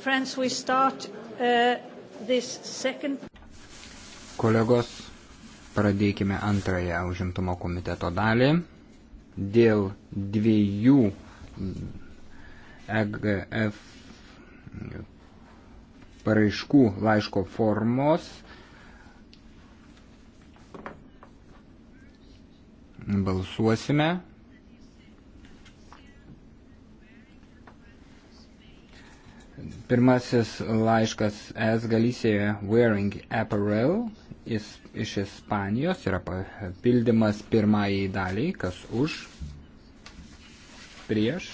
Friends, we start uh, this second. Kolegos, pradėkime antrąją užimtumo komiteto dalį. Dėl dviejų mm, EGF paraiškų laiško formos balsuosime Pirmasis laiškas S. Galicijoje Wearing Apparel, jis iš Ispanijos yra papildymas pirmajai daliai, kas už, prieš,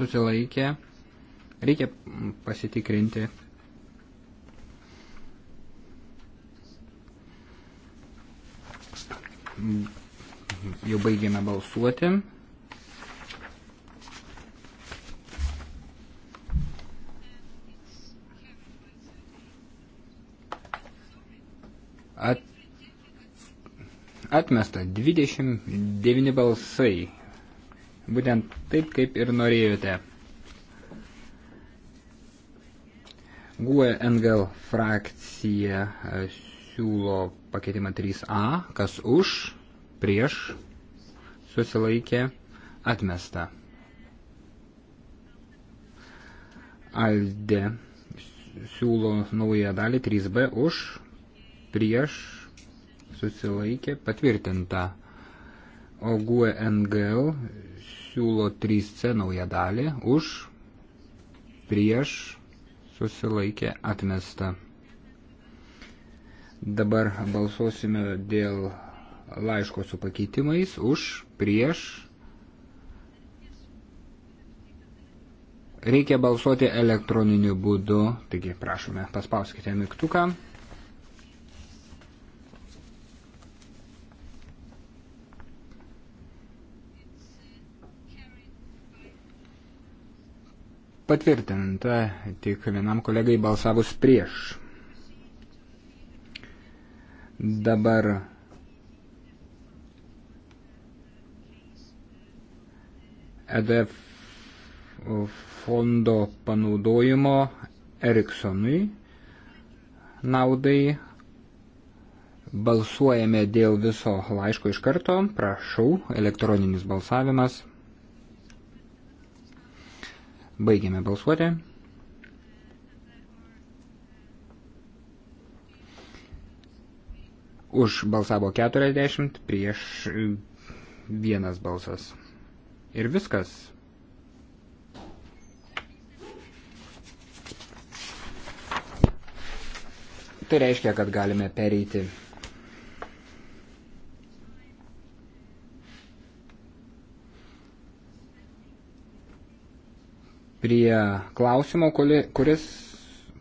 susilaikė, reikia pasitikrinti. Jau baigėme balsuoti. At, atmesta 29 balsai. Būtent taip, kaip ir norėjote. GUE NGL frakcija e, siūlo pakeitimą 3A, kas už, prieš, susilaikė, atmesta. Alde siūlo naują dalį 3B už, prieš susilaikė patvirtinta. O GUNGL e siūlo 3C naują dalį už prieš susilaikė atmesta. Dabar balsuosime dėl laiško su pakeitimais už prieš. Reikia balsuoti elektroniniu būdu, taigi prašome, paspauskite mygtuką. patvirtinta tik vienam kolegai balsavus prieš. Dabar EDF fondo panaudojimo Eriksonui naudai balsuojame dėl viso laiško iš karto. Prašau, elektroninis balsavimas. Baigėme balsuoti. Už balsavo 40, prieš e, vienas balsas. Ir viskas. Tai reiškia, kad galime pereiti prie klausimo, kuris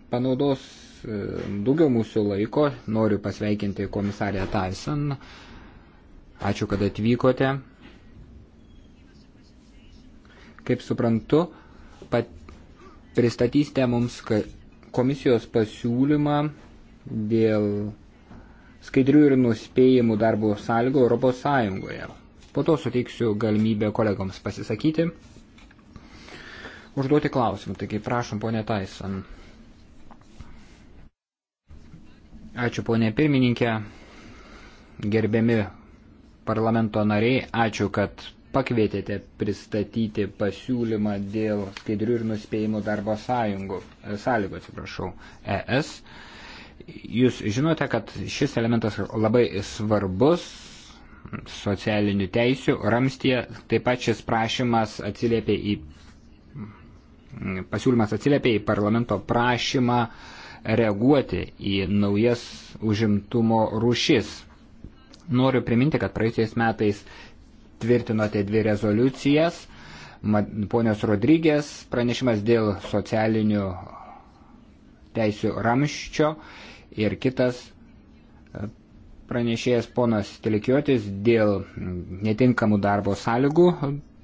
panaudos e, daugiau mūsų laiko. Noriu pasveikinti komisarę Tyson. Ačiū, kad atvykote. Kaip suprantu, pat pristatysite mums komisijos pasiūlymą dėl skaidrių ir nuspėjimų darbo sąlygų Europos Sąjungoje. Po to suteiksiu galimybę kolegoms pasisakyti užduoti klausimų. Taigi prašom, ponė Taisan. Ačiū, ponė pirmininkė. Gerbiami parlamento nariai, ačiū, kad pakvietėte pristatyti pasiūlymą dėl skaidrių ir nuspėjimų darbo sąjungų, e, sąlygų, atsiprašau, ES. Jūs žinote, kad šis elementas labai svarbus socialinių teisių ramstie, taip pat šis prašymas atsiliepia į pasiūlymas atsiliepia į parlamento prašymą reaguoti į naujas užimtumo rušis. Noriu priminti, kad praeisiais metais tvirtinote dvi rezoliucijas. Ponios Rodrygės pranešimas dėl socialinių teisių ramščio ir kitas e, pranešėjas ponas Telikiotis dėl netinkamų darbo sąlygų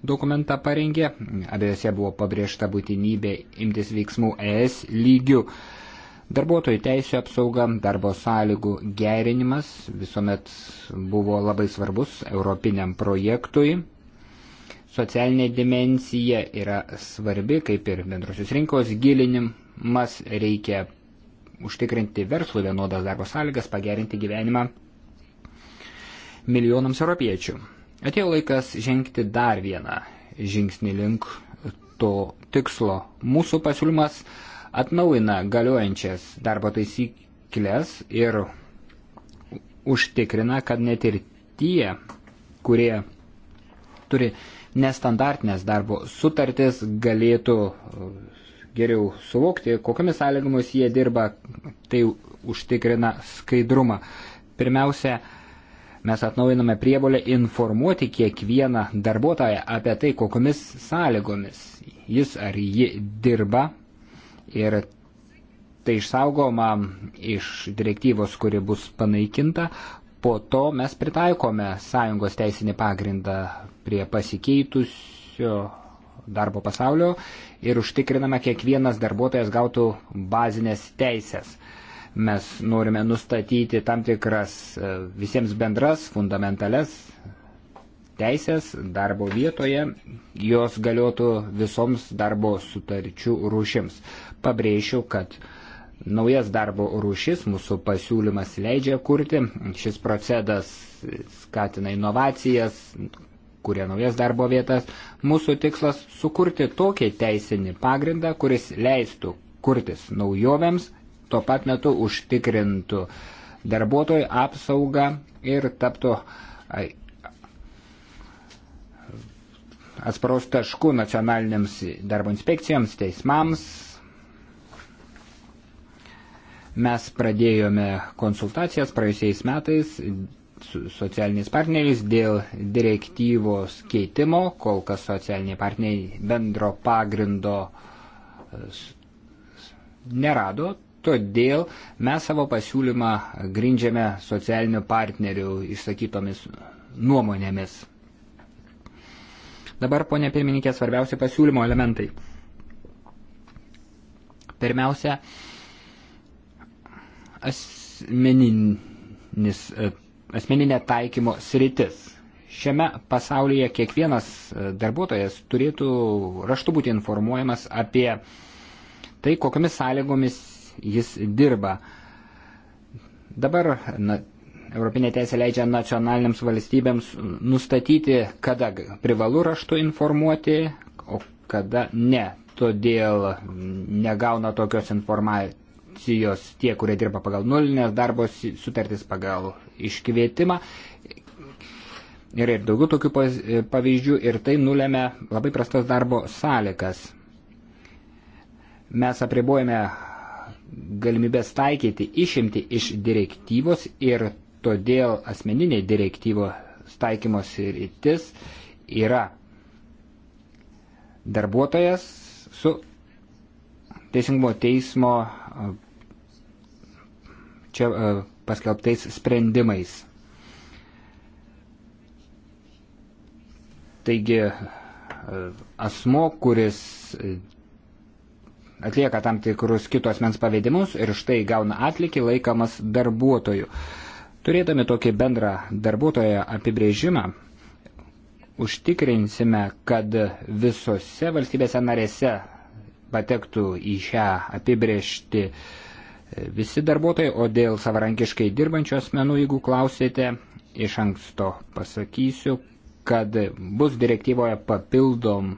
dokumentą parengė. Abiejose buvo pabrėžta būtinybė imtis veiksmų ES lygių. Darbuotojų teisų apsauga, darbo sąlygų gerinimas visuomet buvo labai svarbus europiniam projektui. Socialinė dimensija yra svarbi, kaip ir bendrosios rinkos gilinimas, reikia užtikrinti verslų vienodas darbo sąlygas, pagerinti gyvenimą milijonams europiečių. Atėjo laikas žengti dar vieną žingsnį link to tikslo. Mūsų pasiūlymas atnaujina galiojančias darbo taisyklės ir užtikrina, kad net ir tie, kurie turi nestandartinės darbo sutartis, galėtų uh, geriau suvokti, kokiamis sąlygomis jie dirba, tai užtikrina skaidrumą. Pirmiausia, Mes atnaujiname prievolę informuoti kiekvieną darbuotoją apie tai, kokiamis sąlygomis jis ar ji dirba ir tai išsaugoma iš direktyvos, kuri bus panaikinta. Po to mes pritaikome sąjungos teisinį pagrindą prie pasikeitusio darbo pasaulio ir užtikriname, kiekvienas darbuotojas gautų bazinės teisės. Mes norime nustatyti tam tikras e, visiems bendras fundamentales teisės darbo vietoje, jos galiotų visoms darbo sutarčių rūšims. Pabrėšiu, kad naujas darbo rūšis mūsų pasiūlymas leidžia kurti. Šis procedas skatina inovacijas, kuria naujas darbo vietas. Mūsų tikslas sukurti tokį teisinį pagrindą, kuris leistų kurtis naujovėms tuo pat metu užtikrintų darbuotojų apsaugą ir taptų atsparaus taškų nacionalinėms darbo inspekcijoms, teismams. Mes pradėjome konsultacijas praėjusiais metais su socialiniais partneriais dėl direktyvos keitimo, kol kas socialiniai partneriai bendro pagrindo nerado, Todėl mes savo pasiūlymą grindžiame socialinių partnerių išsakytomis nuomonėmis. Dabar, ponė pirmininkė, svarbiausi pasiūlymo elementai. Pirmiausia, asmeninis, asmeninė taikymo sritis. Šiame pasaulyje kiekvienas darbuotojas turėtų raštu būti informuojamas apie tai, kokiamis sąlygomis jis dirba. Dabar na, Europinė teisė leidžia nacionaliniams valstybėms nustatyti, kada privalu raštu informuoti, o kada ne. Todėl negauna tokios informacijos tie, kurie dirba pagal nulinės darbo sutartis pagal iškvietimą. Ir, ir daugiau tokių pavyzdžių ir tai nulėmė labai prastas darbo sąlygas. Mes apribojame galimybės taikyti išimti iš direktyvos ir todėl asmeninė direktyvos taikymos rytis yra darbuotojas su teisingumo teismo čia paskelbtais sprendimais. Taigi asmo, kuris atlieka tam tikrus kitos mens pavedimus ir štai gauna atlikį laikamas darbuotojų. Turėdami tokį bendrą darbuotojo apibrėžimą, užtikrinsime, kad visose valstybėse narėse patektų į šią apibrėžti visi darbuotojai, o dėl savarankiškai dirbančių asmenų, jeigu klausėte, iš anksto pasakysiu, kad bus direktyvoje papildom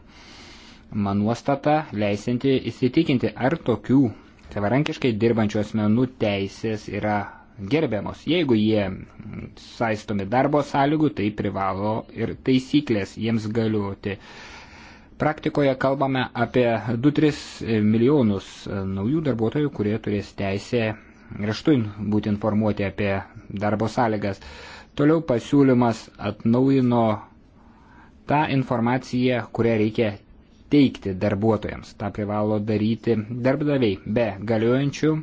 man nuostata leisinti įsitikinti, ar tokių savarankiškai dirbančių asmenų teisės yra gerbiamos. Jeigu jie saistomi darbo sąlygų, tai privalo ir taisyklės jiems galiuoti. Praktikoje kalbame apie 2-3 milijonus naujų darbuotojų, kurie turės teisę raštu būti informuoti apie darbo sąlygas. Toliau pasiūlymas atnaujino tą informaciją, kurią reikia teikti darbuotojams. Ta privalo daryti darbdaviai. Be galiojančių e,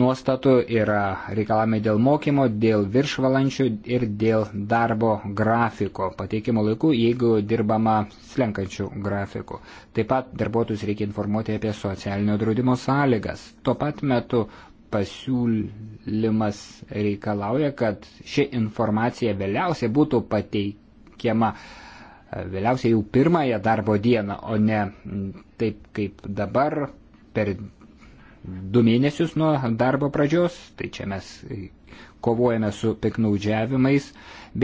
nuostatų yra reikalavimai dėl mokymo, dėl viršvalančių ir dėl darbo grafiko pateikimo laikų, jeigu dirbama slenkančių grafikų. Taip pat darbuotojus reikia informuoti apie socialinio draudimo sąlygas. Tuo pat metu pasiūlymas reikalauja, kad ši informacija vėliausiai būtų pateikiama uh, vėliausiai jau pirmąją darbo dieną, o ne taip kaip dabar per du mėnesius nuo darbo pradžios, tai čia mes kovojame su piknaudžiavimais,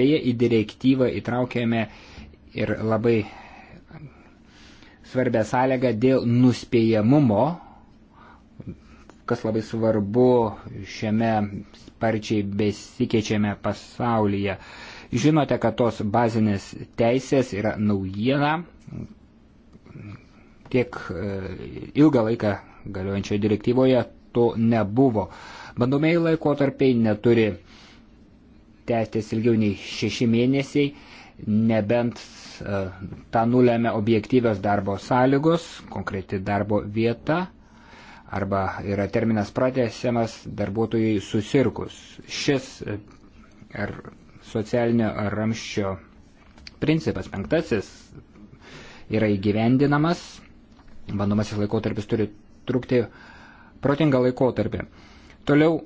beje į direktyvą įtraukėme ir labai svarbę sąlygą dėl nuspėjamumo, kas labai svarbu šiame sparčiai besikeičiame pasaulyje. Žinote, kad tos bazinės teisės yra naujiena tiek e, ilgą laiką galiojančioje direktyvoje to nebuvo. Bandomieji laikotarpiai neturi tęstis ilgiau nei šeši mėnesiai, nebent e, tą nulėmė objektyvios darbo sąlygos, konkreti darbo vieta arba yra terminas pratesiamas darbuotojai susirgus. Šis e, ar socialinio ramščio principas penktasis yra įgyvendinamas, bandomasis laikotarpis turi trukti protingą laikotarpį. Toliau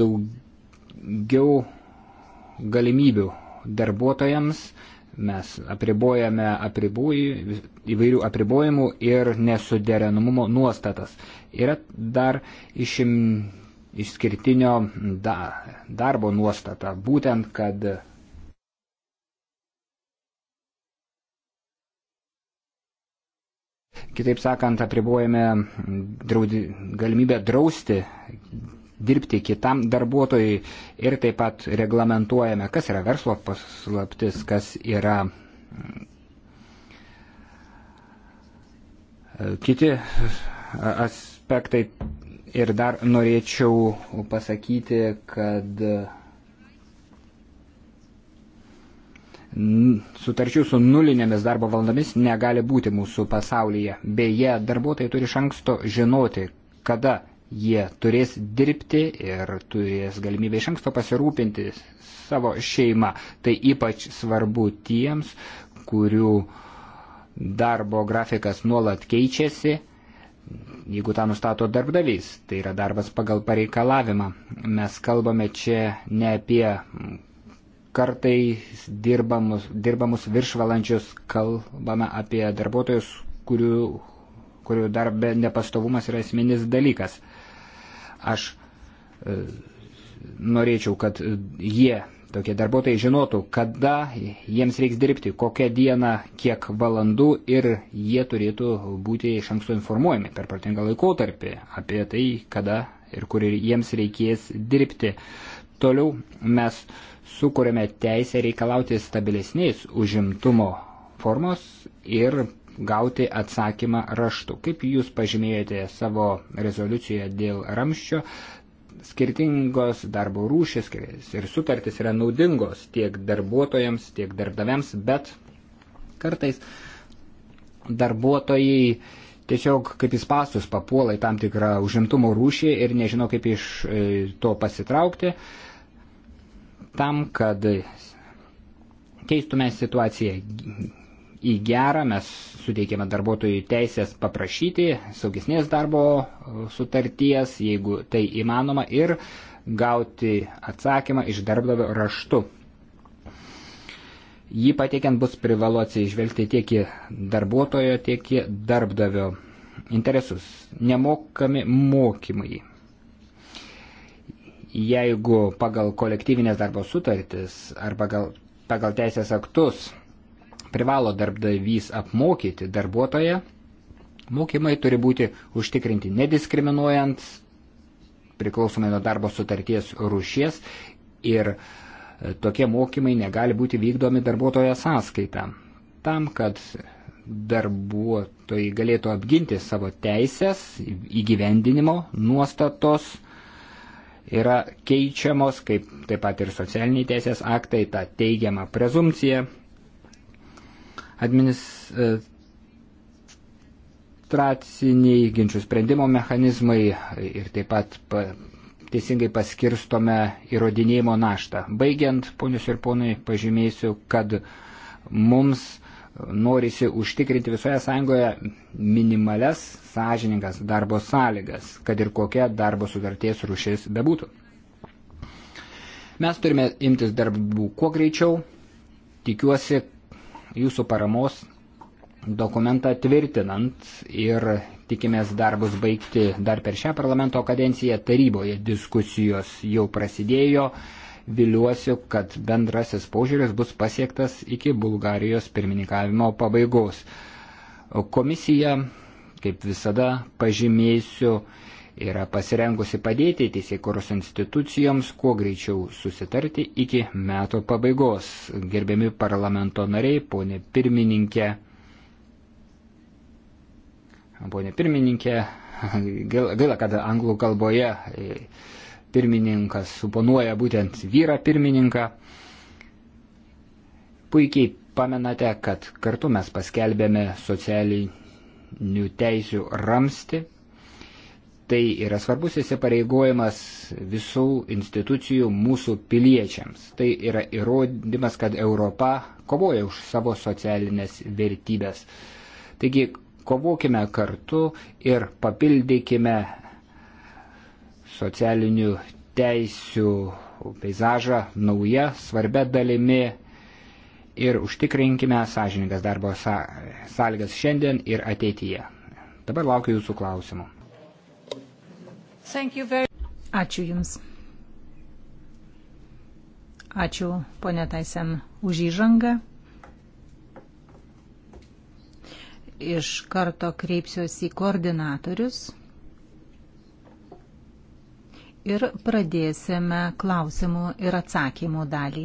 daugiau galimybių darbuotojams mes apribojame apribui, įvairių apribojimų ir nesuderenamumo nuostatas. Yra dar išim, išskirtinio da, darbo nuostata, būtent kad Kitaip sakant, apribojame draudi, galimybę drausti dirbti kitam darbuotojui ir taip pat reglamentuojame, kas yra verslo paslaptis, kas yra mm, kiti aspektai. Ir dar norėčiau pasakyti, kad sutarčių su nulinėmis darbo valandomis negali būti mūsų pasaulyje. Beje, darbuotojai turi iš anksto žinoti, kada jie turės dirbti ir turės galimybę iš anksto pasirūpinti savo šeimą. Tai ypač svarbu tiems, kurių darbo grafikas nuolat keičiasi, jeigu tą nustato darbdavys. Tai yra darbas pagal pareikalavimą. Mes kalbame čia ne apie kartais dirbamus, dirbamus viršvalandžius, kalbame apie darbuotojus, kurių, kurių darbė nepastovumas yra esminis dalykas. Aš e, norėčiau, kad jie, tokie darbuotojai, žinotų, kada jiems reiks dirbti, kokią dieną, kiek valandų ir jie turėtų būti iš anksto informuojami per protingą laikotarpį apie tai, kada ir kur jiems reikės dirbti. Toliau mes uh, sukūrėme teisę reikalauti stabilesnės užimtumo formos ir gauti atsakymą raštu. Kaip jūs pažymėjote savo rezoliucijoje dėl ramščio, skirtingos darbo rūšis ir sutartis yra naudingos tiek darbuotojams, tiek darbdaviams, bet kartais darbuotojai tiesiog kaip į pasus papuola į tam tikrą užimtumo rūšį ir nežino, kaip iš e, to pasitraukti. E, tam, kad keistume situaciją į gerą, mes suteikėme darbuotojų teisės paprašyti saugesnės darbo sutarties, jeigu tai įmanoma, ir gauti atsakymą iš darbdavio raštu. Jį pateikiant bus privalu atsižvelgti tiek į darbuotojo, tiek į darbdavio interesus. Nemokami mokymai jeigu pagal kolektyvinės darbo sutartis ar pagal, pagal teisės aktus privalo darbdavys apmokyti darbuotoją, mokymai turi būti užtikrinti nediskriminuojant, priklausomai nuo darbo sutarties rušies ir e, tokie mokymai negali būti vykdomi darbuotojo sąskaita. Tam, kad darbuotojai galėtų apginti savo teisės įgyvendinimo nuostatos, yra keičiamos, kaip taip pat ir socialiniai teisės aktai, ta teigiama prezumcija. Administraciniai ginčių sprendimo mechanizmai ir taip pat teisingai paskirstome įrodinėjimo naštą. Baigiant, ponius ir ponai, pažymėsiu, kad mums norisi užtikrinti visoje sąjungoje minimales sąžiningas darbo sąlygas, kad ir kokia darbo sutarties rušis bebūtų. Mes turime imtis darbų kuo greičiau. Tikiuosi jūsų paramos dokumentą tvirtinant ir tikimės darbus baigti dar per šią parlamento kadenciją. Taryboje diskusijos jau prasidėjo. Viliuosiu, kad bendrasis požiūris bus pasiektas iki Bulgarijos pirmininkavimo pabaigos. Komisija kaip visada pažymėsiu, yra pasirengusi padėti teisėkuros institucijoms kuo greičiau susitarti iki metų pabaigos. Gerbiami parlamento nariai, ponė pirmininkė, ponė pirmininkė, gaila, kad anglų kalboje e, pirmininkas suponuoja būtent vyrą pirmininką. Puikiai pamenate, kad kartu mes paskelbėme socialinį teisių ramsti. Tai yra svarbus įsipareigojimas visų institucijų mūsų piliečiams. Tai yra įrodymas, kad Europa kovoja už savo socialinės vertybės. Taigi kovokime kartu ir papildykime socialinių teisių peizažą nauja svarbia dalimi ir užtikrinkime sąžiningas darbo sąlygas šiandien ir ateityje. Dabar laukiu jūsų klausimų. Very... Ačiū Jums. Ačiū, ponė Taisen, už įžangą. Iš karto kreipsiuosi į koordinatorius ir pradėsime klausimų ir atsakymų dalį.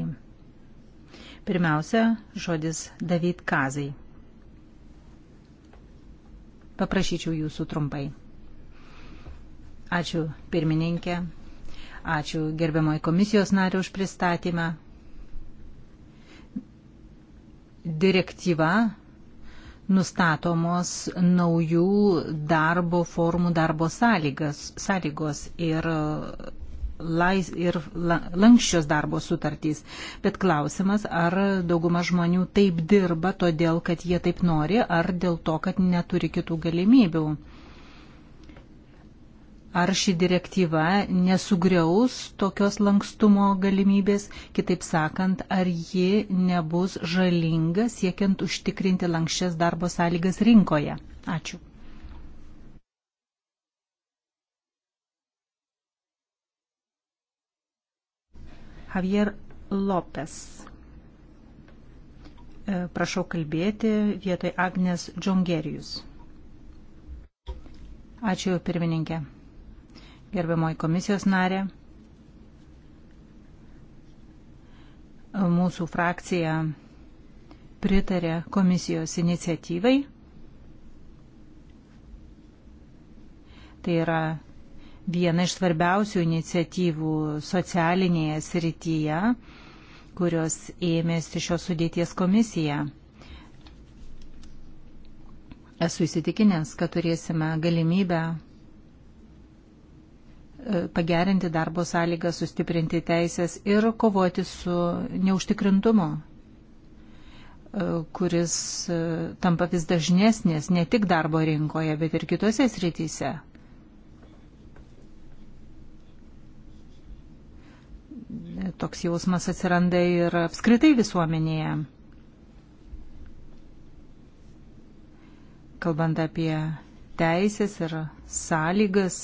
Pirmiausia, žodis David Kazai. Paprašyčiau jūsų trumpai. Ačiū pirmininkė, ačiū gerbiamoji komisijos nariu už pristatymą. Direktyva nustatomos naujų darbo formų darbo sąlygas, sąlygos ir lais ir lankščios darbo sutartys. Bet klausimas, ar dauguma žmonių taip dirba todėl, kad jie taip nori, ar dėl to, kad neturi kitų galimybių. Ar ši direktyva nesugriaus tokios lankstumo galimybės, kitaip sakant, ar ji nebus žalinga siekiant užtikrinti lankščias darbo sąlygas rinkoje? Ačiū. Javier Lopes. E, prašau kalbėti vietoj Agnes Džongerijus. Ačiū pirmininkė. Gerbiamoji komisijos narė. Mūsų frakcija pritarė komisijos iniciatyvai. Tai yra viena iš svarbiausių iniciatyvų socialinėje srityje, kurios ėmėsi šios sudėties komisija. Esu įsitikinęs, kad turėsime galimybę e, pagerinti darbo sąlygą, sustiprinti teisės ir kovoti su neužtikrintumu, e, kuris e, tampa vis dažnesnis ne tik darbo rinkoje, bet ir kitose srityse. toks jausmas atsiranda ir apskritai visuomenėje. Kalbant apie teisės ir sąlygas,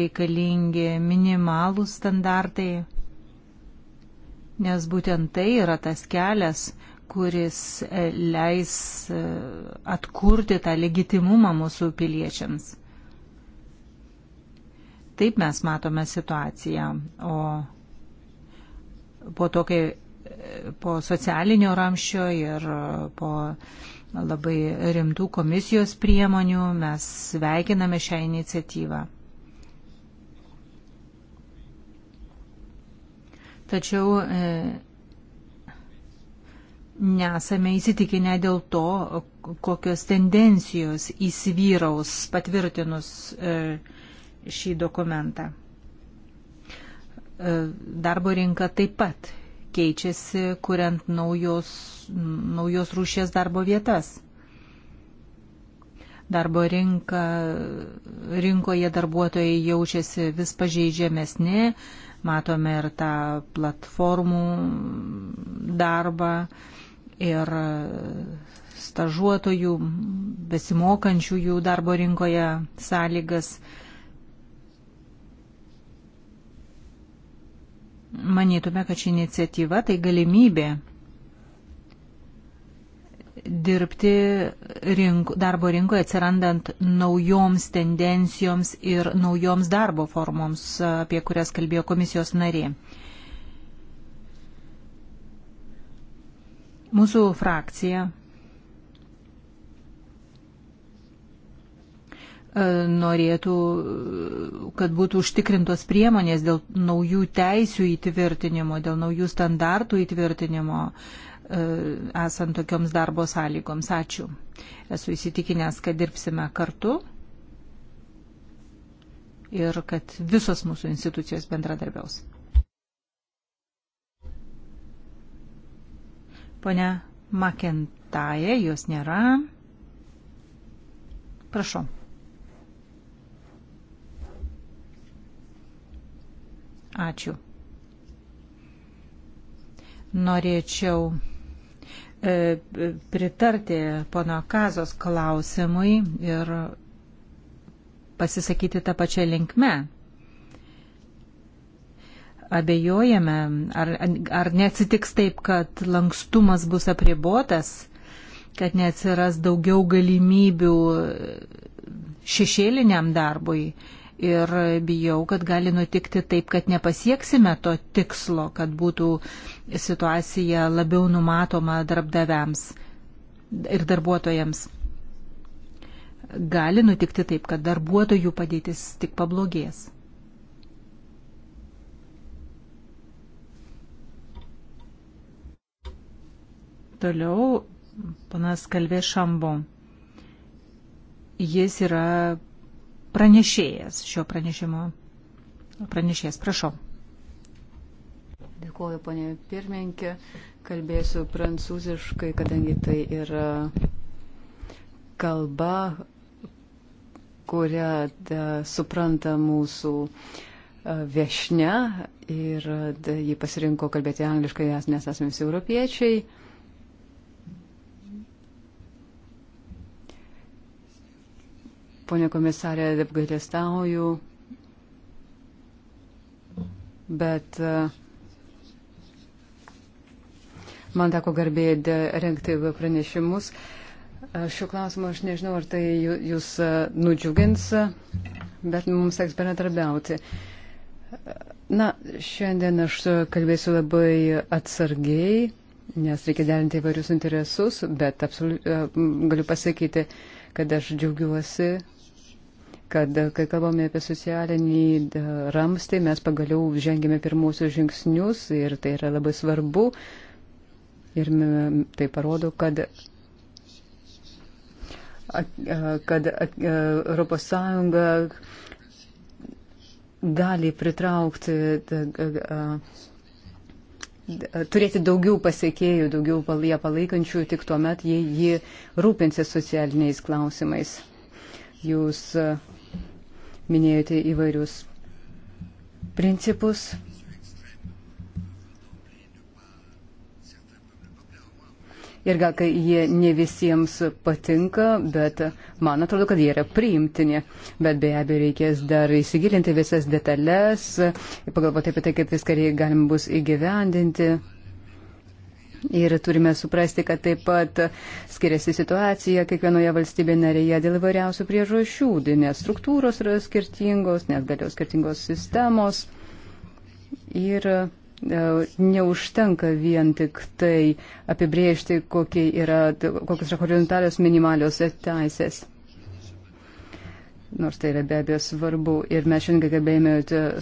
reikalingi minimalūs standartai, nes būtent tai yra tas kelias, kuris leis e, atkurti tą legitimumą mūsų piliečiams. Taip mes matome situaciją. O po to, kai po socialinio ramščio ir e, po labai rimtų komisijos priemonių mes sveikiname šią iniciatyvą. Tačiau e, nesame įsitikinę dėl to, kokios tendencijos įsivyraus patvirtinus e, šį dokumentą. E, darbo rinka taip pat keičiasi, kuriant naujos, naujos rūšies darbo vietas. Darbo rinka, rinkoje darbuotojai jaučiasi vis pažeidžiamesni, matome ir tą platformų darbą ir stažuotojų, besimokančiųjų darbo rinkoje sąlygas. Manytume, kad ši iniciatyva tai galimybė dirbti rink, darbo rinkoje atsirandant naujoms tendencijoms ir naujoms darbo formoms, apie kurias kalbėjo komisijos narė. Mūsų frakcija E, norėtų, e, kad būtų užtikrintos priemonės dėl naujų teisių įtvirtinimo, dėl naujų standartų įtvirtinimo e, esant tokioms darbo sąlygoms. Ačiū. Esu įsitikinęs, kad dirbsime kartu ir kad visos mūsų institucijos bendradarbiaus. Pone Makentaje, jos nėra. Prašau. Ačiū. Norėčiau e, pritarti pono Kazos klausimui ir pasisakyti tą pačią linkmę abejojame, ar, ar neatsitiks taip, kad lankstumas bus apribotas, kad neatsiras daugiau galimybių šešėliniam darbui ir bijau, kad gali nutikti taip, kad nepasieksime to tikslo, kad būtų situacija labiau numatoma darbdaviams ir darbuotojams. Gali nutikti taip, kad darbuotojų padėtis tik pablogės. Toliau panas kalbė Šambon. Jis yra pranešėjas šio pranešimo. Pranešėjas, prašau. Dėkuoju, ponė pirmininkė. Kalbėsiu prancūziškai, kadangi tai yra kalba, kurią da, supranta mūsų viešne ir da, jį pasirinko kalbėti angliškai, nes esame visi europiečiai. Uh, Pone komisarė, apgailestauju, bet e, man teko garbėdė renkti pranešimus. E, šiuo klausimu aš nežinau, ar tai jūs e, nudžiugins, bet mums teks bendradarbiauti. Na, šiandien aš kalbėsiu labai atsargiai, nes reikia derinti įvairius interesus, bet absoliu, galiu pasakyti, kad aš džiaugiuosi kad e, kai kalbame apie socialinį e, ramstį, mes pagaliau žengėme pirmosius žingsnius ir tai yra labai svarbu. Ir tai parodo, kad, e, kad ES gali pritraukti, turėti daugiau pasiekėjų, daugiau ją palaikančių tik tuo met, jei ji rūpinsis socialiniais klausimais. Jūs uh, minėjote įvairius principus. Ir gal, kai jie ne visiems patinka, bet man atrodo, kad jie yra priimtini. Bet be abejo, reikės dar įsigilinti visas detalės, pagalvoti apie tai, kaip viską galima bus įgyvendinti. Ir turime suprasti, kad taip pat skiriasi situacija kiekvienoje valstybėje narėje dėl įvairiausių priežasčių, nes struktūros yra skirtingos, nes galėjo skirtingos sistemos. Ir e, neužtenka vien tik tai apibriežti, kokie yra, kokios yra horizontalios minimalios teisės. Nors tai yra be abejo svarbu. Ir mes šiandien kalbėjome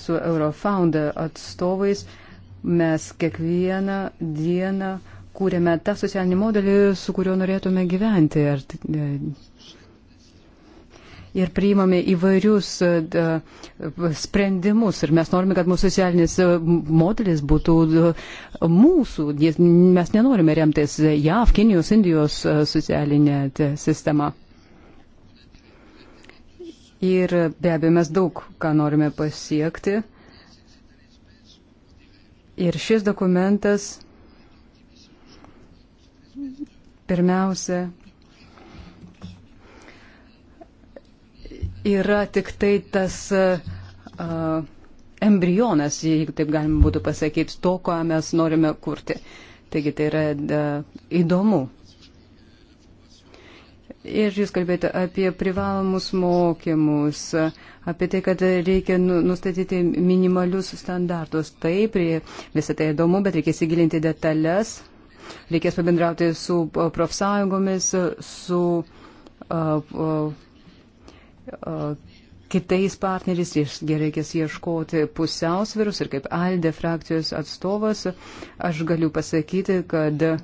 su Eurofound atstovais. Mes kiekvieną dieną kūrėme tą socialinį modelį, su kuriuo norėtume gyventi. Ir priimame įvairius e, sprendimus. Ir mes norime, kad mūsų socialinis e, modelis būtų mūsų. Mes nenorime remtis JAV, Kinijos, Indijos e, socialinė sistema. Ir be abejo, mes daug ką norime pasiekti. Ir šis dokumentas pirmiausia yra tik tai tas uh, embrionas, jeigu taip galima būtų pasakyti, to, ko mes norime kurti. Taigi tai yra uh, įdomu. Ir jūs kalbėjote apie privalomus mokymus, apie tai, kad reikia nu, nustatyti minimalius standartus. Taip, visą tai įdomu, bet reikia įsigilinti detalės, reikės pabendrauti su profsąjungomis, su uh, uh, uh, kitais partneriais, jis reikės ieškoti pusiausvirus ir kaip Alde frakcijos atstovas, aš galiu pasakyti, kad uh,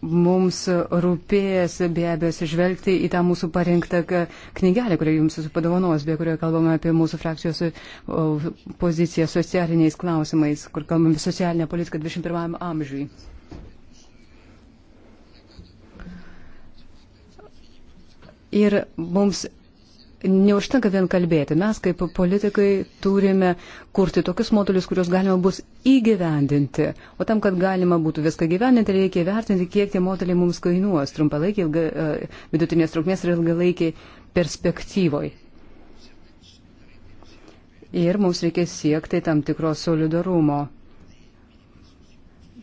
mums rūpės be abejo sižvelgti į tą mūsų parengtą knygelę, kurią jums esu padovanos, be kurioje kalbame apie mūsų frakcijos poziciją socialiniais klausimais, kur kalbame socialinę politiką 21 amžiui. Ir mums neužtenka vien kalbėti. Mes kaip politikai turime kurti tokius modulius, kuriuos galima bus įgyvendinti. O tam, kad galima būtų viską gyvendinti, reikia vertinti, kiek tie moduliai mums kainuos trumpalaikį, ilga, e, vidutinės trukmės ir ilgalaikį perspektyvoj. Ir mums reikia siekti tam tikros solidarumo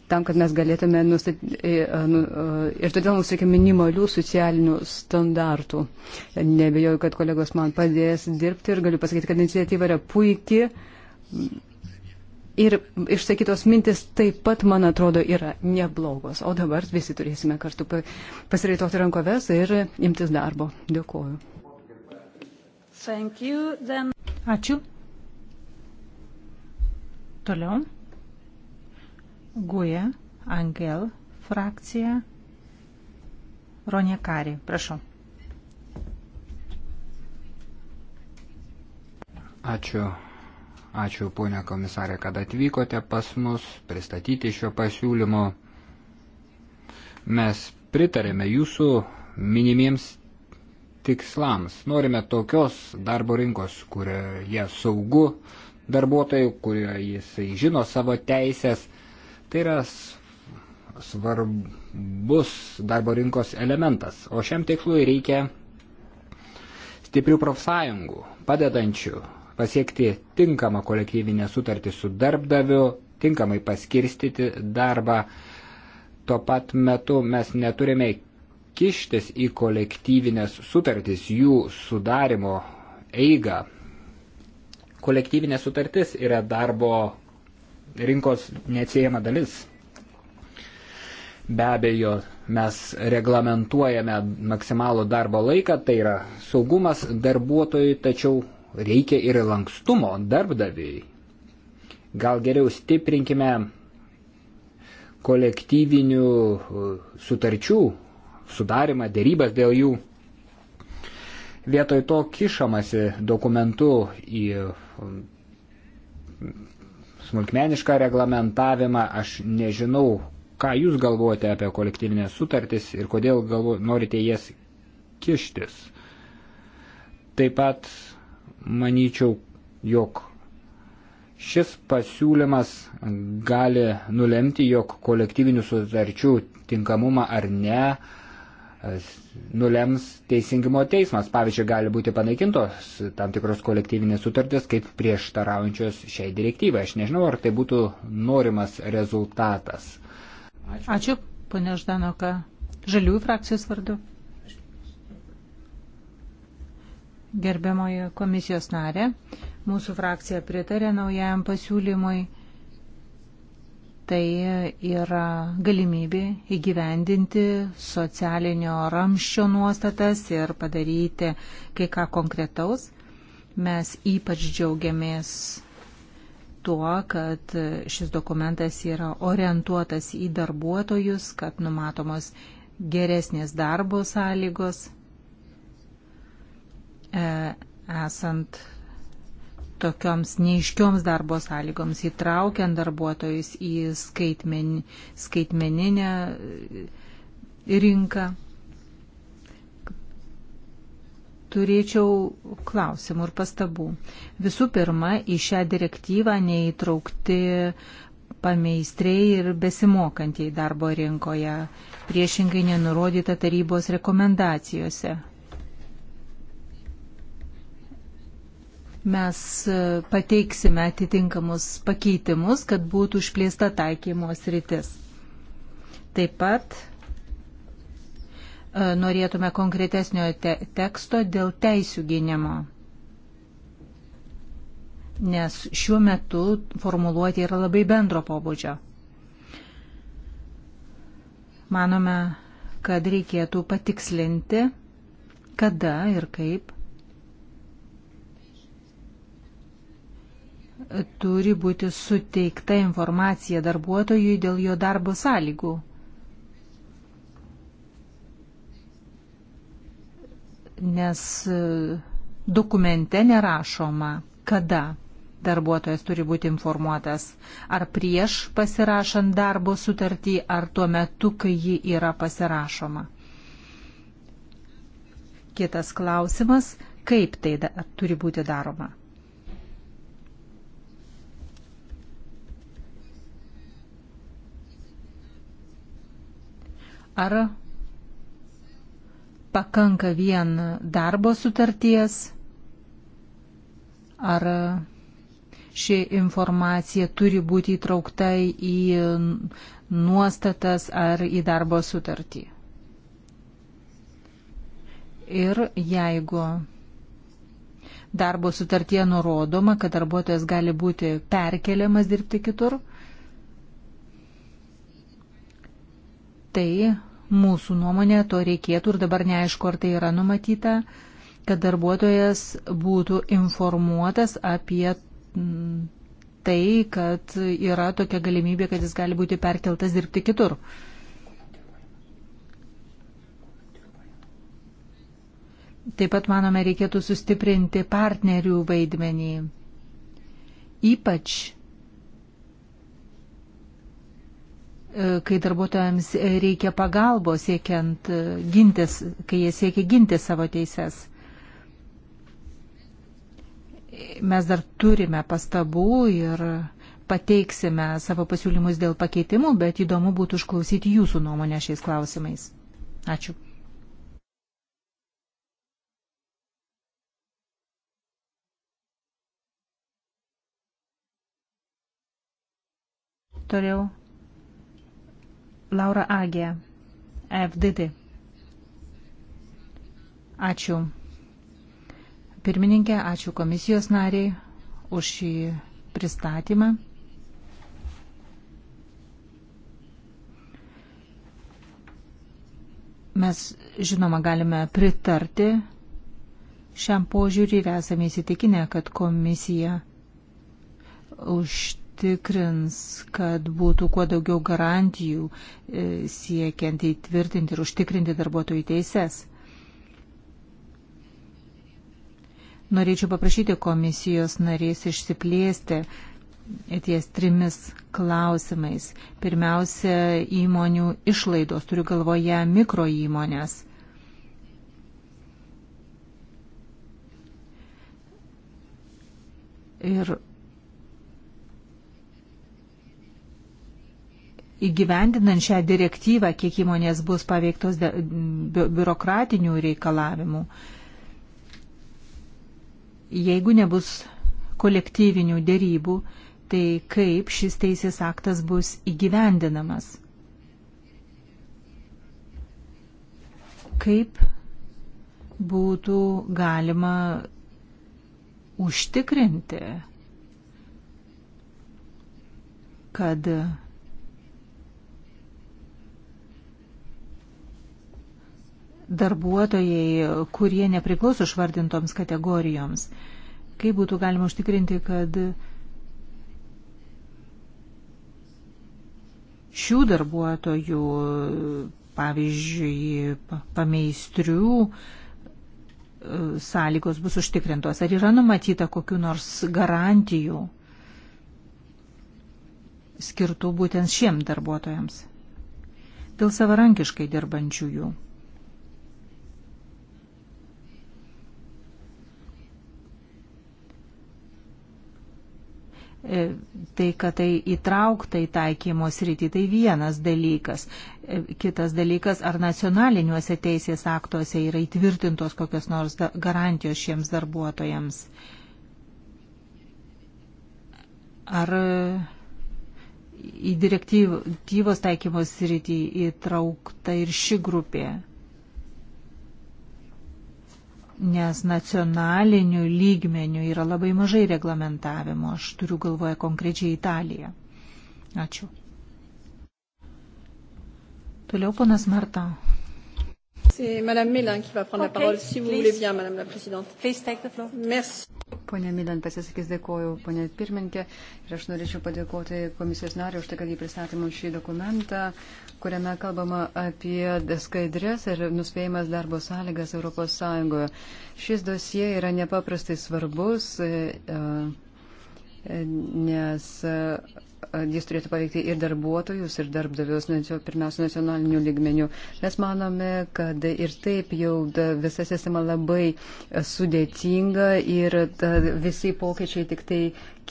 tam, kad mes galėtume nustatyti e, e, nu, e, ir todėl mums reikia minimalių socialinių standartų. Nebejoju, kad kolegos man padės dirbti ir galiu pasakyti, kad iniciatyva yra puikia. Ir išsakytos mintis taip pat, man atrodo, yra neblogos. O dabar visi turėsime kartu pasireitoti rankoves ir imtis darbo. Dėkuoju. Then... Ačiū. Toliau. Guja, Angel frakcija, Ronė Kari. Prašau. Ačiū. Ačiū, ponia komisarė, kad atvykote pas mus pristatyti šio pasiūlymo. Mes pritarėme jūsų minimiems tikslams. Norime tokios darbo rinkos, kurioje saugu darbuotojų, kurioje jisai žino savo teisės. Tai yra svarbus darbo rinkos elementas, o šiam tikslui reikia stiprių profsąjungų, padedančių pasiekti tinkamą kolektyvinę sutartį su darbdaviu, tinkamai paskirstyti darbą. Tuo pat metu mes neturime kištis į kolektyvinės sutartys, jų sudarimo eigą. Kolektyvinė sutartis yra darbo rinkos neatsiejama dalis. Be abejo, mes reglamentuojame maksimalų darbo laiką, tai yra saugumas darbuotojui, tačiau reikia ir lankstumo darbdaviui. Gal geriau stiprinkime kolektyvinių uh, sutarčių sudarimą, dėrybas dėl jų. Vietoj to kišamasi dokumentu į um, smulkmenišką reglamentavimą. Aš nežinau, ką jūs galvojate apie kolektyvinės sutartis ir kodėl galvo, norite jas kištis. Taip pat manyčiau, jog Šis pasiūlymas gali nulemti, jog kolektyvinių sutarčių tinkamumą ar ne nulems teisingumo teismas. Pavyzdžiui, gali būti panaikintos tam tikros kolektyvinės sutartys kaip prieštaraujančios šiai direktyvai. Aš nežinau, ar tai būtų norimas rezultatas. Ačiū, Ačiū ponė Ždanoka. Žaliųjų frakcijos vardu. Gerbiamoji komisijos narė, mūsų frakcija pritarė naujajam pasiūlymui tai yra galimybė įgyvendinti socialinio ramščio nuostatas ir padaryti kai ką konkretaus. Mes ypač džiaugiamės tuo, kad šis dokumentas yra orientuotas į darbuotojus, kad numatomos geresnės darbo sąlygos, e, esant tokioms neiškioms darbo sąlygoms, įtraukiant darbuotojus į skaitmen, skaitmeninę e, rinką. Turėčiau klausimų ir pastabų. Visų pirma, į šią direktyvą neįtraukti pameistriai ir besimokantieji darbo rinkoje, priešingai nenurodyta tarybos rekomendacijose. Mes e, pateiksime atitinkamus pakeitimus, kad būtų išplėsta taikymos rytis. Taip pat e, norėtume konkretesnio te teksto dėl teisų gynimo. Nes šiuo metu formuluoti yra labai bendro pobūdžio. Manome, kad reikėtų patikslinti, kada ir kaip turi būti suteikta informacija darbuotojui dėl jo darbo sąlygų. Nes e, dokumente nerašoma, kada darbuotojas turi būti informuotas, ar prieš pasirašant darbo sutartį, ar tuo metu, kai ji yra pasirašoma. Kitas klausimas, kaip tai da, turi būti daroma. Ar pakanka vien darbo sutarties? Ar ši informacija turi būti įtraukta į nuostatas ar į darbo sutartį? Ir jeigu darbo sutartie nurodoma, kad darbuotojas gali būti perkeliamas dirbti kitur, tai mūsų nuomonė to reikėtų ir dabar neaišku, ar tai yra numatyta, kad darbuotojas būtų informuotas apie mm, tai, kad yra tokia galimybė, kad jis gali būti perkeltas dirbti kitur. Taip pat, manome, reikėtų sustiprinti partnerių vaidmenį. Ypač kai darbuotojams reikia pagalbos siekiant e, gintis, kai jie siekia ginti savo teises. Mes dar turime pastabų ir pateiksime savo pasiūlymus dėl pakeitimų, bet įdomu būtų išklausyti jūsų nuomonę šiais klausimais. Ačiū. Toliau Laura Agė, FDD. Ačiū. Pirmininkė, ačiū komisijos nariai už šį pristatymą. Mes, žinoma, galime pritarti šiam požiūrį ir esame įsitikinę, kad komisija už užtikrins, kad būtų kuo daugiau garantijų e, siekiant įtvirtinti ir užtikrinti darbuotojų teises. Norėčiau paprašyti komisijos narės išsiplėsti ties trimis klausimais. Pirmiausia, įmonių išlaidos, turiu galvoje mikro įmonės. Ir įgyvendinant šią direktyvą, kiek įmonės bus paveiktos biurokratinių reikalavimų. Jeigu nebus kolektyvinių dėrybų, tai kaip šis teisės aktas bus įgyvendinamas? Kaip būtų galima užtikrinti, kad darbuotojai, kurie nepriklauso išvardintoms kategorijoms. Kaip būtų galima užtikrinti, kad šių darbuotojų, pavyzdžiui, pameistrių e, sąlygos bus užtikrintos? Ar yra numatyta kokiu nors garantijų skirtų būtent šiem darbuotojams? Dėl savarankiškai dirbančiųjų E, tai, kad tai įtraukta į taikymo sritį, tai vienas dalykas. E, kitas dalykas, ar nacionaliniuose teisės aktuose yra įtvirtintos kokios nors garantijos šiems darbuotojams. Ar į direktyvos taikymos sritį įtraukta ir ši grupė nes nacionaliniu lygmeniu yra labai mažai reglamentavimo. Aš turiu galvoje konkrečiai Italiją. Ačiū. Toliau ponas Marta. C'est Madame Mélin qui va prendre okay, la parole, si vous please. voulez bien, Madame la Présidente. Please take the floor. Merci. Pone Milan pasisakys, dėkoju, ponė pirmininkė, ir aš norėčiau padėkoti komisijos nariu už tai, kad jį pristatė mums šį dokumentą. Uh, kuriame kalbama apie skaidrės ir nuspėjimas darbo sąlygas ES. Šis dosie yra nepaprastai svarbus, e, e, nes e, jis turėtų paveikti ir darbuotojus, ir darbdavius, pirmiausia, nacionalinių lygmenių. Mes manome, kad ir taip jau visa sistema labai sudėtinga ir visi pokyčiai tik tai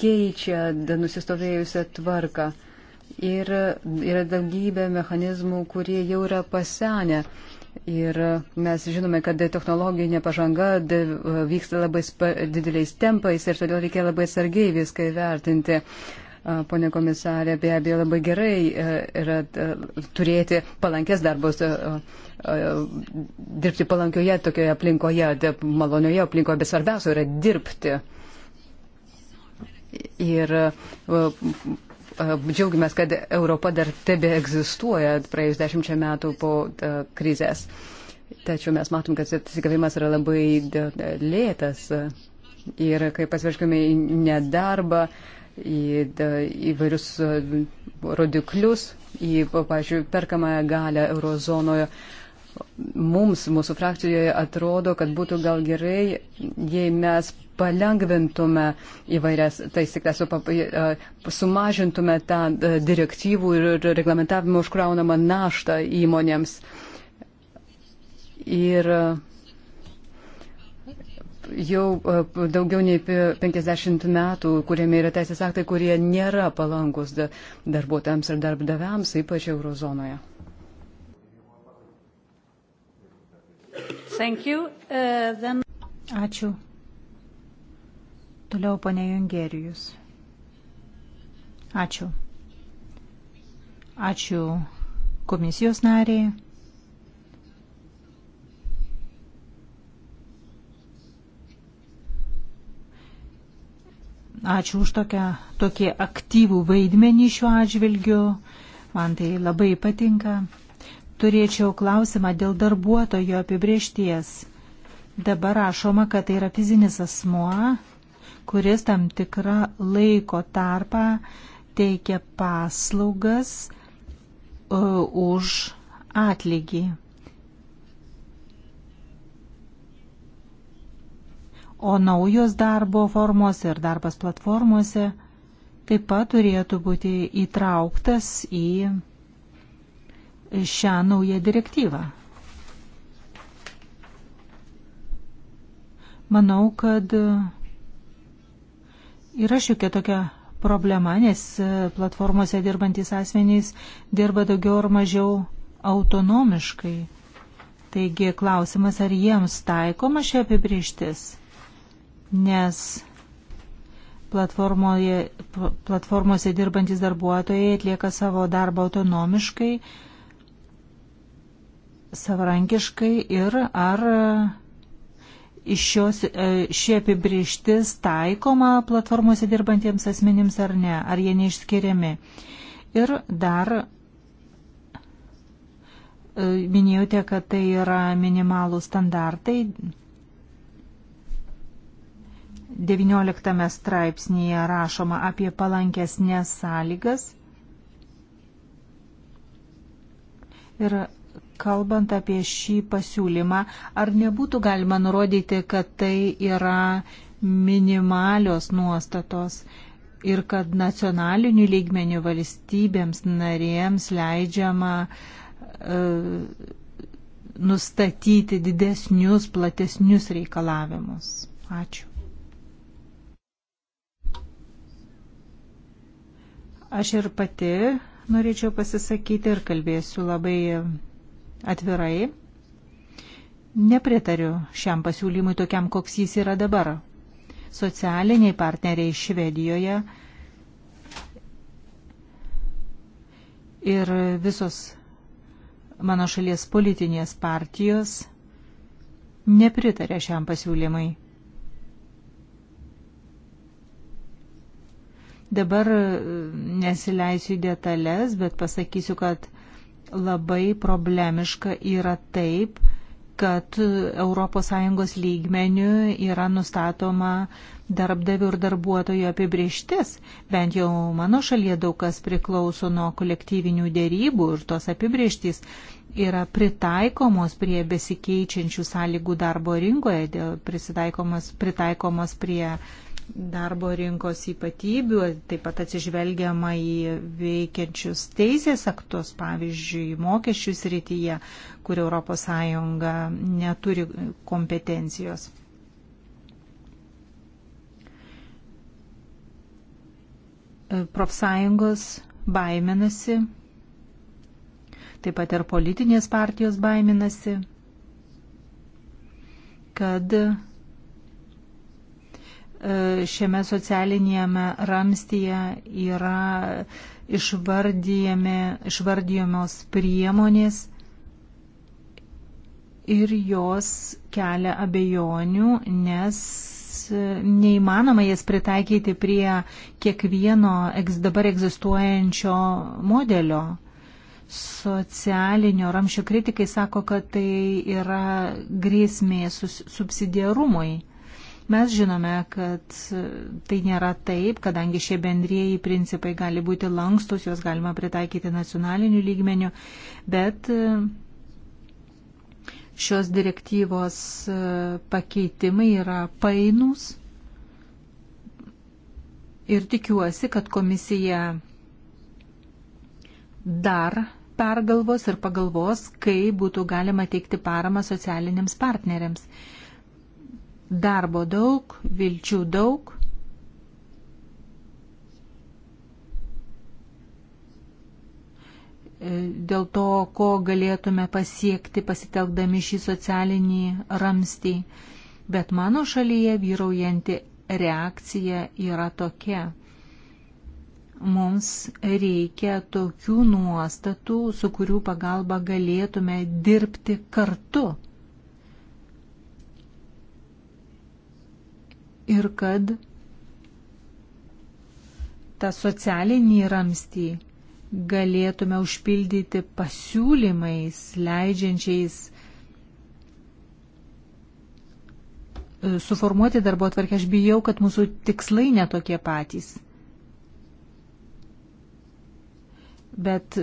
keičia nusistovėjusią tvarką. Ir yra daugybė mechanizmų, kurie jau yra pasenę. Ir mes žinome, kad technologinė pažanga vyksta labai dideliais tempais ir todėl reikia labai sargiai viską įvertinti. Pone komisarė, be abejo, labai gerai e, yra e, turėti palankės darbus, e, dirbti palankioje tokioje aplinkoje, malonioje aplinkoje, bet svarbiausia yra dirbti. Ir džiaugiamės, kad Europa dar tebe egzistuoja praėjus dešimčia metų po krizės. Tačiau mes matom, kad atsigavimas yra labai lėtas ir kai pasverškime į nedarbą, į įvairius rodiklius, į, pavyzdžiui, perkamąją galę eurozonoje. Mums, mūsų frakcijoje atrodo, kad būtų gal gerai, jei mes palengventume įvairias taisyklės, e, e, sumažintume tą e, direktyvų ir reglamentavimo užkraunamą naštą įmonėms. Ir jau daugiau nei 50 metų, kuriame yra teisės aktai, kurie nėra palankus darbuotojams ir darbdaviams, ypač eurozonoje. Thank you. Uh, then... Ačiū. Toliau ponė Jungerijus. Ačiū. Ačiū komisijos nariai. Ačiū už tokią, tokį aktyvų vaidmenį šiuo atžvilgiu. Man tai labai patinka. Turėčiau klausimą dėl darbuotojo apibriešties. Dabar rašoma, kad tai yra fizinis asmuo, kuris tam tikrą laiko tarpą teikia paslaugas e, už atlygį. O naujos darbo formos ir darbas platformose taip pat turėtų būti įtrauktas į šią naują direktyvą. Manau, kad yra šiokia tokia problema, nes e, platformose dirbantys asmenys dirba daugiau ar mažiau autonomiškai. Taigi klausimas, ar jiems taikoma šia apibrieštis, nes platformose dirbantis darbuotojai atlieka savo darbą autonomiškai, savarankiškai ir ar šios, e, ši apibrieštis taikoma platformose dirbantiems asmenims ar ne, ar jie neišskiriami. Ir dar e, minėjote, kad tai yra minimalų standartai. 19 straipsnėje rašoma apie palankesnės sąlygas. Ir kalbant apie šį pasiūlymą, ar nebūtų galima nurodyti, kad tai yra minimalios nuostatos ir kad nacionaliniu lygmeniu valstybėms narėms leidžiama e, nustatyti didesnius, platesnius reikalavimus. Ačiū. Aš ir pati norėčiau pasisakyti ir kalbėsiu labai atvirai nepritariu šiam pasiūlymui tokiam, koks jis yra dabar. Socialiniai partneriai Švedijoje ir visos mano šalies politinės partijos nepritarė šiam pasiūlymui. Dabar nesileisiu į detalės, bet pasakysiu, kad labai problemiška yra taip, kad ES lygmenių yra nustatoma darbdavių ir darbuotojų apibrieštis. Bent jau mano šalyje daug kas priklauso nuo kolektyvinių dėrybų ir tos apibrieštys yra pritaikomos prie besikeičiančių sąlygų darbo rinkoje, pritaikomos prie darbo rinkos ypatybių, taip pat atsižvelgiama į veikiančius teisės aktus, pavyzdžiui, mokesčių srityje, kur ES neturi kompetencijos. Profsąjungos baiminasi, taip pat ir politinės partijos baiminasi, kad E, šiame socialinėme ramstyje yra išvardyjamos priemonės ir jos kelia abejonių, nes neįmanoma jas pritaikyti prie kiekvieno dabar egzistuojančio modelio socialinio ramščio kritikai sako, kad tai yra grėsmė subsidiarumui. Mes žinome, kad tai nėra taip, kadangi šie bendrieji principai gali būti lankstus, juos galima pritaikyti nacionaliniu lygmeniu, bet e, šios direktyvos e, pakeitimai yra painus ir tikiuosi, kad komisija dar pergalvos ir pagalvos, kaip būtų galima teikti paramą socialiniams partneriams. Darbo daug, vilčių daug. E, dėl to, ko galėtume pasiekti pasitelkdami šį socialinį ramstį. Bet mano šalyje vyraujanti reakcija yra tokia mums reikia tokių nuostatų, su kurių pagalba galėtume dirbti kartu. ir kad tą socialinį ramstį galėtume užpildyti pasiūlymais, leidžiančiais e, suformuoti darbo atvarkę. Aš bijau, kad mūsų tikslai netokie patys. Bet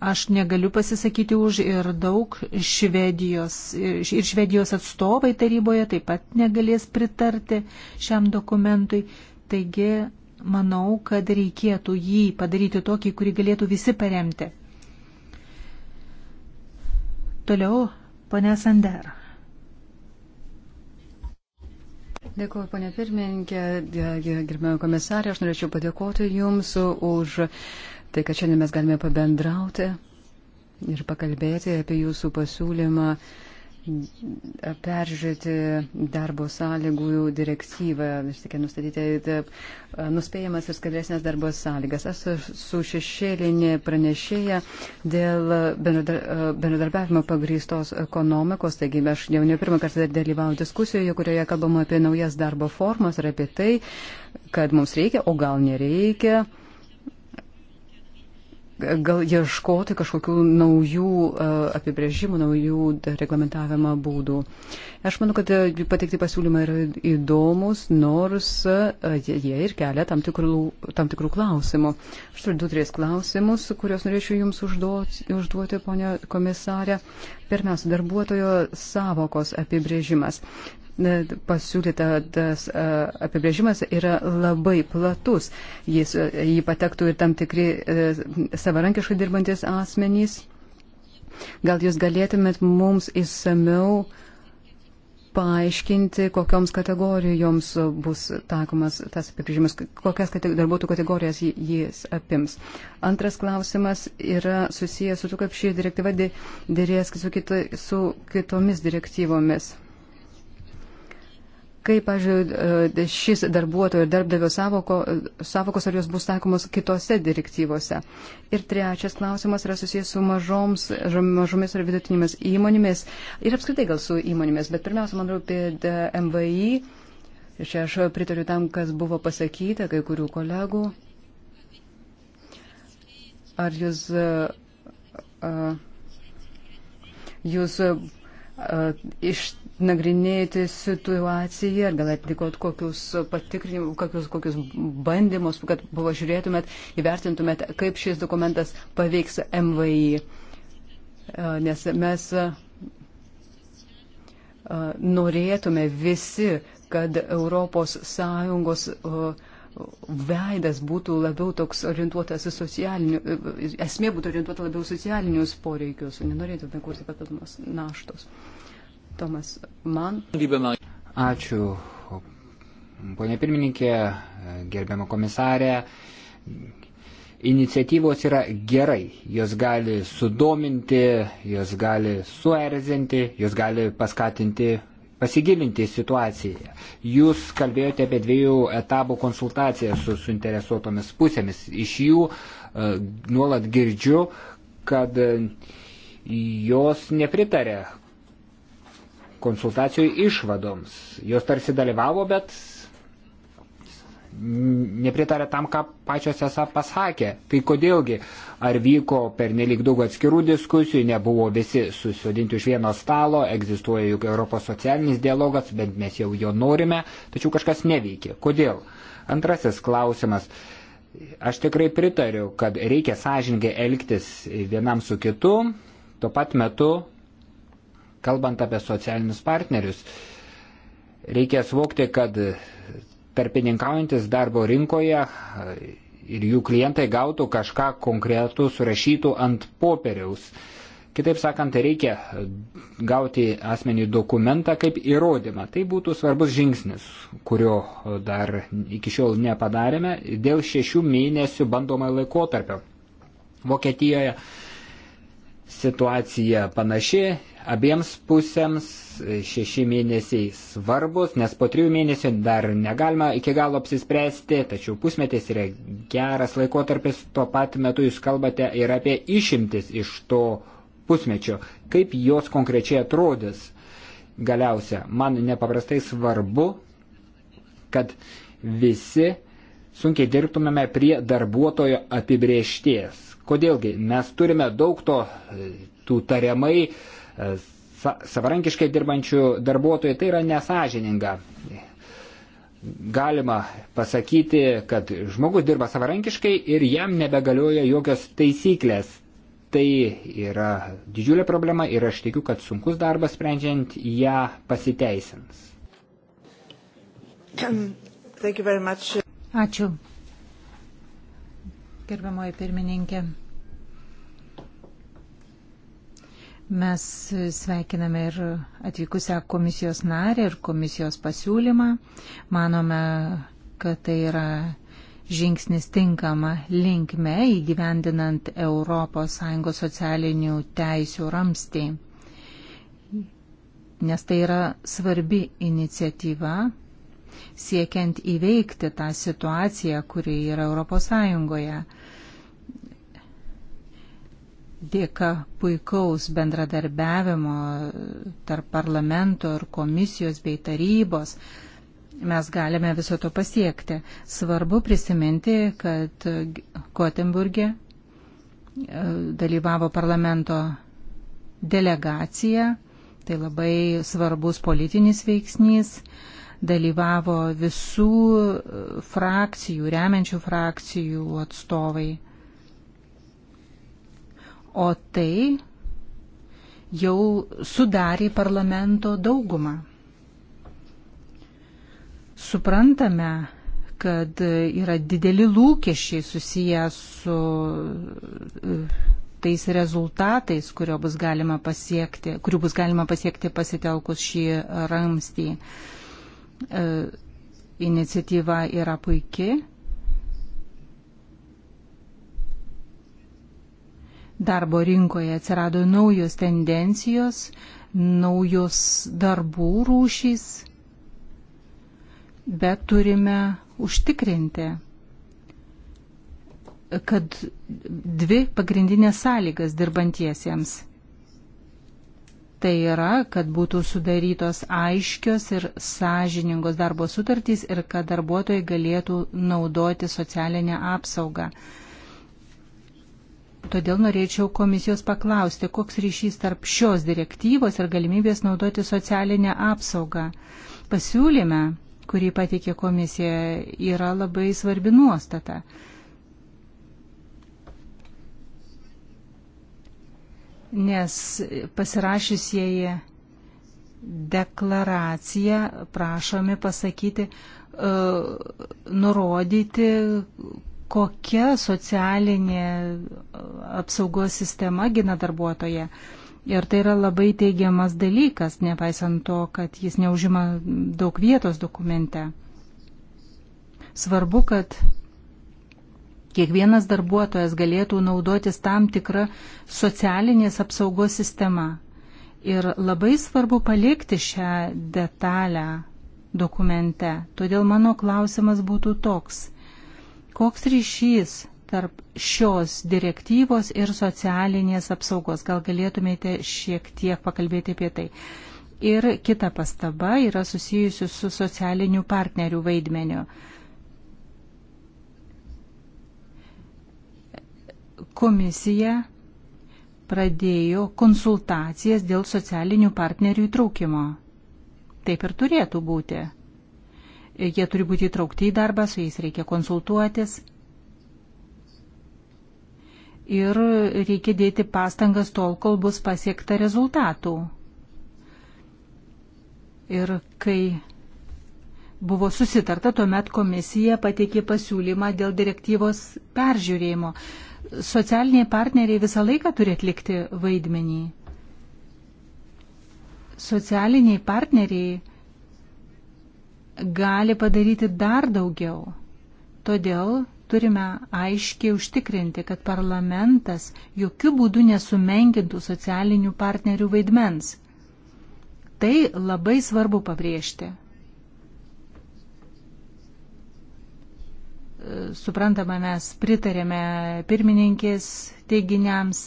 Aš negaliu pasisakyti už ir daug Švedijos, ir Švedijos atstovai taryboje taip pat negalės pritarti šiam dokumentui. Taigi, manau, kad reikėtų jį padaryti tokį, kurį galėtų visi paremti. Toliau, ponė Sander. Dėkuoju, ponė pirmininkė, gerbėjau komisarė, aš norėčiau padėkoti Jums už. Uh, tai kad šiandien mes galime pabendrauti ir pakalbėti apie jūsų pasiūlymą peržiūrėti darbo sąlygų direktyvą, reikia nustatyti nuspėjamas ir skaidresnės darbo sąlygas. Aš su šešėlinė pranešėja dėl bendradarbiavimo pagrįstos ekonomikos, taigi aš jau ne pirmą kartą dalyvauju diskusijoje, kurioje kalbama apie naujas darbo formas ir apie tai, kad mums reikia, o gal nereikia gal ieškoti kažkokių naujų e, apibrėžimų, naujų reglamentavimo būdų. Aš manau, kad e, pateikti pasiūlymai yra įdomus, nors e, jie ir kelia tam tikrų, tam tikrų klausimų. Aš turiu du, tris klausimus, kuriuos norėčiau Jums užduoti, užduoti ponė komisarė. Pirmiausia, darbuotojo savokos apibrėžimas pasiūlytas apibrėžimas yra labai platus. Jis, jį patektų ir tam tikri e, savarankiškai dirbantis asmenys. Gal jūs galėtumėt mums įsameu paaiškinti, kokioms kategorijoms bus taikomas tas apibrėžimas, kokias darbuotojų kategorijas jis apims. Antras klausimas yra susijęs su to, kaip ši direktyva dėrės su, kito, su kitomis direktyvomis kaip, pažiūrėjau, e, šis darbuotojo ir darbdavio savoko, savokos, ar jos bus taikomos kitose direktyvose. Ir trečias klausimas yra susijęs su mažoms, mažomis ir vidutinėmis įmonėmis ir apskritai gal su įmonėmis, bet pirmiausia, man rūpi e, MVI. Ir čia aš pritariu tam, kas buvo pasakyta kai kurių kolegų. Ar jūs, uh, jūs uh, iš nagrinėjate situaciją ir gal atlikot kokius patikrinimus, kokius, kokius bandymus, kad pavažiūrėtumėt, įvertintumėt, kaip šis dokumentas paveiks MVI. E, nes mes e, norėtume visi, kad ES e, veidas būtų labiau toks orientuotas į socialinių, esmė būtų orientuota labiau socialinius poreikius, nenorėtume kurti papildomos naštos. Uh, Tomas Man. Ačiū, ponė pirmininkė, gerbiama komisarė. Iniciatyvos yra gerai, jos gali sudominti, jos gali suerzinti, jos gali paskatinti pasigilinti situaciją. Jūs kalbėjote apie dviejų etapų konsultaciją su suinteresuotomis pusėmis. Iš jų e, nuolat girdžiu, kad jos nepritarė konsultacijų išvadoms. Jos tarsi dalyvavo, bet nepritarė tam, ką pačios esą pasakė. Tai kodėlgi, ar vyko per nelik daug atskirų diskusijų, nebuvo visi susodinti už vieno stalo, egzistuoja juk Europos socialinis dialogas, bent mes jau jo norime, tačiau kažkas neveikia. Kodėl? Antrasis klausimas. Aš tikrai pritariu, kad reikia sąžininkai elgtis vienam su kitu, tuo pat metu Kalbant apie socialinius partnerius, reikia suvokti, kad tarpininkaujantis darbo rinkoje ir jų klientai gautų kažką konkretų surašytų ant popieriaus. Kitaip sakant, reikia gauti asmenį dokumentą kaip įrodymą. Tai būtų svarbus žingsnis, kurio dar iki šiol nepadarėme dėl šešių mėnesių bandomai laikotarpio. Vokietijoje situacija panaši, Abiems pusėms šeši mėnesiai svarbus, nes po trijų mėnesių dar negalima iki galo apsispręsti, tačiau pusmetis yra geras laikotarpis, tuo pat metu jūs kalbate ir apie išimtis iš to pusmečio, kaip jos konkrečiai atrodys. Galiausia, man nepaprastai svarbu, kad visi sunkiai dirbtumėme prie darbuotojo apibriešties. Kodėlgi mes turime daug to, e, tų tariamai E, savarankiškai dirbančių darbuotojų, tai yra nesažininga. Galima pasakyti, kad žmogus dirba savarankiškai ir jam nebegalioja jokios taisyklės. Tai yra didžiulė problema ir aš tikiu, kad sunkus darbas sprendžiant ją pasiteisins. Ačiū. Gerbiamoji pirmininkė. Mes sveikiname ir atvykusią komisijos narį ir komisijos pasiūlymą. Manome, kad tai yra žingsnis tinkama linkme įgyvendinant ES socialinių teisių ramstį. Nes tai yra svarbi iniciatyva siekiant įveikti tą situaciją, kuri yra ES dėka puikaus bendradarbiavimo tarp parlamento ir komisijos bei tarybos mes galime viso to pasiekti. Svarbu prisiminti, kad Kotenburgė e, dalyvavo parlamento delegacija, tai labai svarbus politinis veiksnys dalyvavo visų e, frakcijų, remiančių frakcijų atstovai o tai jau sudarė parlamento daugumą. Suprantame, kad yra dideli lūkesčiai susiję su e, tais rezultatais, bus pasiekti, kurių bus galima pasiekti pasitelkus šį ramstį. E, iniciatyva yra puikia darbo rinkoje atsirado naujos tendencijos, naujos darbų rūšys, bet turime užtikrinti, kad dvi pagrindinės sąlygas dirbantiesiems. Tai yra, kad būtų sudarytos aiškios ir sąžiningos darbo sutartys ir kad darbuotojai galėtų naudoti socialinę apsaugą. Todėl norėčiau komisijos paklausti, koks ryšys tarp šios direktyvos ir galimybės naudoti socialinę apsaugą. Pasiūlyme, kurį pateikė komisija, yra labai svarbi nuostata. Nes pasirašysieji deklaraciją prašomi pasakyti, e, nurodyti, kokia socialinė apsaugos sistema gina darbuotoje. Ir tai yra labai teigiamas dalykas, nepaisant to, kad jis neužima daug vietos dokumente. Svarbu, kad kiekvienas darbuotojas galėtų naudotis tam tikrą socialinės apsaugos sistemą. Ir labai svarbu palikti šią detalę dokumente. Todėl mano klausimas būtų toks Koks ryšys tarp šios direktyvos ir socialinės apsaugos? Gal galėtumėte šiek tiek pakalbėti apie tai? Ir kita pastaba yra susijusi su socialinių partnerių vaidmeniu. Komisija pradėjo konsultacijas dėl socialinių partnerių įtraukimo. Taip ir turėtų būti. Jie turi būti įtraukti į darbą, su jais reikia konsultuotis. Ir reikia dėti pastangas tol, kol bus pasiekta rezultatų. Ir kai buvo susitarta, tuomet komisija pateikė pasiūlymą dėl direktyvos peržiūrėjimo. Socialiniai partneriai visą laiką turi atlikti vaidmenį. Socialiniai partneriai gali padaryti dar daugiau. Todėl turime aiškiai užtikrinti, kad parlamentas jokių būdų nesumenkintų socialinių partnerių vaidmens. Tai labai svarbu pabrėžti. Suprantama, mes pritarėme pirmininkės teiginiams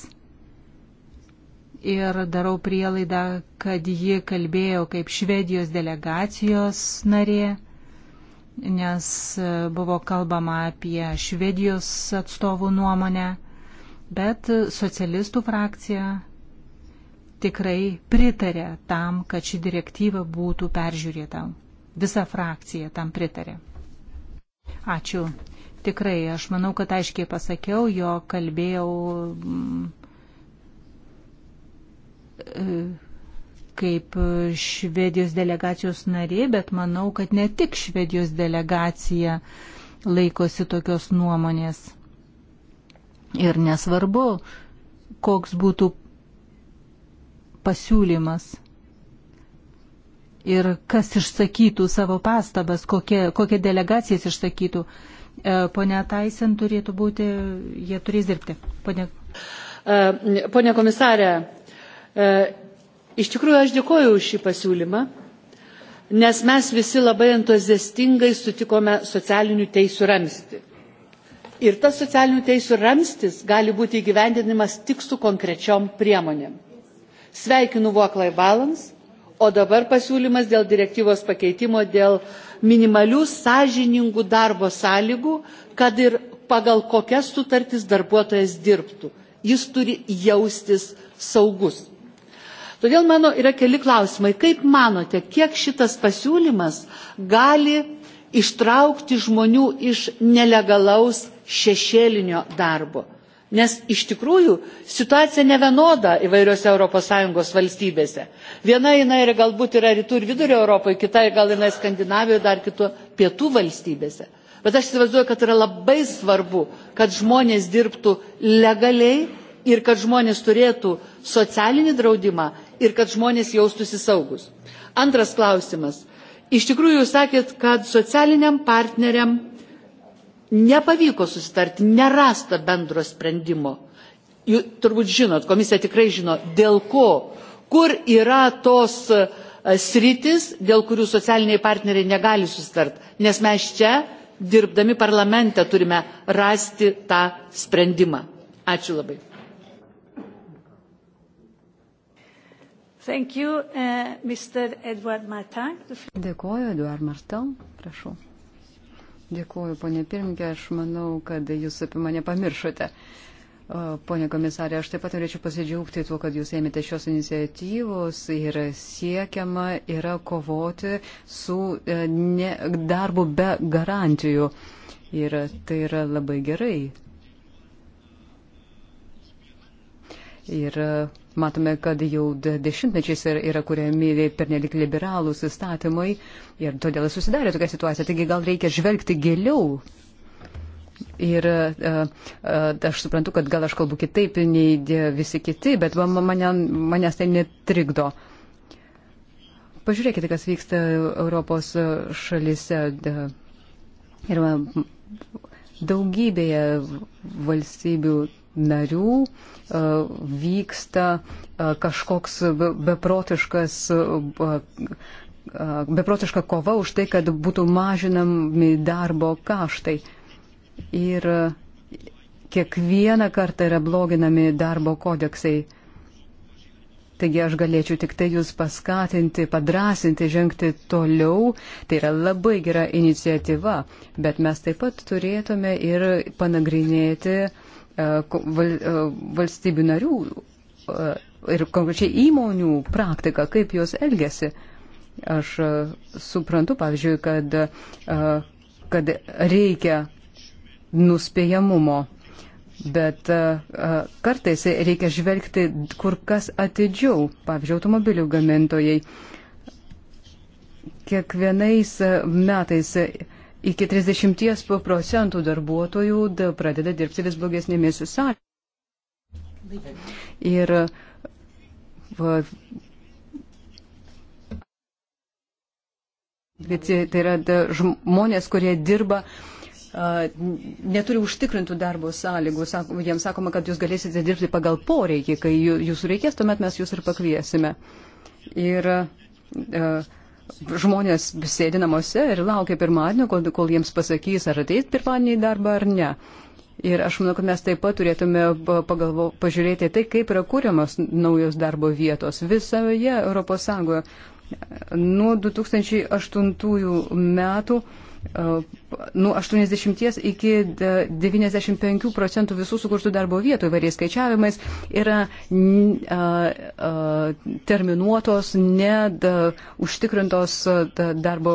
ir darau prielaidą, kad ji kalbėjo kaip Švedijos delegacijos narė, nes e, buvo kalbama apie Švedijos atstovų nuomonę, bet socialistų frakcija tikrai pritarė tam, kad ši direktyva būtų peržiūrėta. Visa frakcija tam pritarė. Ačiū. Tikrai, aš manau, kad aiškiai pasakiau, jo kalbėjau kaip Švedijos delegacijos narė, bet manau, kad ne tik Švedijos delegacija laikosi tokios nuomonės. Ir nesvarbu, koks būtų pasiūlymas ir kas išsakytų savo pastabas, kokie, kokie delegacijas išsakytų. E, Pone Taisen turėtų būti, jie turės dirbti. Pone, Pone komisarė, E, iš tikrųjų, aš dėkoju už šį pasiūlymą, nes mes visi labai entuziastingai sutikome socialinių teisų ramsti. Ir tas socialinių teisų ramstis gali būti įgyvendinimas tik su konkrečiom priemonėm. Sveikinu Voklai Balans, o dabar pasiūlymas dėl direktyvos pakeitimo dėl minimalių sąžiningų darbo sąlygų, kad ir pagal kokias sutartis darbuotojas dirbtų. Jis turi jaustis saugus. Todėl mano yra keli klausimai. Kaip manote, kiek šitas pasiūlymas gali ištraukti žmonių iš nelegalaus šešėlinio darbo? Nes iš tikrųjų situacija nevienoda įvairiose ES valstybėse. Viena jinai yra galbūt yra rytų ir vidurio Europoje, kita gal jinai Skandinavijoje, dar kitur pietų valstybėse. Bet aš įsivaizduoju, kad yra labai svarbu, kad žmonės dirbtų legaliai ir kad žmonės turėtų socialinį draudimą ir kad žmonės jaustųsi saugus. Antras klausimas. Iš tikrųjų, jūs sakėt, kad socialiniam partneriam nepavyko susitarti, nerasta bendro sprendimo. Jūs turbūt žinot, komisija tikrai žino, dėl ko, kur yra tos e, sritis, dėl kurių socialiniai partneriai negali susitart, nes mes čia, dirbdami parlamente, turime rasti tą sprendimą. Ačiū labai. Thank you, uh, Mr. Edward Martin. Dėkuoju, Eduard Martin, prašau. Dėkuoju, ponė pirmininkė, aš manau, kad jūs apie mane pamiršote. Pone komisarė, aš taip pat norėčiau pasidžiaugti tuo, kad jūs ėmėte šios iniciatyvos ir siekiama yra kovoti su e, ne, darbu be garantijų. Ir tai yra labai gerai. Ir Matome, kad jau dešimtmečiais yra kuriami pernelik liberalūs įstatymai ir todėl susidarė tokia situacija. Taigi gal reikia žvelgti giliau. Ir uh, uh, aš suprantu, kad gal aš kalbu kitaip nei visi kiti, bet mane, manęs tai netrikdo. Pažiūrėkite, kas vyksta Europos šalise. Ir daugybėje valstybių narių e, vyksta e, kažkoks beprotiškas e, beprotiška kova už tai, kad būtų mažinami darbo kaštai. Ir kiekvieną kartą yra bloginami darbo kodeksai. Taigi aš galėčiau tik tai jūs paskatinti, padrasinti, žengti toliau. Tai yra labai gera iniciatyva, bet mes taip pat turėtume ir panagrinėti uh, E, e, valstybių narių e, ir konkrečiai įmonių praktiką, kaip jos elgesi. Aš suprantu, pavyzdžiui, kad, kad reikia nuspėjamumo, bet kartais reikia žvelgti kur kas atidžiau, pavyzdžiui, automobilių gamintojai. Kiekvienais metais iki 30 procentų darbuotojų da pradeda dirbti vis blogesnėmis sąlygomis. Ir va, Bet tai, tai yra žmonės, kurie dirba, neturi užtikrintų darbo sąlygų. Jiems sakoma, kad jūs galėsite dirbti pagal poreikį, kai jūsų reikės, tuomet mes jūs ir pakviesime. Ir žmonės sėdi namuose ir laukia pirmadienio, kol, kol jiems pasakys, ar ateis pirmadienį į darbą ar ne. Ir aš manau, kad mes taip pat turėtume pagalvo, pažiūrėti tai, kaip yra kūriamos naujos darbo vietos visoje Europos Sąjungoje. Nuo 2008 metų nuo 80 iki 95 procentų visų sukurtų darbo vietų įvairiais skaičiavimais yra terminuotos, neužtikrintos darbo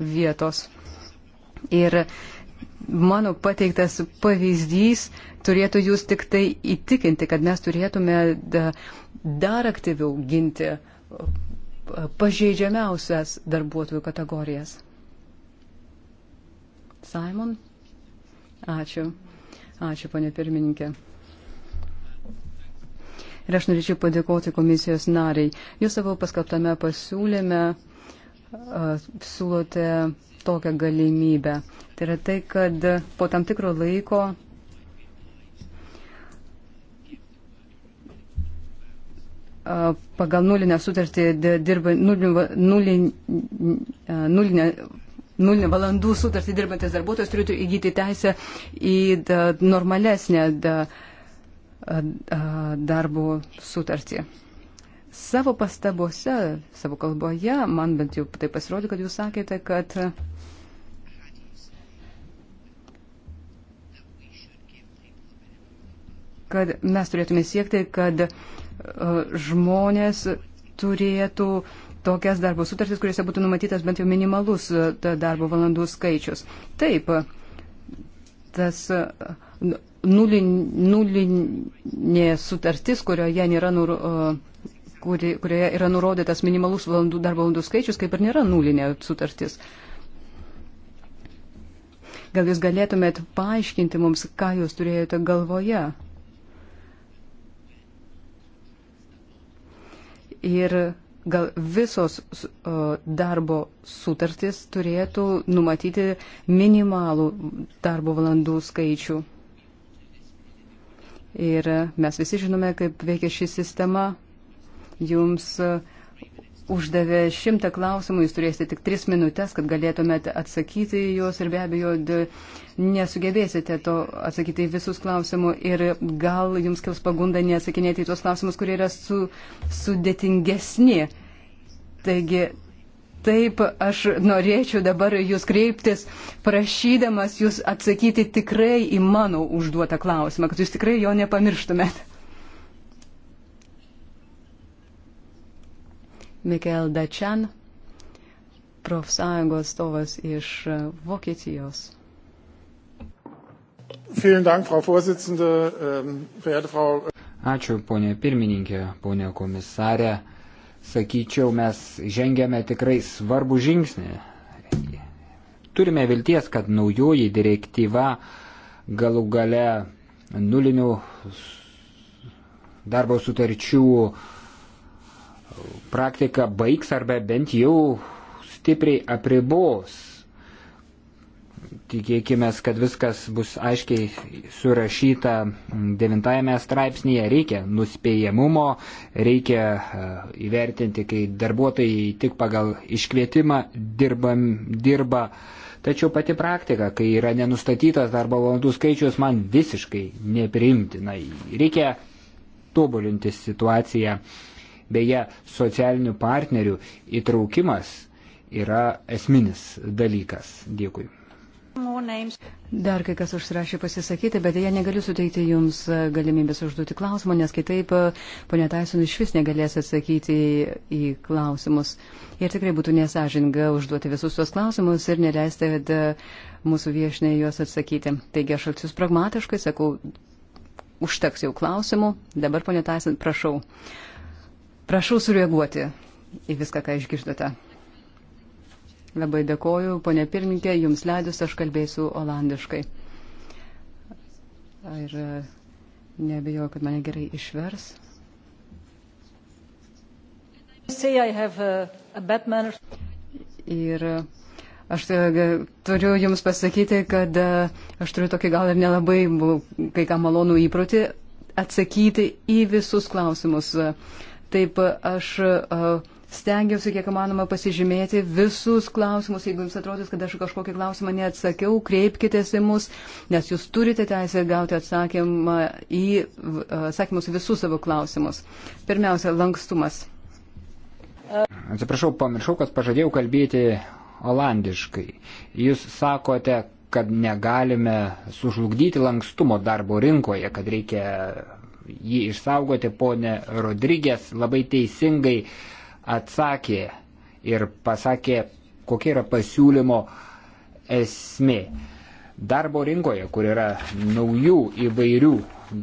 vietos. Ir mano pateiktas pavyzdys turėtų jūs tik tai įtikinti, kad mes turėtume dar aktyviau ginti pažeidžiamiausias darbuotojų kategorijas. Simon. Ačiū. Ačiū, ponė pirmininkė. Ir aš norėčiau padėkoti komisijos nariai. Jūs savo paskaptame pasiūlėme, siūlote tokią galimybę. Tai yra tai, kad po tam tikro laiko pagal nulinę sutartį dirba nulinę, nulinę, nulinę nulinį valandų sutartį dirbantis darbuotojas turėtų įgyti teisę į da, normalesnę da, darbo sutartį. Savo pastabose, savo kalboje, man bent jau tai pasirodė, kad jūs sakėte, kad kad mes turėtume siekti, kad žmonės turėtų uh, tokias darbo sutartis, kuriuose būtų numatytas bent jau minimalus e, darbo valandų skaičius. Taip, tas e, nulin, nulinė sutartis, kurioje nėra nur, e, kuri, kurioje yra nurodytas minimalus valandų, darbo valandų skaičius, kaip ir nėra nulinė sutartis. Gal jūs galėtumėt paaiškinti mums, ką jūs turėjote galvoje? Ir gal visos darbo sutartys turėtų numatyti minimalų darbo valandų skaičių. Ir mes visi žinome, kaip veikia ši sistema. Jums uždavė šimtą klausimų, jūs turėsite tik tris minutės, kad galėtumėte atsakyti juos ir be abejo. De, uh, nesugebėsite to atsakyti į visus klausimus ir gal jums kils pagunda neatsakinėti į tuos klausimus, kurie yra su, sudėtingesni. Taigi, taip aš norėčiau dabar jūs kreiptis, prašydamas jūs atsakyti tikrai į mano užduotą klausimą, kad jūs tikrai jo nepamirštumėt. Mikael Dačian, profsąjungos stovas iš Vokietijos. Dank, Frau ähm, verehrte Frau. Ačiū, ponė pirmininkė, ponė komisarė. Sakyčiau, mes žengėme tikrai svarbų žingsnį. Turime vilties, kad naujoji direktyva galų gale nulinių darbo sutarčių praktika baigs arba bent jau stipriai apribos Tikėkime, kad viskas bus aiškiai surašyta devintajame straipsnėje. Reikia nuspėjamumo, reikia e, įvertinti, kai darbuotojai tik pagal iškvietimą dirbam, dirba. Tačiau pati praktika, kai yra nenustatytas darbo valandų skaičius, man visiškai nepriimtina. Reikia tobulinti situaciją. Beje, socialinių partnerių įtraukimas yra esminis dalykas. Dėkui. Dar kai kas užsirašė pasisakyti, bet jie negaliu suteikti jums e, galimybės užduoti klausimą, nes kitaip e, ponė Taisun iš vis negalės atsakyti į klausimus. Ir tikrai būtų nesažinga užduoti visus tuos klausimus ir neleisti e, mūsų viešinė juos atsakyti. Taigi aš atsius pragmatiškai, sakau, užteks jau klausimų. Dabar ponė Taisun, prašau. Prašau sureaguoti į viską, ką išgirdote. Labai dėkoju, ponė pirmininkė, jums leidus aš kalbėsiu olandiškai. Ir e, nebejoju, kad mane gerai išvers. Ir e, aš e, turiu Jums pasakyti, kad aš turiu tokį gal ir nelabai kai ką malonų įprotį atsakyti į visus klausimus. Taip aš uh, stengiausi kiek manoma pasižymėti visus klausimus. Jeigu jums atrodys, kad aš kažkokį klausimą neatsakiau, kreipkitės į mus, nes jūs turite teisę gauti atsakymą į atsakymus visus savo klausimus. Pirmiausia, lankstumas. Atsiprašau, pamiršau, kad pažadėjau kalbėti olandiškai. Jūs sakote, kad negalime sužlugdyti lankstumo darbo rinkoje, kad reikia jį išsaugoti, ponė Rodrygės labai teisingai uh, atsakė ir pasakė, kokia yra pasiūlymo esmė. Darbo rinkoje, kur yra naujų įvairių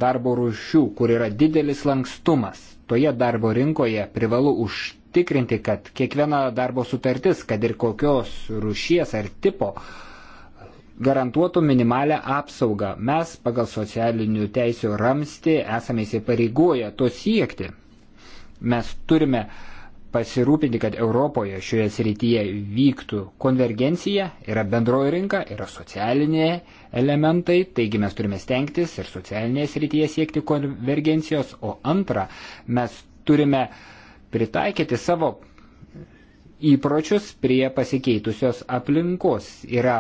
darbo rušių, kur yra didelis lankstumas, toje darbo rinkoje privalu užtikrinti, kad kiekviena darbo sutartis, kad ir kokios rušies ar tipo, garantuotų minimalę apsaugą. Mes pagal socialinių teisių ramsti esame įsipareigoję to siekti. Mes turime uh, pasirūpinti, kad Europoje šioje srityje vyktų konvergencija, yra bendroji rinka, yra socialiniai elementai, taigi mes turime stengtis ir socialinėje srityje siekti konvergencijos, o antra, mes turime pritaikyti savo įpročius prie pasikeitusios aplinkos. Yra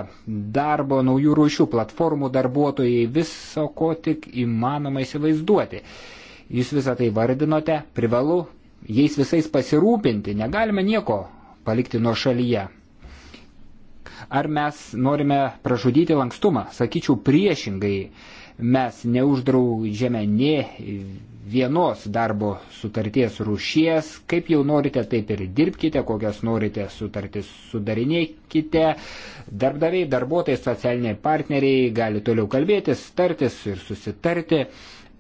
darbo naujų rūšių platformų darbuotojai viso ko tik įmanoma įsivaizduoti. Jūs visą tai vardinote, privalu jais visais pasirūpinti, negalime nieko palikti nuo šalyje. Ar mes norime pražudyti lankstumą? Sakyčiau priešingai, mes neuždraudžiame ne vienos darbo sutarties rušies, kaip jau norite, taip ir dirbkite, kokias norite sutartis sudarinėkite. Darbdaviai, darbuotojai, socialiniai partneriai gali toliau kalbėtis, tartis ir susitarti,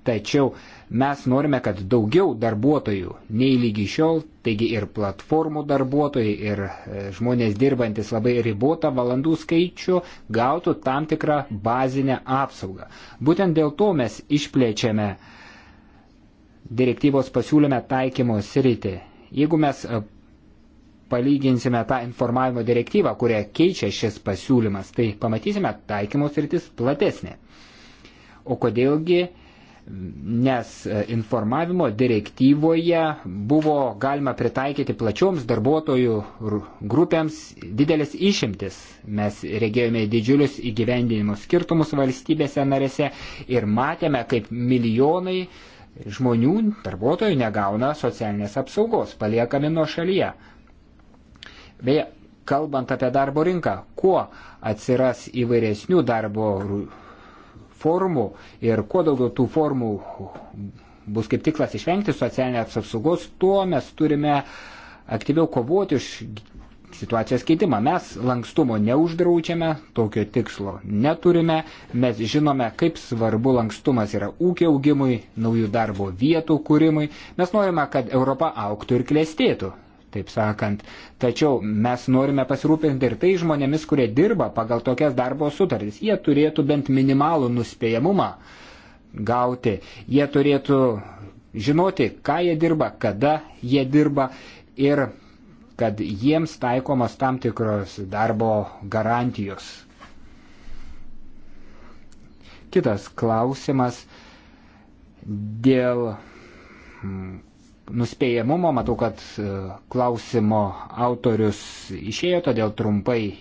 tačiau Mes norime, kad daugiau darbuotojų nei lygi šiol, taigi ir platformų darbuotojai, ir e, žmonės dirbantis labai ribotą valandų skaičių gautų tam tikrą bazinę apsaugą. Būtent dėl to mes išplėčiame direktyvos pasiūlyme taikymo sritį. Jeigu mes e, palyginsime tą informavimo direktyvą, kurią keičia šis pasiūlymas, tai pamatysime taikymos rytis platesnė. O kodėlgi nes e, informavimo direktyvoje buvo galima pritaikyti plačioms darbuotojų grupėms didelis išimtis. Mes regėjome didžiulius įgyvendinimo skirtumus valstybėse narėse ir matėme, kaip milijonai žmonių, darbuotojų negauna socialinės apsaugos, paliekami nuo šalyje. Beje, kalbant apie darbo rinką, kuo atsiras įvairesnių darbo formų ir kuo daugiau tų formų bus kaip tiklas išvengti socialinės apsaugos, tuo mes turime aktyviau kovoti už situacijos keitimą. Mes lankstumo neuždraučiame, tokio tikslo neturime, mes žinome, kaip svarbu lankstumas yra ūkio augimui, naujų darbo vietų kūrimui. Mes norime, kad Europa auktų ir klėstėtų taip sakant. Tačiau mes norime pasirūpinti ir tai žmonėmis, kurie dirba pagal tokias darbo sutartys. Jie turėtų bent minimalų nuspėjamumą gauti. Jie turėtų žinoti, ką jie dirba, kada jie dirba ir kad jiems taikomas tam tikros darbo garantijos. Kitas klausimas dėl hmm, nuspėjamumo. Matau, kad e, klausimo autorius išėjo, todėl trumpai e,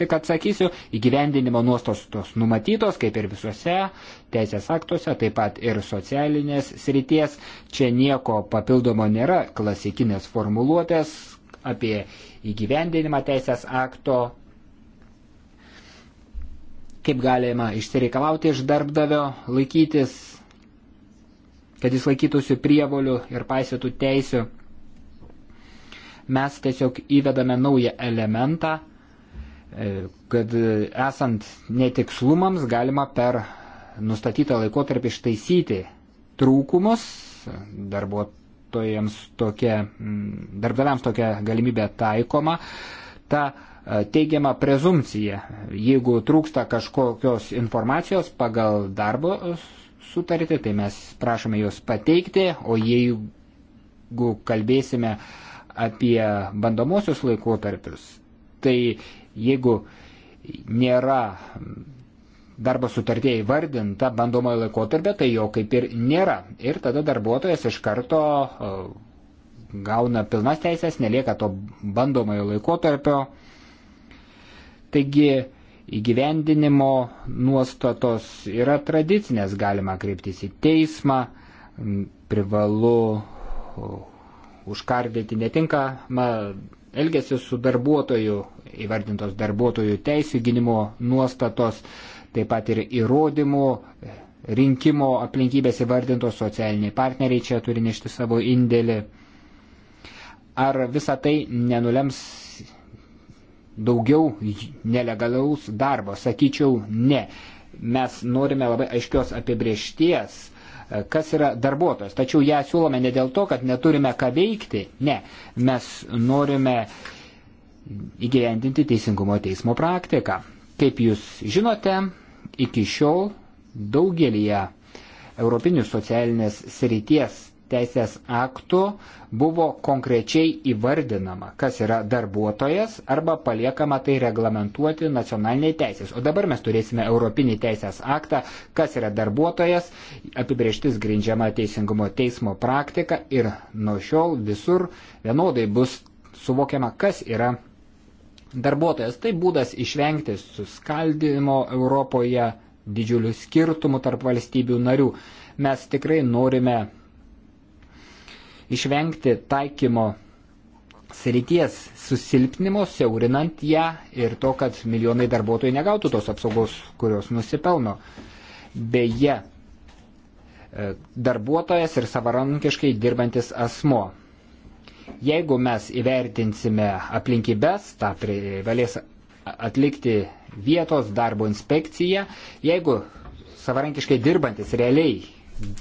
tik atsakysiu. Įgyvendinimo nuostostos numatytos, kaip ir visuose teisės aktuose, taip pat ir socialinės srities. Čia nieko papildomo nėra, klasikinės formuluotės apie įgyvendinimą teisės akto kaip galima išsireikalauti iš darbdavio laikytis kad jis laikytųsi prievolių ir paisytų teisių. Mes tiesiog įvedame naują elementą, e, kad esant netikslumams galima per nustatytą laikotarpį ištaisyti trūkumus, darbuotojams tokia, darbdaviams tokia galimybė taikoma. Ta e, teigiama prezumcija, jeigu trūksta kažkokios informacijos pagal darbo sutartį, tai mes prašome jos pateikti, o jeigu kalbėsime apie bandomosius laikotarpius, tai jeigu nėra darbo sutartėje įvardinta bandomojo laikotarpio, tai jo kaip ir nėra. Ir tada darbuotojas iš karto gauna pilnas teisės, nelieka to bandomojo laikotarpio. Taigi, įgyvendinimo nuostatos yra tradicinės, galima kreiptis į teismą, privalu užkardyti netinkamą elgesį su darbuotoju, įvardintos darbuotojų teisų gynimo nuostatos, taip pat ir įrodymų e, rinkimo aplinkybės įvardintos socialiniai partneriai čia turi nešti savo indėlį. Ar visa tai nenulems daugiau nelegalaus darbo. Sakyčiau, ne. Mes norime labai aiškios apibriešties, e, kas yra darbuotojas. Tačiau ją siūlome ne dėl to, kad neturime ką veikti. Ne. Mes norime įgyvendinti teisingumo teismo praktiką. Kaip jūs žinote, iki šiol daugelįje Europinių socialinės srities teisės aktų buvo konkrečiai įvardinama, kas yra darbuotojas arba paliekama tai reglamentuoti nacionaliniai teisės. O dabar mes turėsime Europinį teisės aktą, kas yra darbuotojas, apibrieštis grindžiama teisingumo teismo praktika ir nuo šiol visur vienodai bus suvokiama, kas yra darbuotojas. Tai būdas išvengti suskaldimo Europoje didžiulių skirtumų tarp valstybių narių. Mes tikrai norime išvengti taikymo srities susilpnimo, siaurinant ją ir to, kad milijonai darbuotojų negautų tos apsaugos, kurios nusipelno. Beje, e, darbuotojas ir savarankiškai dirbantis asmo. Jeigu mes įvertinsime aplinkybės, tą privalės atlikti vietos darbo inspekcija, jeigu savarankiškai dirbantis realiai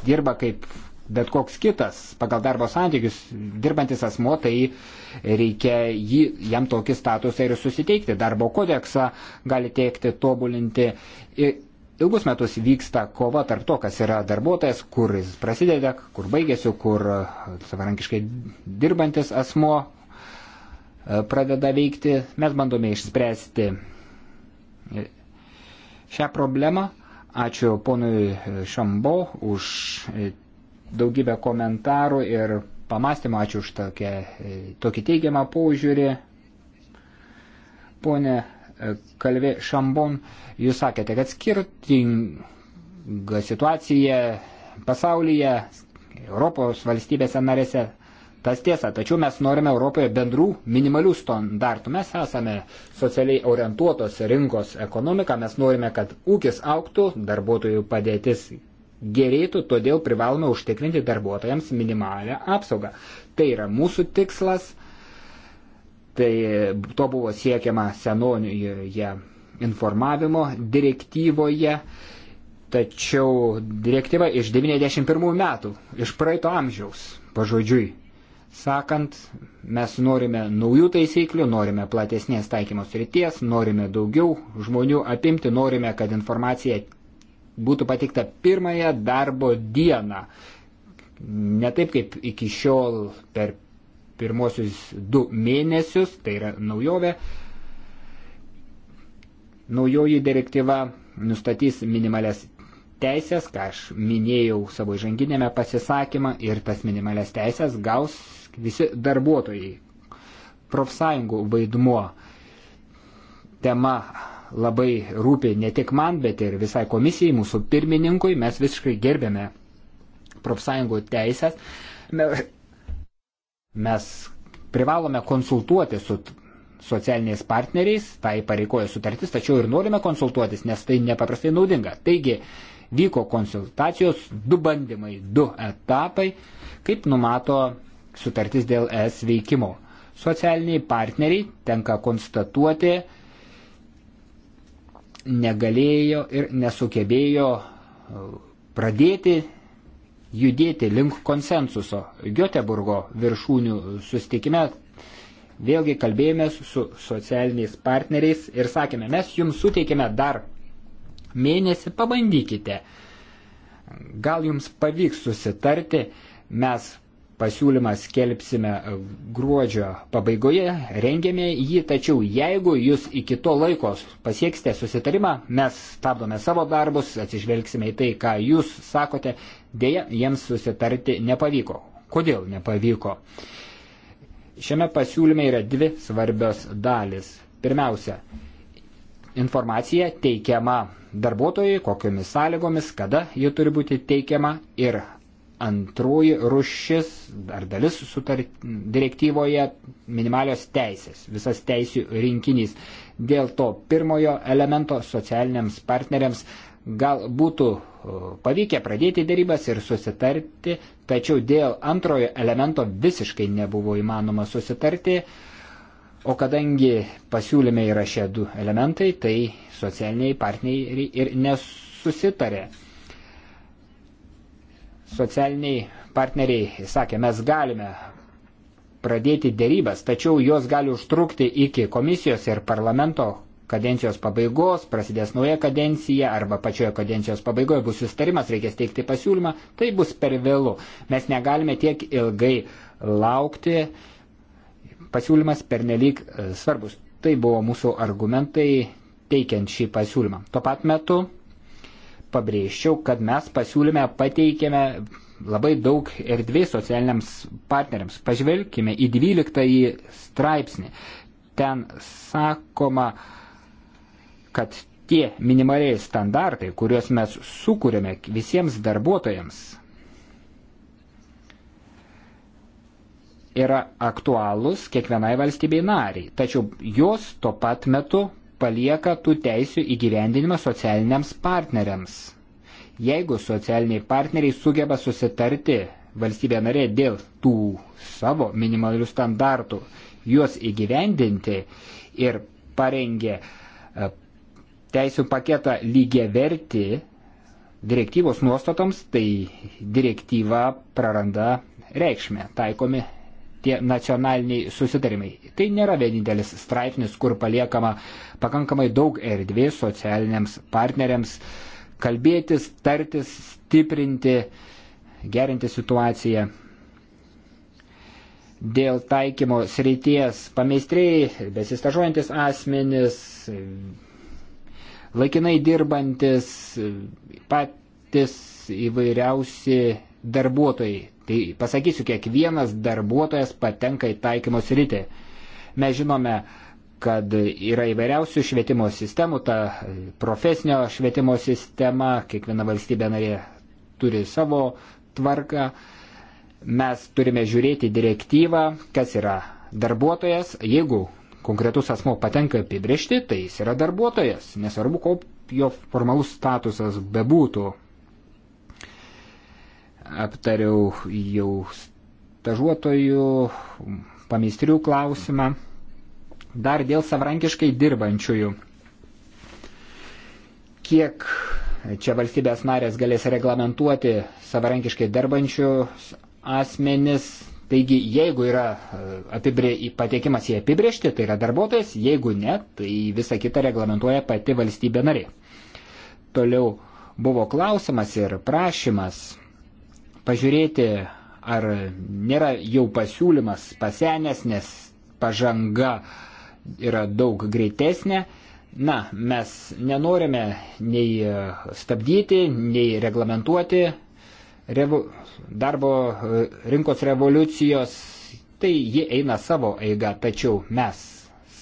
dirba kaip bet koks kitas pagal darbo santykius dirbantis asmo, tai reikia jį, jam tokį statusą ir susiteikti. Darbo kodeksą gali teikti, tobulinti. Ir ilgus metus vyksta kova tarp to, kas yra darbuotojas, kur jis prasideda, kur baigėsi, kur savarankiškai dirbantis asmo e, pradeda veikti. Mes bandome išspręsti šią problemą. Ačiū ponui Šambo už daugybę komentarų ir pamastymą. Ačiū už tokią, e, tokį teigiamą požiūrį. Pone e, Kalvė Šambon, jūs sakėte, kad skirtinga situacija pasaulyje, Europos valstybėse narėse Tas tiesa, tačiau mes norime Europoje bendrų minimalių standartų. Mes esame socialiai orientuotos rinkos ekonomika, mes norime, kad ūkis auktų, darbuotojų padėtis gerėtų, todėl privalome užtikrinti darbuotojams minimalę apsaugą. Tai yra mūsų tikslas, tai to buvo siekiama senojoje informavimo direktyvoje, tačiau direktyva iš 91 metų, iš praeito amžiaus, pažodžiui. Sakant, mes norime naujų taisyklių, norime platesnės taikymos ryties, norime daugiau žmonių apimti, norime, kad informacija būtų pateikta pirmąją darbo dieną. Ne taip kaip iki šiol per pirmosius du mėnesius, tai yra naujovė. Naujoji direktyva nustatys minimales teisės, ką aš minėjau savo žanginėme pasisakymą, ir tas minimales teisės gaus visi darbuotojai. Profsąjungų vaidmuo tema labai rūpi ne tik man, bet ir visai komisijai, mūsų pirmininkui. Mes visiškai gerbėme profsąjungų teisės. Mes privalome konsultuoti su socialiniais partneriais, tai pareikoja sutartis, tačiau ir norime konsultuotis, nes tai nepaprastai naudinga. Taigi, vyko konsultacijos, du bandymai, du etapai, kaip numato sutartis dėl ES veikimo. Socialiniai partneriai tenka konstatuoti, negalėjo ir nesugebėjo e, pradėti judėti link konsensuso. Göteburgo viršūnių sustikime vėlgi kalbėjomės su socialiniais partneriais ir sakėme, mes jums suteikėme dar mėnesį, pabandykite. Gal jums pavyks susitarti, mes pasiūlymą skelbsime gruodžio pabaigoje, rengėme jį, tačiau jeigu jūs iki to laiko pasieksite susitarimą, mes stabdome savo darbus, atsižvelgsime į tai, ką jūs sakote, dėja, jiems susitarti nepavyko. Kodėl nepavyko? Šiame pasiūlyme yra dvi svarbios dalis. Pirmiausia, informacija teikiama darbuotojai, kokiomis sąlygomis, kada ji turi būti teikiama ir Antroji rušis, ar dalis sutart, direktyvoje minimalios teisės, visas teisių rinkinys. Dėl to pirmojo elemento socialiniams partneriams gal būtų pavykę pradėti darybas ir susitarti, tačiau dėl antrojo elemento visiškai nebuvo įmanoma susitarti. O kadangi pasiūlyme yra šie du elementai, tai socialiniai partneriai ir nesusitarė. Socialiniai partneriai sakė, mes galime pradėti dėrybas, tačiau jos gali užtrukti iki komisijos ir parlamento kadencijos pabaigos, prasidės nauja kadencija arba pačioje kadencijos pabaigoje bus sustarimas, reikės teikti pasiūlymą, tai bus per vėlų. Mes negalime tiek ilgai laukti, pasiūlymas pernelyg e, svarbus. Tai buvo mūsų argumentai teikiant šį pasiūlymą. Tuo pat metu pabrėžčiau, kad mes pasiūlyme pateikėme labai daug erdvės socialiniams partneriams. Pažvelkime į 12 straipsnį. Ten sakoma, kad tie minimaliai standartai, kuriuos mes sukūrėme visiems darbuotojams, yra aktualūs kiekvienai valstybei nariai, tačiau jos tuo pat metu palieka tų teisių įgyvendinimą socialiniams partneriams. Jeigu socialiniai partneriai sugeba susitarti valstybė narė dėl tų savo minimalių standartų, juos įgyvendinti ir parengė e, teisų paketą lygia verti direktyvos nuostatoms, tai direktyva praranda reikšmę taikomi tie nacionaliniai susitarimai. Tai nėra vienintelis straipsnis, kur paliekama pakankamai daug erdvės socialiniams partneriams kalbėtis, tartis, stiprinti, gerinti situaciją. Dėl taikymo srities pameistrėjai, besistažuojantis asmenis, laikinai dirbantis, patys įvairiausi darbuotojai Tai pasakysiu, kiekvienas darbuotojas patenka į taikymo sritį. Mes žinome, kad yra įvairiausių švietimo sistemų, ta profesinio švietimo sistema, kiekviena valstybė narė turi savo tvarką. Mes turime žiūrėti direktyvą, kas yra darbuotojas. Jeigu konkretus asmo patenka apibriežti, tai jis yra darbuotojas, nesvarbu, koks jo formalus statusas bebūtų aptariau jau stažuotojų, pameistrių klausimą. Dar dėl savrankiškai dirbančiųjų. Kiek čia valstybės narės galės reglamentuoti savarankiškai dirbančių asmenis. Taigi, jeigu yra e, apibrie, patekimas į apibriežtį, tai yra darbuotojas, jeigu ne, tai visa kita reglamentuoja pati valstybė narė. Toliau buvo klausimas ir prašymas pažiūrėti, ar nėra jau pasiūlymas pasenęs, nes pažanga yra daug greitesnė. Na, mes nenorime nei stabdyti, nei reglamentuoti revo, darbo rinkos revoliucijos, tai ji eina savo eiga, tačiau mes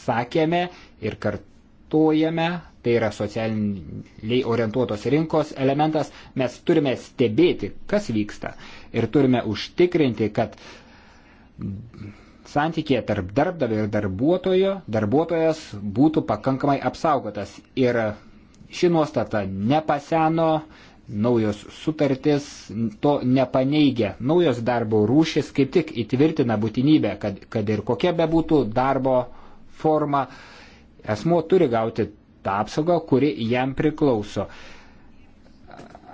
sakėme ir kartu akcentuojame, tai yra socialiniai orientuotos rinkos elementas, mes turime stebėti, kas vyksta ir turime užtikrinti, kad santykėje tarp darbdavio ir darbuotojo, darbuotojas būtų pakankamai apsaugotas. Ir ši nuostata nepaseno, naujos sutartis to nepaneigia. Naujos darbo rūšis kaip tik įtvirtina būtinybę, kad, kad ir kokia bebūtų darbo forma, uh, asmuo turi gauti tą apsaugą, kuri jam priklauso.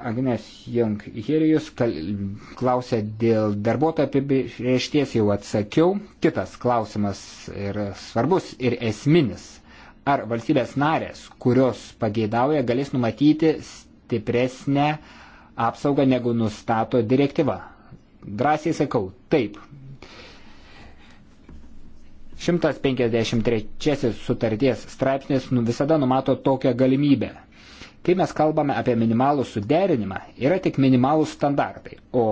Agnes Jung Hirijus klausė dėl darbuotojo apibriešties jau atsakiau. Kitas klausimas ir svarbus ir esminis. Ar valstybės narės, kurios pageidauja, galės numatyti stipresnę apsaugą negu nustato direktyva? Drąsiai sakau, taip, 153 sutarties straipsnis nu visada numato tokią galimybę. Kai mes kalbame apie minimalų suderinimą, yra tik minimalų standartai, o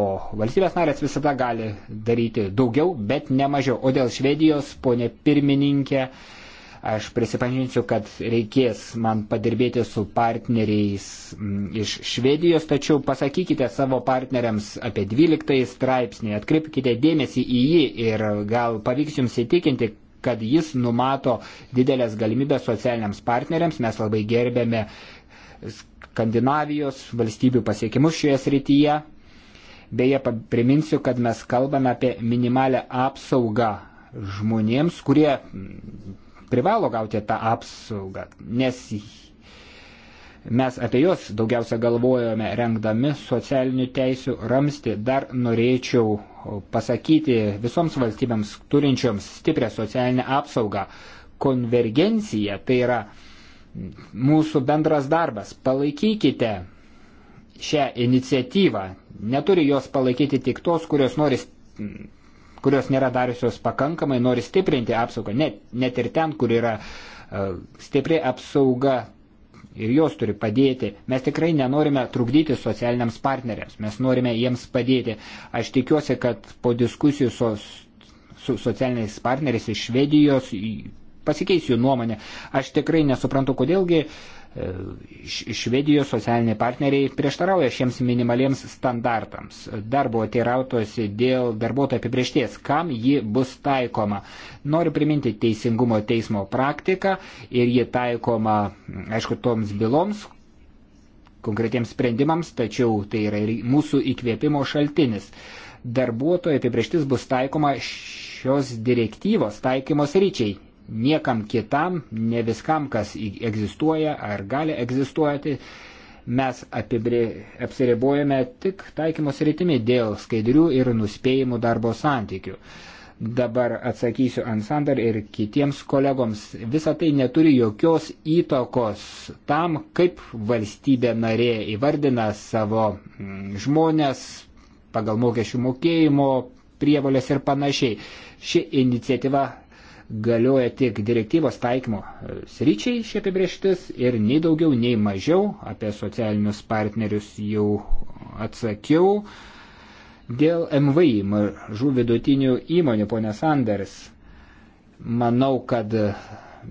valstybės narės visada gali daryti daugiau, bet ne mažiau. O dėl Švedijos, ponė pirmininkė, Aš prisipažinsiu, kad reikės man padirbėti su partneriais mm, iš Švedijos, tačiau pasakykite savo partneriams apie 12 straipsnį, atkreipkite dėmesį į jį ir gal pavyks jums įtikinti, kad jis numato didelės galimybės socialiniams partneriams. Mes labai gerbėme Skandinavijos valstybių pasiekimus šioje srityje. Beje, priminsiu, kad mes kalbame apie minimalę apsaugą žmonėms, kurie privalo gauti tą apsaugą, nes mes apie juos daugiausia galvojome rengdami socialinių teisių ramsti. Dar norėčiau pasakyti visoms valstybėms turinčioms stiprią socialinę apsaugą, konvergencija tai yra mūsų bendras darbas. Palaikykite šią iniciatyvą. Neturi jos palaikyti tik tos, kurios nori kurios nėra dariusios pakankamai, nori stiprinti apsaugą, net, net ir ten, kur yra uh, stipri apsauga ir jos turi padėti. Mes tikrai nenorime trukdyti socialiniams partneriams, mes norime jiems padėti. Aš tikiuosi, kad po diskusijų su, su socialiniais partneriais iš Švedijos pasikeis jų nuomonė. Aš tikrai nesuprantu, kodėlgi uh, Švedijos socialiniai partneriai prieštarauja šiems minimaliems standartams. Dar buvo teirautosi dėl darbuotojo apibriešties, kam ji bus taikoma. Noriu priminti teisingumo teismo praktiką ir ji taikoma, aišku, toms byloms, konkretiems sprendimams, tačiau tai yra ir mūsų įkvėpimo šaltinis. Darbuotojo apibrieštis bus taikoma šios direktyvos taikymos ryčiai, niekam kitam, ne viskam, kas egzistuoja ar gali egzistuoti. Mes apibri, apsiribojame tik taikymos rytimi dėl skaidrių ir nuspėjimų darbo santykių. Dabar atsakysiu ant sandar ir kitiems kolegoms. Visa tai neturi jokios įtakos tam, kaip valstybė narė įvardina savo mm, žmonės pagal mokesčių mokėjimo prievolės ir panašiai. Ši iniciatyva galioja tik direktyvos taikymo e, sryčiai šie apibrieštis ir nei daugiau, nei mažiau apie socialinius partnerius jau atsakiau. Dėl MVI, mažų vidutinių įmonių, ponė Sanders, manau, kad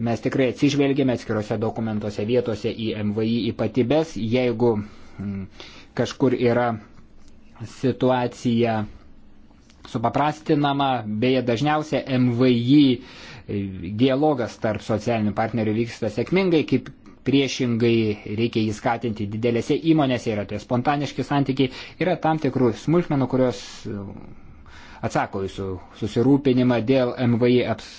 mes tikrai atsižvelgėme atskiruose dokumentuose vietose į MVI ypatybės, jeigu kažkur yra situacija supaprastinama, beje, dažniausia MVI dialogas tarp socialinių partnerių vyksta sėkmingai, kaip priešingai reikia jį skatinti didelėse įmonėse, yra tie spontaniški santykiai, yra tam tikrų smulkmenų, kurios uh, atsako jūsų susirūpinimą dėl MVI aps,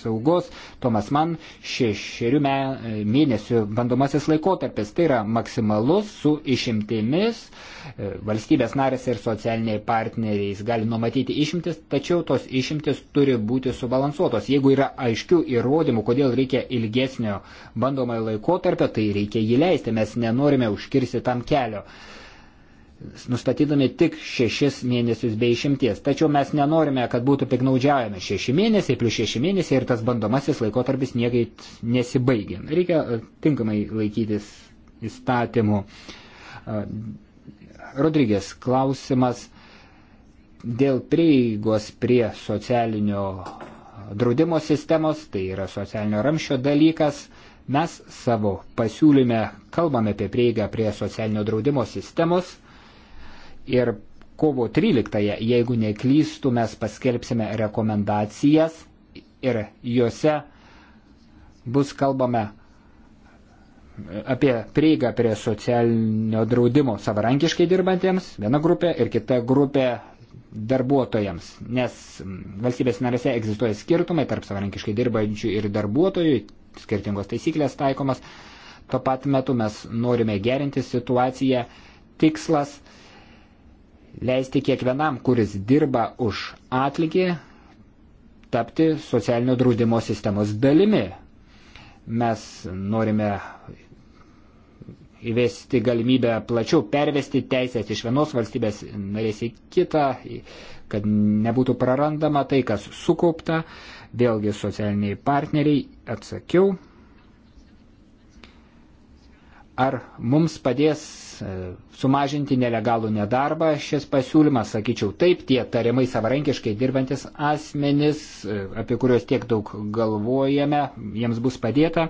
apsaugos. Tomas man šešerių e, mėnesių bandomasis laikotarpis tai yra maksimalus su išimtimis. E, valstybės narės ir socialiniai partneriais gali numatyti išimtis, tačiau tos išimtis turi būti subalansuotos. Jeigu yra aiškių įrodymų, kodėl reikia ilgesnio bandomojo laikotarpio, tai reikia jį leisti. Mes nenorime užkirsti tam kelio nustatydami tik šešis mėnesius bei išimties. Tačiau mes nenorime, kad būtų piknaudžiavami šeši mėnesiai, plus šeši mėnesiai ir tas bandomasis laikotarpis niekai nesibaigia. Reikia e, tinkamai laikytis įstatymų. E, Rodrygės klausimas dėl prieigos prie socialinio draudimo sistemos, tai yra socialinio ramščio dalykas. Mes savo pasiūlyme kalbame apie prieigą prie socialinio draudimo sistemos ir kovo 13-ąją, jeigu neklystų, mes paskelbsime rekomendacijas ir juose bus kalbame apie prieigą prie socialinio draudimo savarankiškai dirbantiems, viena grupė ir kita grupė darbuotojams, nes mm, valstybės narėse egzistuoja skirtumai tarp savarankiškai dirbančių ir darbuotojų, skirtingos taisyklės taikomas. Tuo pat metu mes norime gerinti situaciją. Tikslas leisti kiekvienam, kuris dirba už atlygį, tapti socialinio draudimo sistemos dalimi. Mes norime įvesti galimybę plačiau pervesti teisės iš vienos valstybės narės į kitą, kad nebūtų prarandama tai, kas sukaupta. Vėlgi socialiniai partneriai atsakiau. Ar mums padės E, sumažinti nelegalų nedarbą. Šis pasiūlymas, sakyčiau, taip, tie tariamai savarankiškai dirbantis asmenys, e, apie kuriuos tiek daug galvojame, jiems bus padėta.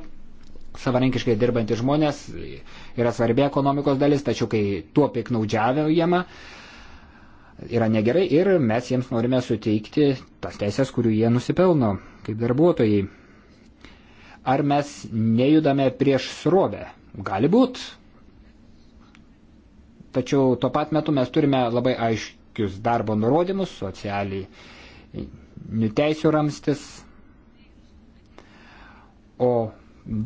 Savarankiškai dirbantys žmonės yra svarbi ekonomikos dalis, tačiau kai tuo piknaudžiaujama, yra negerai ir mes jiems norime suteikti tas teisės, kurių jie nusipelno kaip darbuotojai. Ar mes nejudame prieš srovę? Gali būti, Tačiau tuo pat metu mes turime labai aiškius darbo nurodymus, socialinių teisių ramstis. O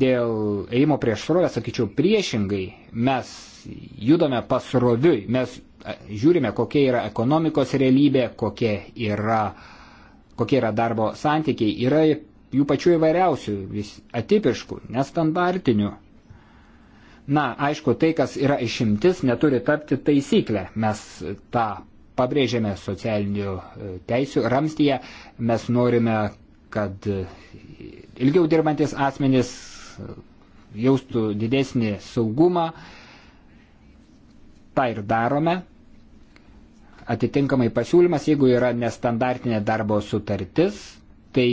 dėl eimo prieš srovę, sakyčiau, priešingai mes judame pasroviui, mes žiūrime, kokia yra ekonomikos realybė, kokie yra, kokie yra darbo santykiai, yra jų pačių įvairiausių, vis, atipiškų, nestandartinių. Na, aišku, tai, kas yra išimtis, neturi tapti taisyklę. Mes tą pabrėžėme socialinių e, teisių ramstyje. Mes norime, kad ilgiau dirbantis asmenys e, jaustų didesnį saugumą. Ta ir darome. Atitinkamai pasiūlymas, jeigu yra nestandartinė darbo sutartis, tai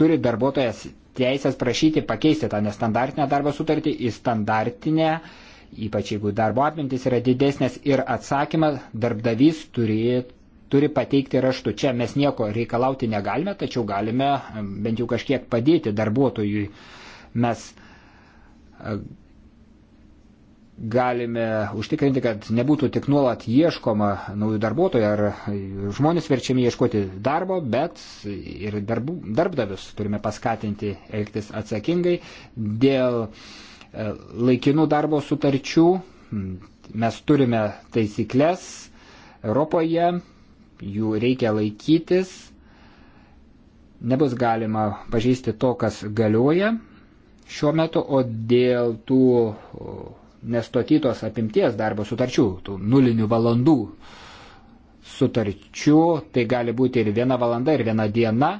turi darbuotojas teisės prašyti pakeisti tą nestandartinę darbo sutartį į standartinę, ypač jeigu darbo apimtis yra didesnės ir atsakymas darbdavys turi, turi pateikti raštu. Čia mes nieko reikalauti negalime, tačiau galime bent jau kažkiek padėti darbuotojui. Mes galime užtikrinti, kad nebūtų tik nuolat ieškoma naujų darbuotojų ar žmonės verčiami ieškoti darbo, bet ir darbų, darbdavius turime paskatinti elgtis atsakingai. Dėl e, laikinų darbo sutarčių mes turime taisyklės Europoje, jų reikia laikytis. Nebus galima pažeisti to, kas galioja šiuo metu, o dėl tų nestotytos apimties darbo sutarčių, tų nulinių valandų sutarčių, tai gali būti ir viena valanda, ir viena diena,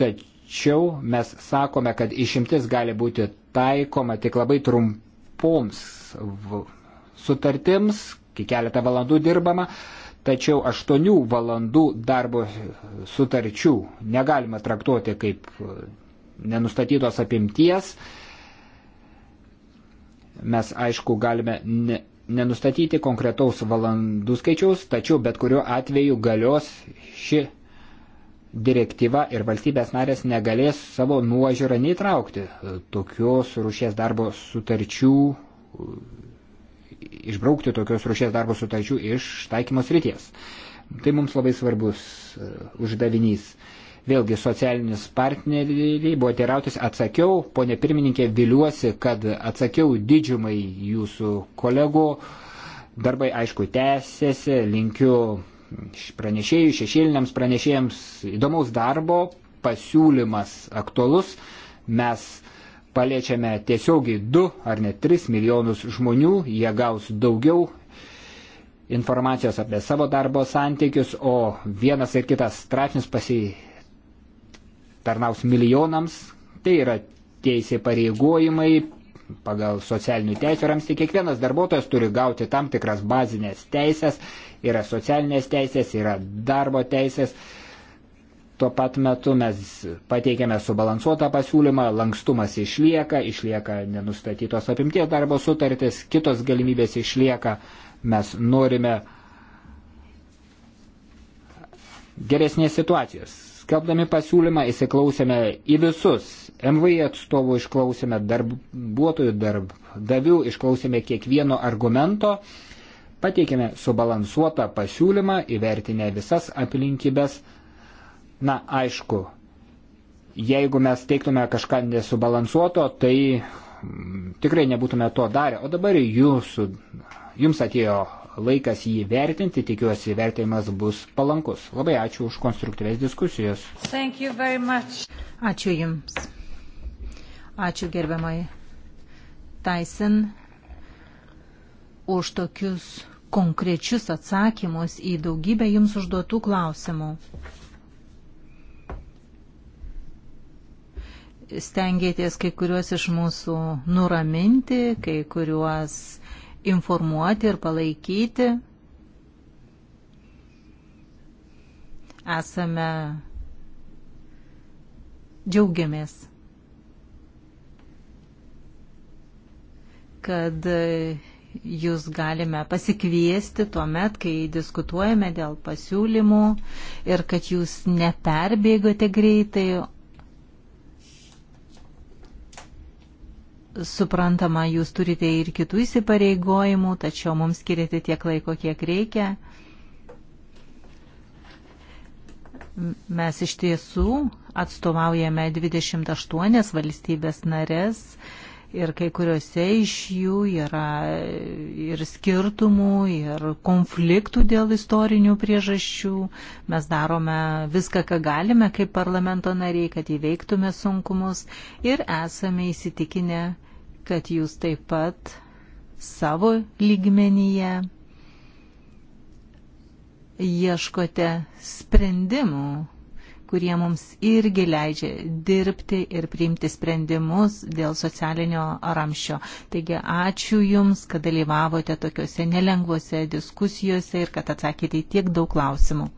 tačiau mes sakome, kad išimtis gali būti taikoma tik labai trumpoms sutartims, kai keletą valandų dirbama, tačiau aštuonių valandų darbo sutarčių negalima traktuoti kaip nenustatytos apimties, Mes aišku galime ne, nenustatyti konkretaus valandų skaičiaus, tačiau bet kuriuo atveju galios ši direktyva ir valstybės narės negalės savo nuožiūrą neįtraukti tokios rušies darbo sutarčių, išbraukti tokios rušies darbo sutarčių iš taikymos ryties. Tai mums labai svarbus e, uždavinys vėlgi socialinis partneriai buvo teirautis, atsakiau, ponė pirmininkė, viliuosi, kad atsakiau didžiumai jūsų kolegų. Darbai, aišku, tęsiasi, linkiu pranešėjų, šešėliniams pranešėjams įdomaus darbo, pasiūlymas aktualus. Mes paliečiame tiesiogiai 2 ar net 3 milijonus žmonių, jie gaus daugiau informacijos apie savo darbo santykius, o vienas ir kitas straipsnis pasi tarnaus milijonams. Tai yra teisė pareigojimai pagal socialinių teisų ramstį. Kiekvienas darbuotojas turi gauti tam tikras bazinės teisės. Yra socialinės teisės, yra darbo teisės. Tuo pat metu mes pateikėme subalansuotą pasiūlymą, lankstumas išlieka, išlieka nenustatytos apimties darbo sutartis, kitos galimybės išlieka, mes norime geresnės situacijos. Skelbdami pasiūlymą įsiklausėme į visus. MVI atstovų išklausėme, darbuotojų darbdavių išklausėme kiekvieno argumento, pateikėme subalansuotą pasiūlymą, įvertinę visas aplinkybės. Na, aišku, jeigu mes teiktume kažką nesubalansuoto, tai mm, tikrai nebūtume to darę. O dabar jūsų, jums atėjo laikas jį vertinti, tikiuosi vertinimas bus palankus. Labai ačiū už konstruktyvės diskusijos. Ačiū Jums. Ačiū gerbiamai Tyson už tokius konkrečius atsakymus į daugybę Jums užduotų klausimų. Stengėtės kai kuriuos iš mūsų nuraminti, kai kuriuos informuoti ir palaikyti. Esame džiaugiamės, kad jūs galime pasikviesti tuo met, kai diskutuojame dėl pasiūlymų ir kad jūs neperbėgote greitai, Suprantama, jūs turite ir kitų įsipareigojimų, tačiau mums skiriate tiek laiko, kiek reikia. Mes iš tiesų atstovaujame 28 valstybės narės ir kai kuriuose iš jų yra ir skirtumų, ir konfliktų dėl istorinių priežasčių. Mes darome viską, ką galime kaip parlamento nariai, kad įveiktume sunkumus ir esame įsitikinę, kad jūs taip pat savo lygmenyje ieškote sprendimų, kurie mums irgi leidžia dirbti ir priimti sprendimus dėl socialinio ramščio. Taigi ačiū Jums, kad dalyvavote tokiuose nelengvuose diskusijose ir kad atsakėte į tiek daug klausimų.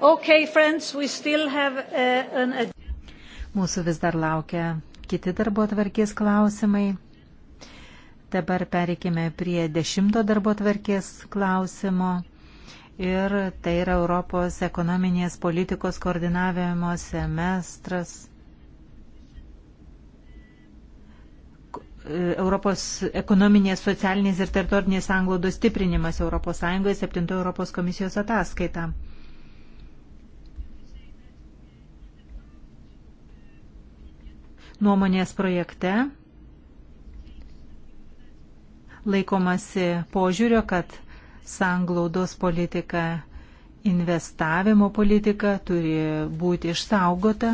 Okay, friends, we still have uh, an... Mūsų vis dar laukia kiti darbo tvarkės klausimai. Dabar pereikime prie dešimto darbo tvarkės klausimo. Ir tai yra Europos ekonominės politikos koordinavimo semestras. Europos ekonominės, socialinės ir teritorinės anglodos stiprinimas ES 7 Europos komisijos ataskaita. Nuomonės projekte laikomasi požiūrio, kad sanglaudos politika, investavimo politika turi būti išsaugota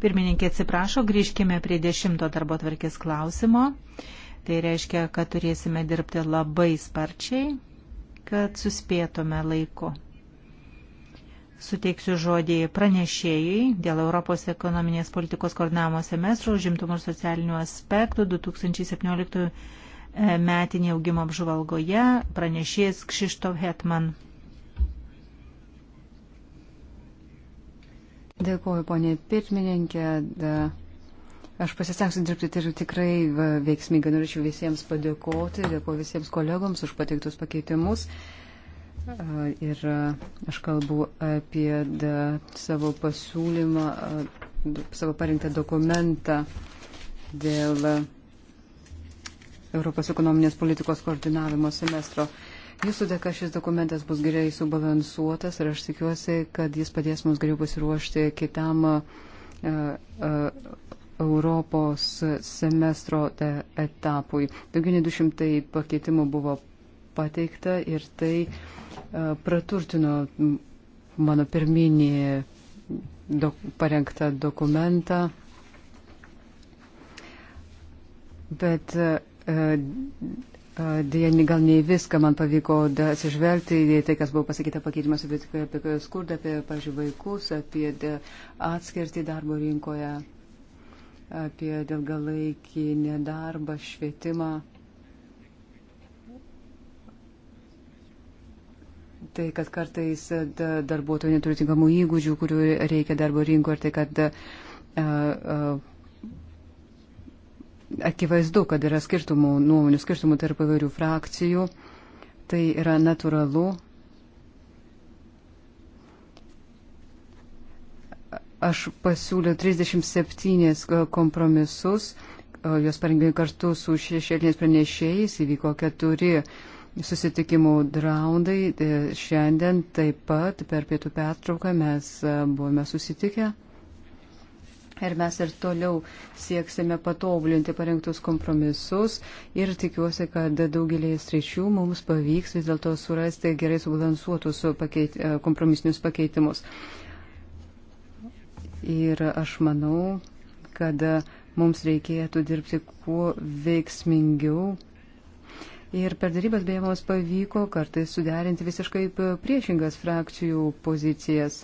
Pirmininkė atsiprašo, grįžkime prie dešimto darbo tvarkės klausimo. Tai reiškia, kad turėsime dirbti labai sparčiai, kad suspėtume laiku. Suteiksiu žodį pranešėjai dėl Europos ekonominės politikos koordinavimo semestro užimtumų ir socialinių aspektų 2017 e, metinė augimo apžvalgoje pranešėjas Kšištov Hetman. Dėkuoju, ponė pirmininkė. Da. Aš pasistengsiu dirbti ir tikrai va, veiksmingai norėčiau visiems padėkoti, dėkuoju visiems kolegoms už pateiktus pakeitimus. Ir aš kalbu apie da, savo pasiūlymą, savo parinktą dokumentą dėl Europos ekonominės politikos koordinavimo semestro. Jūsų dėka šis dokumentas bus gerai subalansuotas ir aš tikiuosi, kad jis padės mums geriau pasiruošti kitam uh, uh, Europos semestro e, etapui. Daugiau nei 200 pakeitimų buvo pateikta ir tai uh, praturtino mano pirminį dok parengtą dokumentą. Bet uh, Dėja, gal ne viską man pavyko atsižvelgti į tai, kas buvo pasakyta pakeitimas apie, apie skurdą, apie, pažiūrėjau, vaikus, apie atskirtį darbo rinkoje, apie ilgalaikį nedarbą, švietimą. Tai, kad kartais darbuotojai neturi tinkamų įgūdžių, kurių reikia darbo rinkoje ir tai, kad a, a, akivaizdu, kad yra skirtumų, nuomonių skirtumų tarp įvairių frakcijų. Tai yra natūralu. Aš pasiūliau 37 kompromisus, juos parengėme kartu su šešėliniais pranešėjais, įvyko keturi susitikimų raundai. Tai šiandien taip pat per pietų pertrauką mes buvome susitikę. Ir mes ir toliau sieksime patobulinti parengtus kompromisus ir tikiuosi, kad daugelį sričių mums pavyks vis dėlto surasti gerai subalansuotus pakeit, e, kompromisinius pakeitimus. Ir aš manau, kad mums reikėtų dirbti kuo veiksmingiau. Ir per darybas beje mums pavyko kartais suderinti visiškai priešingas frakcijų pozicijas.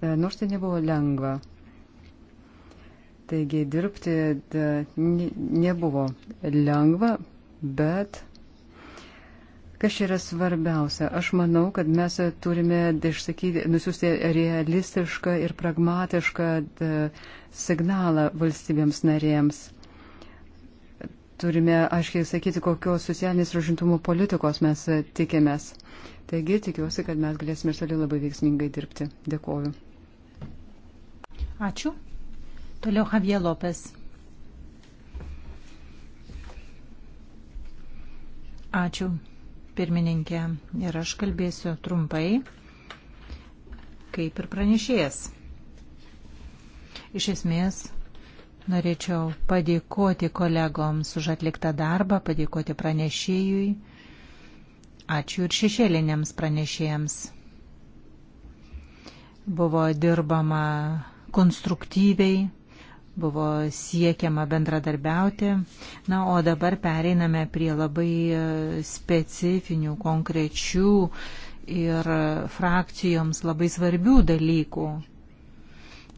E, nors tai nebuvo lengva. Taigi dirbti e, nebuvo lengva, bet kas čia yra svarbiausia? Aš manau, kad mes turime išsakyti, nusiųsti realistišką ir pragmatišką e, signalą valstybėms narėms. Turime aiškiai sakyti, kokios socialinės užimtumo politikos mes tikimės. Taigi tikiuosi, kad mes galėsime ir toliau labai veiksmingai dirbti. Dėkuoju. Ačiū. Toliau Javier Lopes. Ačiū, pirmininkė. Ir aš kalbėsiu trumpai, kaip ir pranešėjas. Iš esmės, norėčiau padėkoti kolegoms už atliktą darbą, padėkoti pranešėjui. Ačiū ir šešėliniams pranešėjams. Buvo dirbama konstruktyviai, buvo siekiama bendradarbiauti. Na, o dabar pereiname prie labai e, specifinių, konkrečių ir frakcijoms labai svarbių dalykų,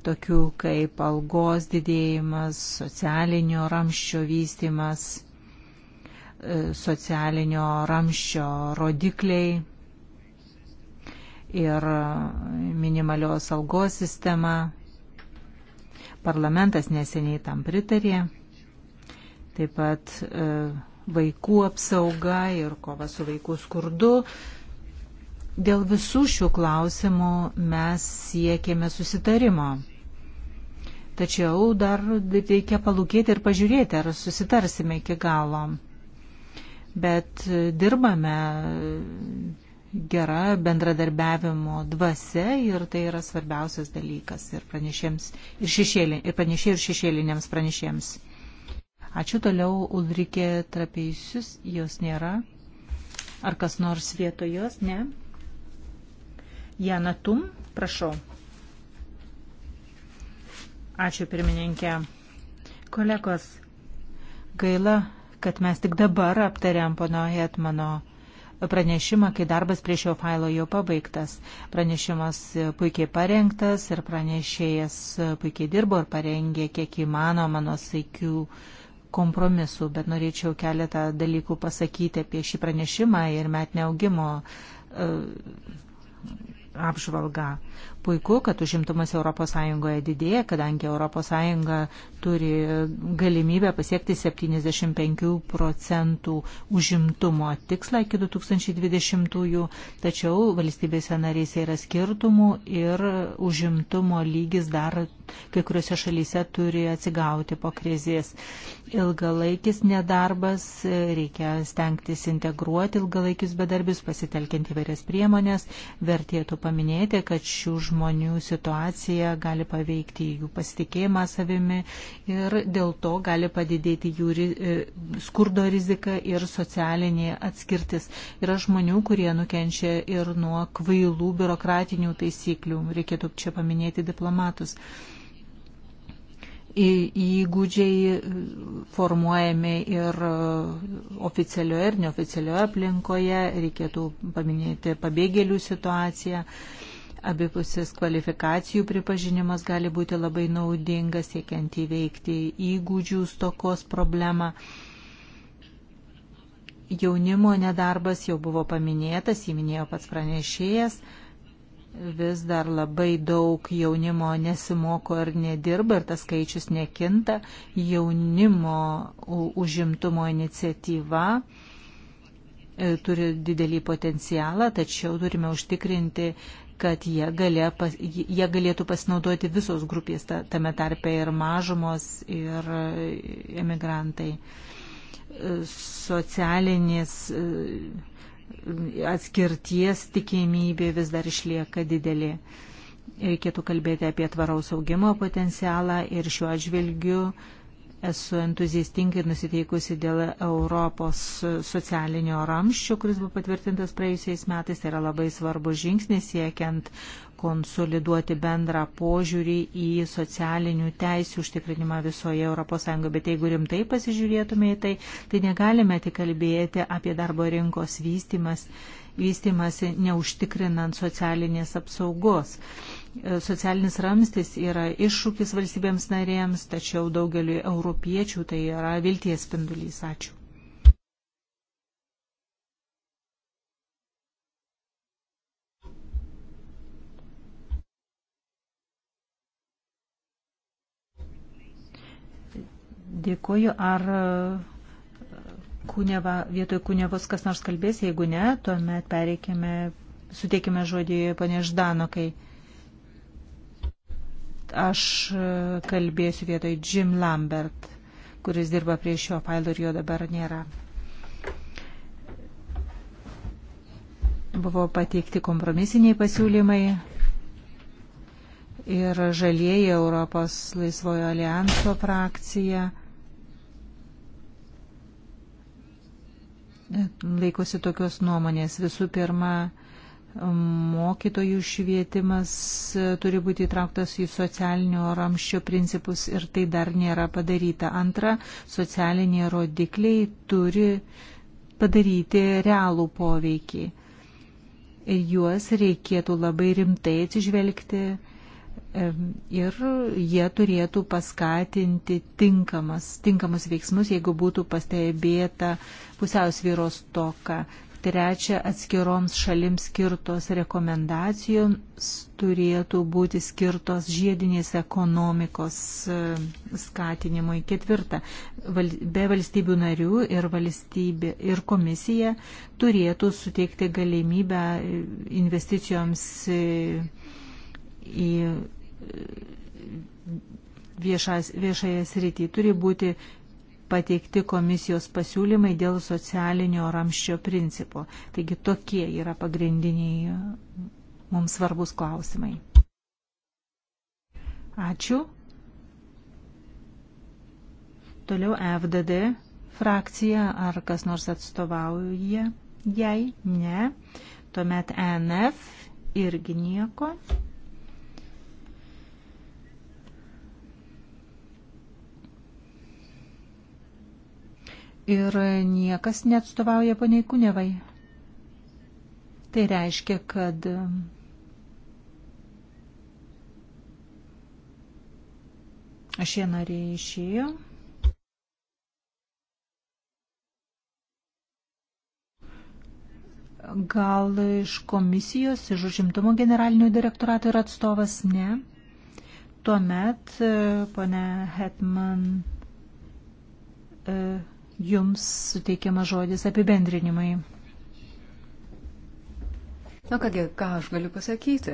tokių kaip algos didėjimas, socialinio ramščio vystimas, e, socialinio ramščio rodikliai ir minimalios algos sistema. Parlamentas neseniai tam pritarė. Taip pat e, vaikų apsauga ir kova su vaikų skurdu. Dėl visų šių klausimų mes siekėme susitarimo. Tačiau dar reikia palūkėti ir pažiūrėti, ar susitarsime iki galo. Bet e, dirbame gera bendradarbiavimo dvasia ir tai yra svarbiausias dalykas ir, ir, šešėlin, ir pranešėjai ir šešėliniams pranešėjams. Ačiū toliau Ulrike Trapeisius, jos nėra. Ar kas nors vietoj jos? Ne. Jana Tum, prašau. Ačiū pirmininkė. Kolegos, gaila, kad mes tik dabar aptariam pono Hetmano pranešimą, kai darbas prie šio failo jau pabaigtas. Pranešimas puikiai parengtas ir pranešėjas puikiai dirbo ir parengė kiek įmanoma nusaikių kompromisų, bet norėčiau keletą dalykų pasakyti apie šį pranešimą ir metinę augimo e, apžvalgą. Puiku, kad užimtumas ES didėja, kadangi ES turi galimybę pasiekti 75 procentų užimtumo tikslą iki 2020-ųjų, tačiau valstybėse narėse yra skirtumų ir užimtumo lygis dar kai kuriuose šalyse turi atsigauti po krizės. Ilgalaikis nedarbas, reikia stengtis integruoti ilgalaikius bedarbius, pasitelkiant įvairias priemonės. Vertėtų paminėti, kad šių žmonių situacija gali paveikti jų pasitikėjimą savimi ir dėl to gali padidėti jų e, skurdo rizika ir socialinė atskirtis. Yra žmonių, kurie nukenčia ir nuo kvailų biurokratinių taisyklių. Reikėtų čia paminėti diplomatus įgūdžiai e, formuojami ir e, oficialioje ir neoficialioje aplinkoje, reikėtų paminėti pabėgėlių situaciją abipusis kvalifikacijų pripažinimas gali būti labai naudingas, siekiant įveikti įgūdžių stokos problemą. Jaunimo nedarbas jau buvo paminėtas, įminėjo pats pranešėjas. Vis dar labai daug jaunimo nesimoko ir nedirba ir tas skaičius nekinta. Jaunimo užimtumo iniciatyva e, turi didelį potencialą, tačiau turime užtikrinti kad jie, galė, jie galėtų pasinaudoti visos grupės, tame tarpe ir mažumos, ir e, emigrantai. E, socialinės e, atskirties tikimybė vis dar išlieka didelė. Reikėtų kalbėti apie tvaraus augimo potencialą ir šiuo atžvilgiu uh, Esu entuziastingai nusiteikusi dėl Europos socialinio ramščio, kuris buvo patvirtintas praėjusiais metais. Tai yra labai svarbus žingsnis siekiant konsoliduoti bendrą požiūrį į socialinių teisių užtikrinimą visoje ES. Bet jeigu rimtai pasižiūrėtume į tai, tai negalime tik kalbėti apie darbo rinkos vystimas vystimasi neužtikrinant socialinės apsaugos. E, socialinis ramstis yra iššūkis valstybėms narėms, tačiau daugeliu europiečių tai yra vilties spindulys. Ačiū. Dėkuoju. Ar Kuneva, vietoj Kunevos kas nors kalbės, jeigu ne, tuomet pereikime, suteikime žodį ponė Ždanokai. Aš e, kalbėsiu vietoj Jim Lambert, kuris dirba prie šio failo ir jo dabar nėra. Buvo pateikti kompromisiniai pasiūlymai ir žalieji Europos laisvojo alijanso frakcija laikosi tokios nuomonės. Visų pirma, mokytojų švietimas turi būti įtrauktas į socialinio ramščio principus ir tai dar nėra padaryta. Antra, socialiniai rodikliai turi padaryti realų poveikį. Juos reikėtų labai rimtai atsižvelgti ir jie turėtų paskatinti tinkamas, tinkamus veiksmus, jeigu būtų pastebėta pusiausvyros toka. Trečia, atskiroms šalims skirtos rekomendacijoms turėtų būti skirtos žiedinės ekonomikos skatinimui. Ketvirta, val, be valstybių narių ir, valstybė, ir komisija turėtų suteikti galimybę investicijoms e, į viešas, viešąją sritį. Turi būti pateikti komisijos pasiūlymai dėl socialinio ramščio principo. Taigi tokie yra pagrindiniai uh, mums svarbus klausimai. Ačiū. Toliau FDD frakcija, ar kas nors atstovauja jai? Ne. Tuomet NF irgi nieko. ir niekas neatstovauja poniai Kunevai. Tai reiškia, kad šie nariai išėjo. Gal iš komisijos, iš užimtumo generalinio direktorato yra atstovas? Ne. Tuomet, e, pone Hetman, e, Jums suteikiamas žodis apibendrinimai. Na kągi, ką aš galiu pasakyti?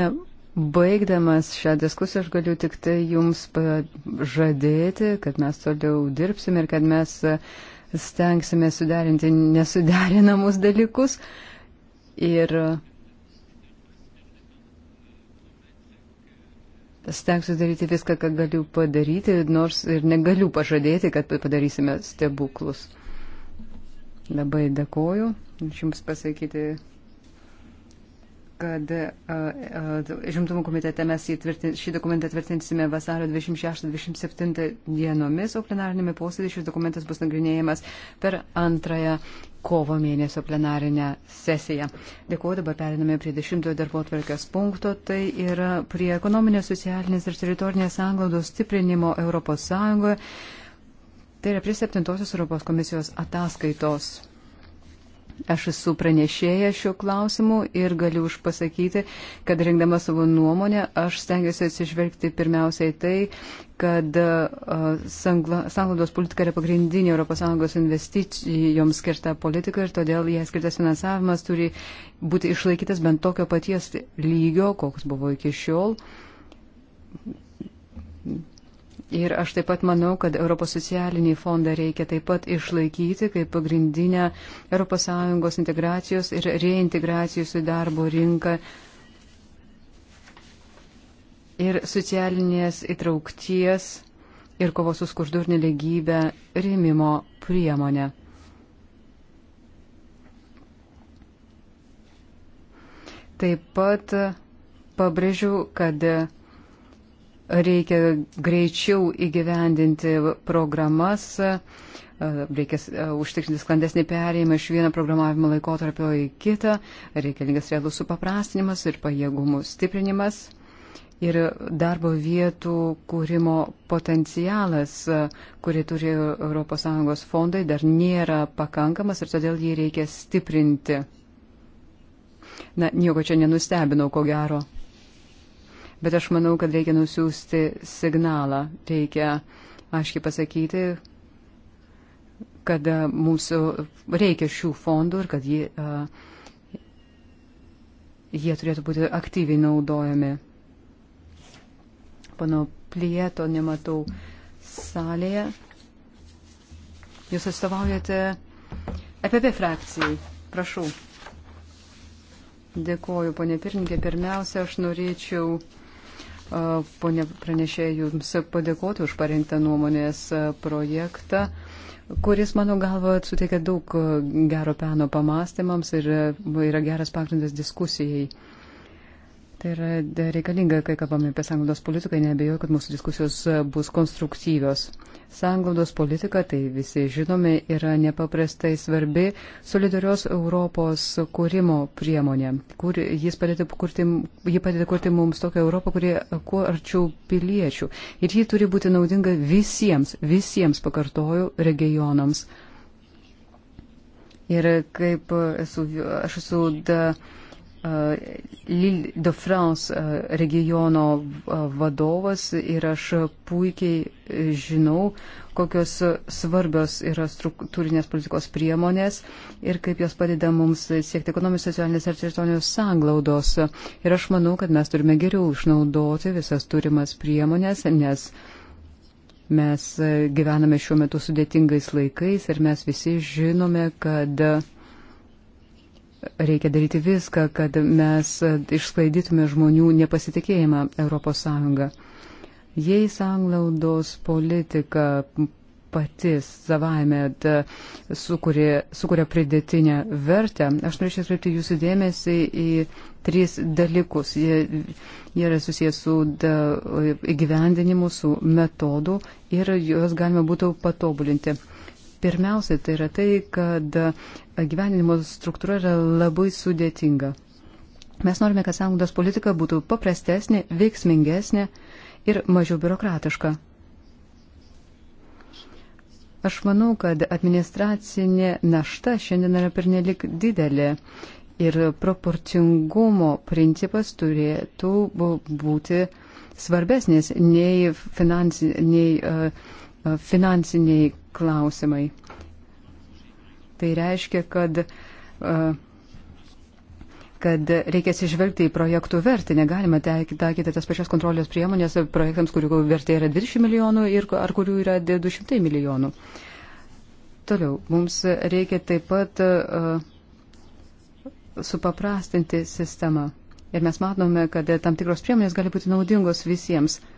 Na, baigdamas šią diskusiją aš galiu tik tai jums žadėti, kad mes toliau dirbsim ir kad mes stengsime suderinti nesuderinamus dalykus. Ir Stengsiu daryti viską, ką galiu padaryti, nors ir negaliu pažadėti, kad padarysime stebuklus. Labai dėkoju. Aš jums pasakyti kad e, e, žimtumo komitete mes šį dokumentą tvirtinsime vasario 26-27 dienomis, o plenarinėme posėdė šis dokumentas bus nagrinėjamas per antrąją kovo mėnesio plenarinę sesiją. Dėkuoju, dabar periname prie dešimtojo darbo atvarkės punkto, tai yra prie ekonominės, socialinės ir teritorinės anglaudos stiprinimo ES, tai yra prie septintosios Europos komisijos ataskaitos. Aš esu pranešėja šiuo klausimu ir galiu užpasakyti, kad rinkdama savo nuomonę, aš stengiuosi atsižvelgti pirmiausiai tai, kad sanglaudos politika yra pagrindinė ES investicijoms skirta politika ir todėl jai skirtas finansavimas turi būti išlaikytas bent tokio paties lygio, koks buvo iki šiol Ir aš taip pat manau, kad Europos socialinį fondą reikia taip pat išlaikyti kaip pagrindinę ES integracijos ir reintegracijos į darbo rinką ir socialinės įtraukties ir kovos su skurdu ir neligybė rėmimo priemonė. Taip pat pabrėžiu, kad reikia greičiau įgyvendinti programas, reikia e, užtikrinti sklandesnį perėjimą iš vieno programavimo laikotarpio į kitą, reikalingas realus supaprastinimas ir pajėgumų stiprinimas. Ir darbo vietų kūrimo potencialas, e, kurį turi ES fondai, dar nėra pakankamas ir todėl jį reikia stiprinti. Na, nieko čia nenustebinau, ko gero bet aš manau, kad reikia nusiųsti signalą, reikia aiškiai pasakyti, kad e, mūsų reikia šių fondų ir kad jie, uh, jie turėtų būti aktyviai naudojami. Pano plieto nematau salėje. Jūs atstovaujate EPP frakcijai. Prašau. Dėkoju, ponė Pirmininkė. Pirmiausia, aš norėčiau ponė pranešė jums padėkoti už parengtą nuomonės projektą, kuris, mano galva, suteikia daug gero peno pamastymams ir yra geras pagrindas diskusijai. Tai yra reikalinga, kai kalbame apie sanglaudos politiką, nebejoju, kad mūsų diskusijos e, bus konstruktyvios. Sanglaudos politika, tai visi žinome, yra nepaprastai svarbi solidarios Europos kūrimo priemonė, kur jis padeda kurti, jį padeda kurti mums tokią Europą, kurie kuo arčiau piliečių. Ir ji turi būti naudinga visiems, visiems, pakartoju, regionams. Ir kaip esu, aš esu da, Lille de France regiono vadovas ir aš puikiai e, žinau, kokios svarbios yra struktūrinės politikos priemonės ir kaip jos padeda mums siekti ekonominės, socialinės ir teritorijos sanglaudos. Ir aš manau, kad mes turime geriau išnaudoti visas turimas priemonės, nes mes e, gyvename šiuo metu sudėtingais laikais ir mes visi žinome, kad Reikia daryti viską, kad mes e, išsklaidytume žmonių nepasitikėjimą ES. Jei sanglaudos politika pati savaime sukuria, sukuria pridėtinę vertę, aš norėčiau atkreipti jūsų dėmesį į tris dalykus. Jie, jie yra susijęs su įgyvendinimu, su metodu ir juos galima būtų patobulinti. Pirmiausia, tai yra tai, kad gyvenimo struktūra yra labai sudėtinga. Mes norime, kad sąjungos politika būtų paprastesnė, veiksmingesnė ir mažiau biurokratiška. Aš manau, kad administracinė našta šiandien yra pernelik didelė ir proporcingumo principas turėtų būti svarbesnis nei, finansi, nei uh, finansiniai klausimai. Tai reiškia, kad, kad reikia atsižvelgti į projektų vertę. Negalima taikyti tas pačias kontrolės priemonės projektams, kurių vertė yra 20 milijonų ir, ar kurių yra 200 milijonų. Toliau, mums reikia taip pat supaprastinti sistemą. Ir mes matome, kad tam tikros priemonės gali būti naudingos visiems. Uh,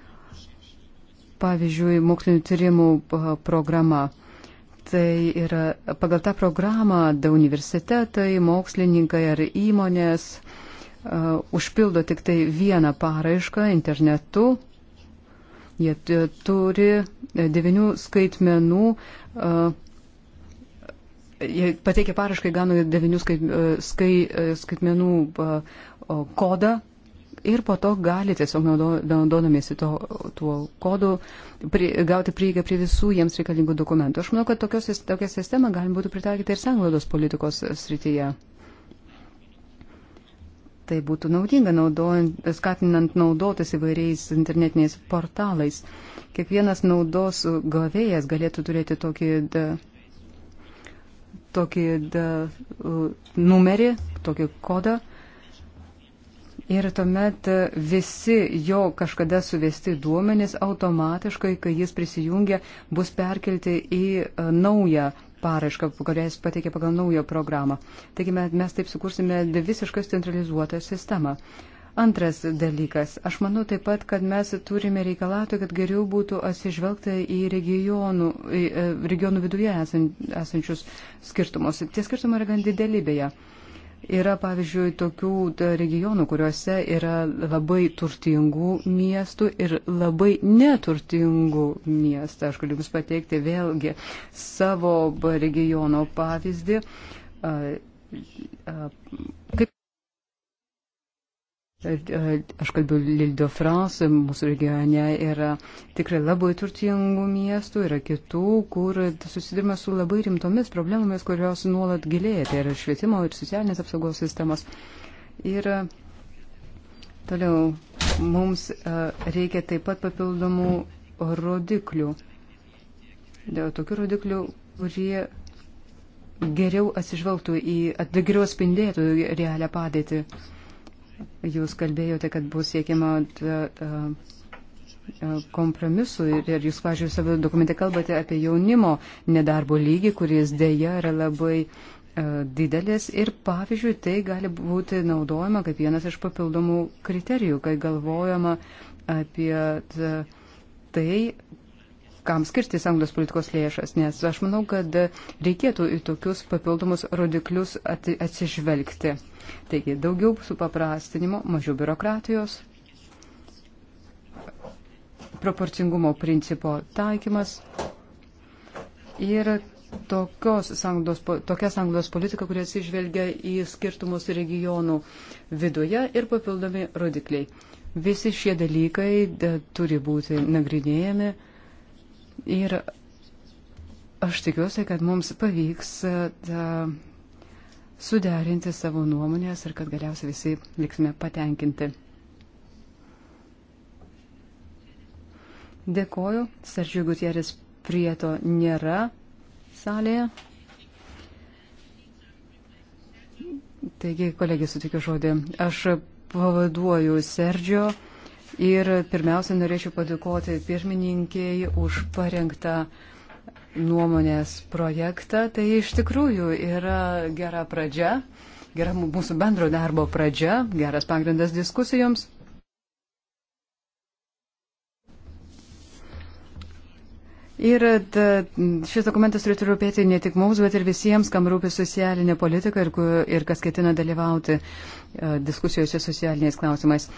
pavyzdžiui, mokslinio tyrimų uh, programa. Tai yra pagal tą programą da universitetai, mokslininkai ar įmonės uh, užpildo tik tai vieną paraišką internetu. Jie turi uh, devinių skaitmenų, uh, jie pateikia paraškai gauna devinių skait, uh, skait, uh, skaitmenų uh, kodą, ir po to gali tiesiog naudodamiesi tuo kodu pri, gauti prieigą prie visų jiems reikalingų dokumentų. Aš manau, kad tokios, tokią sistemą galima būtų pritaikyti ir sanglaudos politikos srityje. Tai būtų naudinga, naudojant, skatinant naudotis įvairiais internetiniais portalais. Kiekvienas naudos gavėjas galėtų turėti tokį da, tokį da, numerį, tokį kodą, Ir tuomet visi jo kažkada suvesti duomenys automatiškai, kai jis prisijungia, bus perkelti į e, naują paraišką, kurią jis pateikė pagal naują programą. Taigi mes taip sukursime visiškai centralizuotą sistemą. Antras dalykas. Aš manau taip pat, kad mes turime reikalauti, kad geriau būtų atsižvelgta į regionų, į e, regionų viduje esančius skirtumus. Tie skirtumai yra gan dideli beje. Ja. Yra, pavyzdžiui, tokių regionų, kuriuose yra labai turtingų miestų ir labai neturtingų miestų. Aš galiu Jums pateikti vėlgi savo regiono pavyzdį. Kaip Aš kalbu Lildo France, mūsų regione yra tikrai labai turtingų miestų, yra kitų, kur susidurime su labai rimtomis problemomis, kurios nuolat gilėja, tai yra švietimo ir socialinės apsaugos sistemos. Ir e, toliau mums e, reikia taip pat papildomų rodiklių, dėl tokių rodiklių, kurie geriau atsižvelgtų į, geriau spindėtų realią padėtį. Jūs kalbėjote, kad bus siekiama e, e, kompromisų ir jūs, pažiūrėjau, savo dokumente kalbate apie jaunimo nedarbo lygį, kuris dėja yra labai e, didelis ir, pavyzdžiui, tai gali būti naudojama kaip vienas iš papildomų kriterijų, kai galvojama apie tai, kam skirti sanglos politikos lėšas, nes aš manau, kad reikėtų į tokius papildomus rodiklius atsižvelgti. Taigi, daugiau supaprastinimo, mažiau biurokratijos, proporcingumo principo taikymas ir tokios sanglos, tokia sanglos politika, kurie atsižvelgia į skirtumus regionų viduje ir papildomi rodikliai. Visi šie dalykai da, turi būti nagrinėjami Ir aš tikiuosi, kad mums pavyks da, e, suderinti savo nuomonės ir kad galiausiai visi liksime patenkinti. Dėkoju. Seržiui Gutieris prieto nėra salėje. Taigi, kolegė, sutikiu žodį. Aš pavaduoju Serdžio. Ir pirmiausia, norėčiau padėkoti pirmininkiai už parengtą nuomonės projektą. Tai iš tikrųjų yra gera pradžia, gera mūsų bendro darbo pradžia, geras pagrindas diskusijoms. Ir šis dokumentas turėtų rūpėti ne tik mums, bet ir visiems, kam rūpi socialinė politika ir, ir kas ketina dalyvauti e, diskusijose socialiniais klausimais.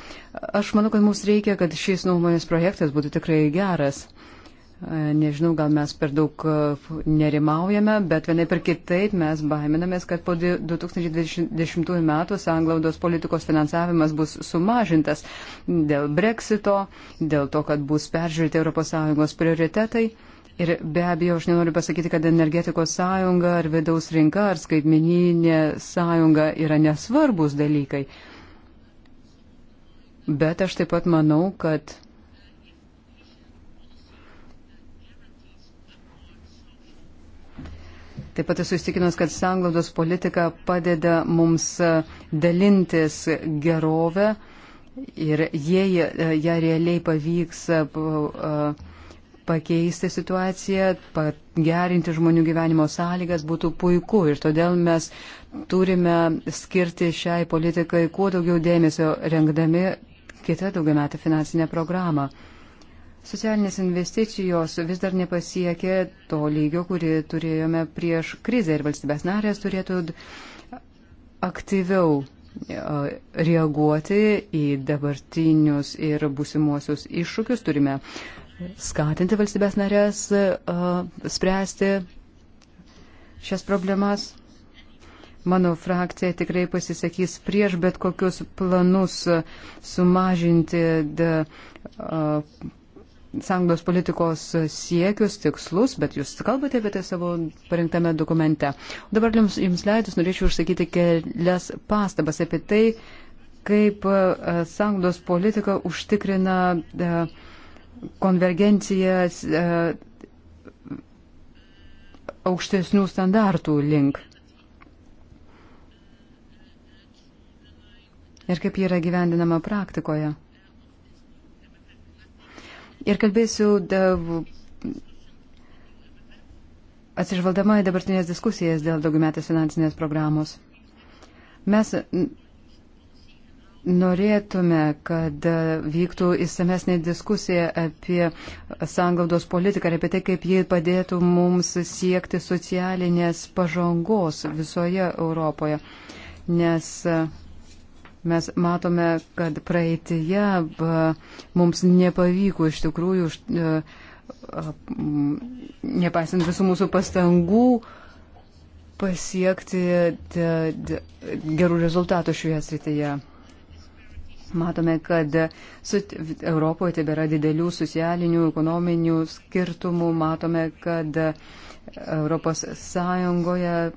Aš manau, kad mums reikia, kad šis nuomonės projektas būtų tikrai geras. E, nežinau, gal mes per daug e, nerimaujame, bet vienai per kitaip mes baiminamės, kad po 2020 metų sanglaudos politikos finansavimas bus sumažintas dėl breksito, dėl to, kad bus peržiūrėti ES prioritetai. Ir be abejo, aš nenoriu pasakyti, kad energetikos sąjunga ar vidaus rinka ar skaitmeninė sąjunga yra nesvarbus dalykai. Bet aš taip pat manau, kad Taip pat esu įstikinus, kad sanglaudos politika padeda mums e, dalintis gerovę ir jei e, ją realiai pavyks uh, uh, pakeisti situaciją, pagerinti žmonių gyvenimo sąlygas būtų puiku ir todėl mes turime skirti šiai politikai kuo daugiau dėmesio rengdami kitą daugiametę finansinę programą. Socialinės investicijos vis dar nepasiekė to lygio, kurį turėjome prieš krizę ir valstybės narės turėtų aktyviau reaguoti į dabartinius ir būsimuosius iššūkius. Turime skatinti valstybės narės spręsti šias problemas. Mano frakcija tikrai pasisakys prieš bet kokius planus sumažinti sąjungos politikos siekius, tikslus, bet jūs kalbate apie tai savo parengtame dokumente. Dabar jums, jums leidus norėčiau užsakyti kelias pastabas apie tai, kaip sąjungos politika užtikrina uh, konvergencijas e, aukštesnių standartų link. Ir kaip ji yra gyvendinama praktikoje. Ir kalbėsiu atsižvaldama į dabartinės diskusijas dėl daugiametės finansinės programos. Mes Norėtume, kad vyktų įsamesnė diskusija apie sangaudos politiką ir apie tai, kaip ji padėtų mums siekti socialinės pažangos visoje Europoje. Nes mes matome, kad praeitėje mums nepavyko iš tikrųjų, e, nepaisant visų mūsų pastangų, pasiekti gerų rezultatų šioje srityje. Matome, kad Europoje tebėra didelių socialinių, ekonominių skirtumų. Matome, kad Europos Sąjungoje e,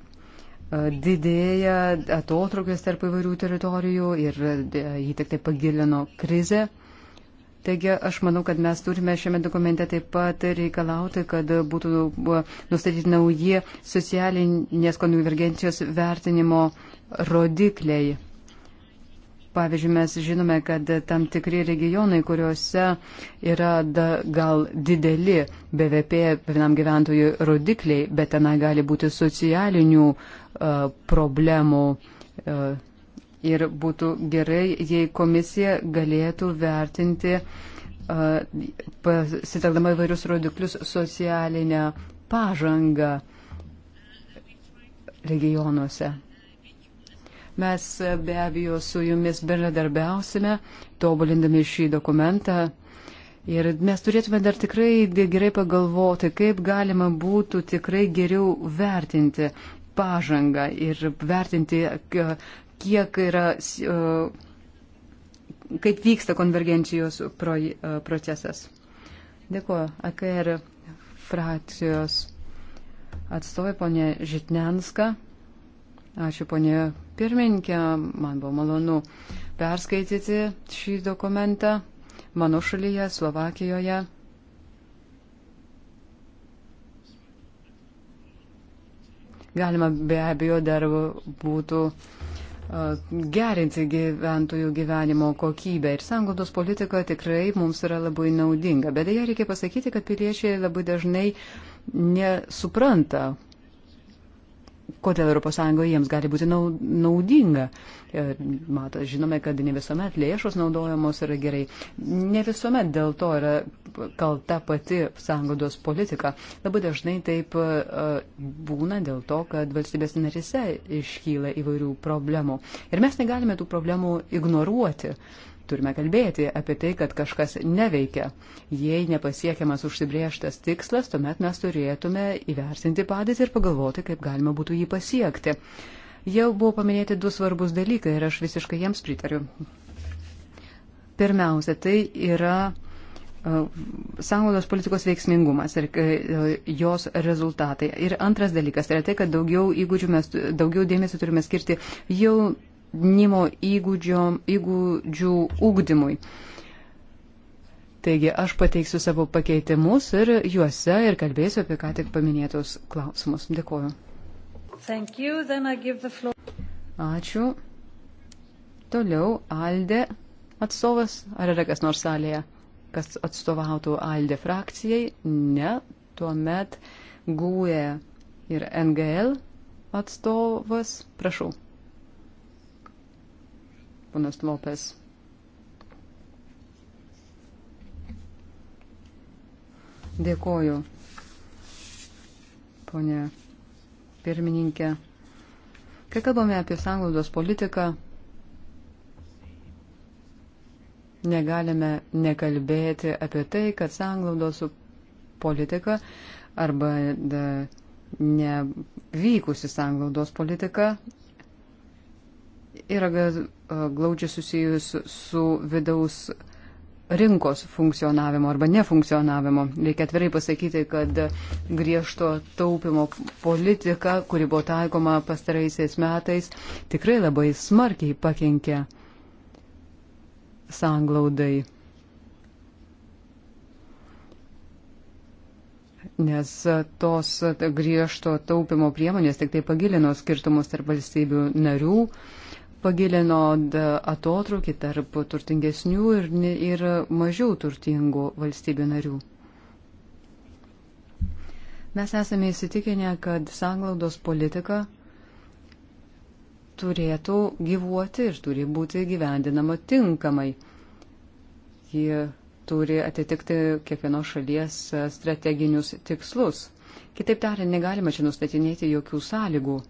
didėja atotrukis tarp įvairių teritorijų ir e, jį tik tai pagilino krizė. Taigi aš manau, kad mes turime šiame dokumente taip pat reikalauti, kad būtų e, nustatyti nauji socialinės konvergencijos vertinimo rodikliai. Pavyzdžiui, mes žinome, kad tam tikri regionai, kuriuose yra da, gal dideli BVP vienam gyventojui rodikliai, bet tenai gali būti socialinių uh, problemų. Uh, ir būtų gerai, jei komisija galėtų vertinti, uh, pasitelkdama įvairius rodiklius, socialinę pažangą regionuose. Mes e, be abejo su jumis bendradarbiausime, tobulindami šį dokumentą. Ir mes turėtume dar tikrai gerai pagalvoti, kaip galima būtų tikrai geriau vertinti pažangą ir vertinti, kiek yra, e, kaip vyksta konvergencijos e, procesas. Dėkuoju, AKR frakcijos atstovė ponė Žitnenska. Ačiū ponė pirmininkė, man buvo malonu perskaityti šį dokumentą mano šalyje, Slovakijoje. Galima be abejo dar būtų gerinti gyventojų gyvenimo kokybę. Ir sanglaudos politika tikrai mums yra labai naudinga. Bet dėja reikia pasakyti, kad piliečiai labai dažnai nesupranta, kodėl ES jiems gali būti naudinga. E, mato, žinome, kad ne visuomet lėšos naudojamos yra gerai. Ne visuomet dėl to yra kalta pati sąngodos politika. Labai dažnai taip e, būna dėl to, kad valstybės narise iškyla įvairių problemų. Ir mes negalime tų problemų ignoruoti. Uh, Turime kalbėti apie tai, kad kažkas neveikia. Jei nepasiekiamas užsibrieštas tikslas, tuomet mes turėtume įvertinti padėtį ir pagalvoti, kaip galima būtų jį pasiekti. Jau buvo paminėti du svarbus dalykai ir aš visiškai jiems pritariu. Pirmiausia, tai yra e, sąnaudos politikos veiksmingumas ir e, jos rezultatai. Ir antras dalykas tai yra tai, kad daugiau įgūdžių mes, daugiau dėmesio turime skirti jau nimo įgūdžio, įgūdžių ūkdymui. Taigi aš pateiksiu savo pakeitimus ir juose ir kalbėsiu apie ką tik paminėtus klausimus. Dėkuoju. Ačiū. Toliau Alde atstovas. Ar yra kas nors salėje, kas atstovautų Alde frakcijai? Ne. Tuomet GUE ir NGL atstovas. Prašau ponas Lopes. Dėkoju, ponė pirmininkė. Kai kalbame apie sanglaudos politiką, negalime nekalbėti apie tai, kad sanglaudos politika arba nevykusi sanglaudos politika yra glaudžiai susijus su vidaus rinkos funkcionavimo arba nefunkcionavimo. Reikia atvirai pasakyti, kad griežto taupimo politika, kuri buvo taikoma pastaraisiais metais, tikrai labai smarkiai pakenkė sanglaudai. Nes tos griežto taupimo priemonės tik tai pagilino skirtumus tarp valstybių narių, uh, pagilino atotrukį tarp turtingesnių ir, ir mažiau turtingų valstybių narių. Mes esame įsitikinę, kad sanglaudos politika turėtų gyvuoti ir turi būti gyvendinama tinkamai. Ji turi atitikti kiekvienos šalies strateginius tikslus. Kitaip tariant, negalima čia nustatinėti jokių sąlygų.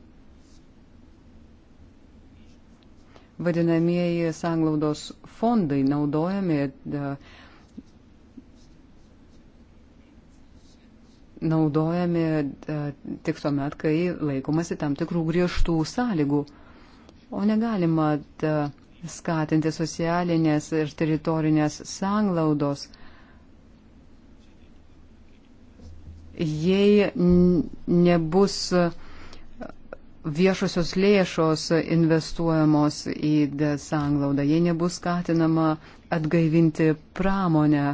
vadinamieji sanglaudos fondai naudojami e, naudojami e, tik tuomet, kai laikomasi tam tikrų griežtų sąlygų, o negalima e, skatinti socialinės ir teritorinės sanglaudos, jei nebus uh, viešosios lėšos investuojamos į desanglaudą, jei nebus skatinama atgaivinti pramonę,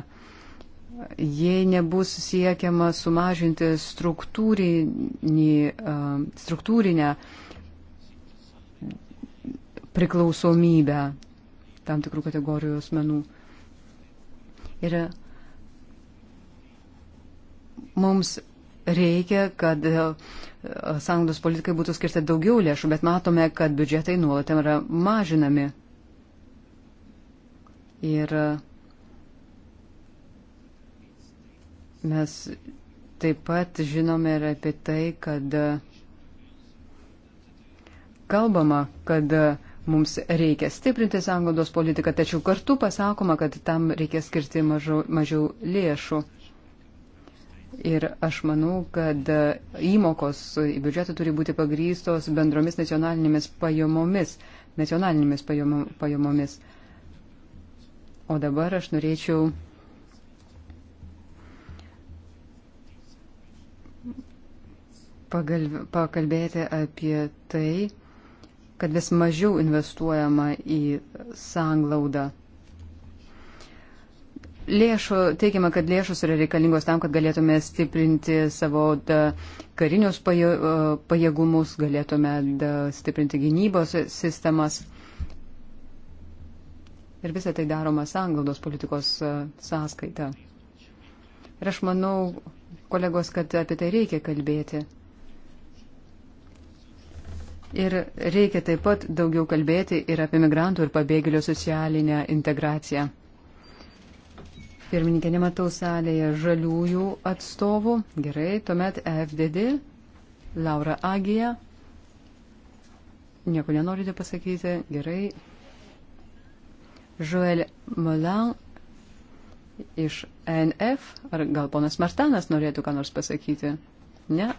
jei nebus siekiama sumažinti struktūrinę priklausomybę tam tikrų kategorijų asmenų. Ir mums reikia, kad uh, sąnaudos politikai būtų skirta daugiau lėšų, bet matome, kad biudžetai nuolat yra mažinami. Ir mes taip pat žinome ir apie tai, kad kalbama, kad mums reikia stiprinti sąnaudos politiką, tačiau kartu pasakoma, kad tam reikia skirti mažu, mažiau lėšų. Ir aš manau, kad įmokos į biudžetą turi būti pagrystos bendromis nacionalinėmis pajamomis. Nacionalinėmis pajamomis. O dabar aš norėčiau pagalb, pakalbėti apie tai, kad vis mažiau investuojama į sanglaudą. Lėšų, teigiama, kad lėšos yra reikalingos tam, kad galėtume stiprinti savo da, karinius pajėgumus, galėtume da, stiprinti gynybos sistemas. Ir visą tai daroma sangaldos politikos sąskaita. Ir aš manau, kolegos, kad apie tai reikia kalbėti. Ir reikia taip pat daugiau kalbėti ir apie migrantų ir pabėgėlių socialinę integraciją. Pirmininkė, nematau salėje žaliųjų atstovų. Gerai, tuomet FDD, Laura Agija. Nieko nenorite pasakyti. Gerai. Joel Molan iš NF. Ar gal ponas Martanas norėtų ką nors pasakyti? Ne.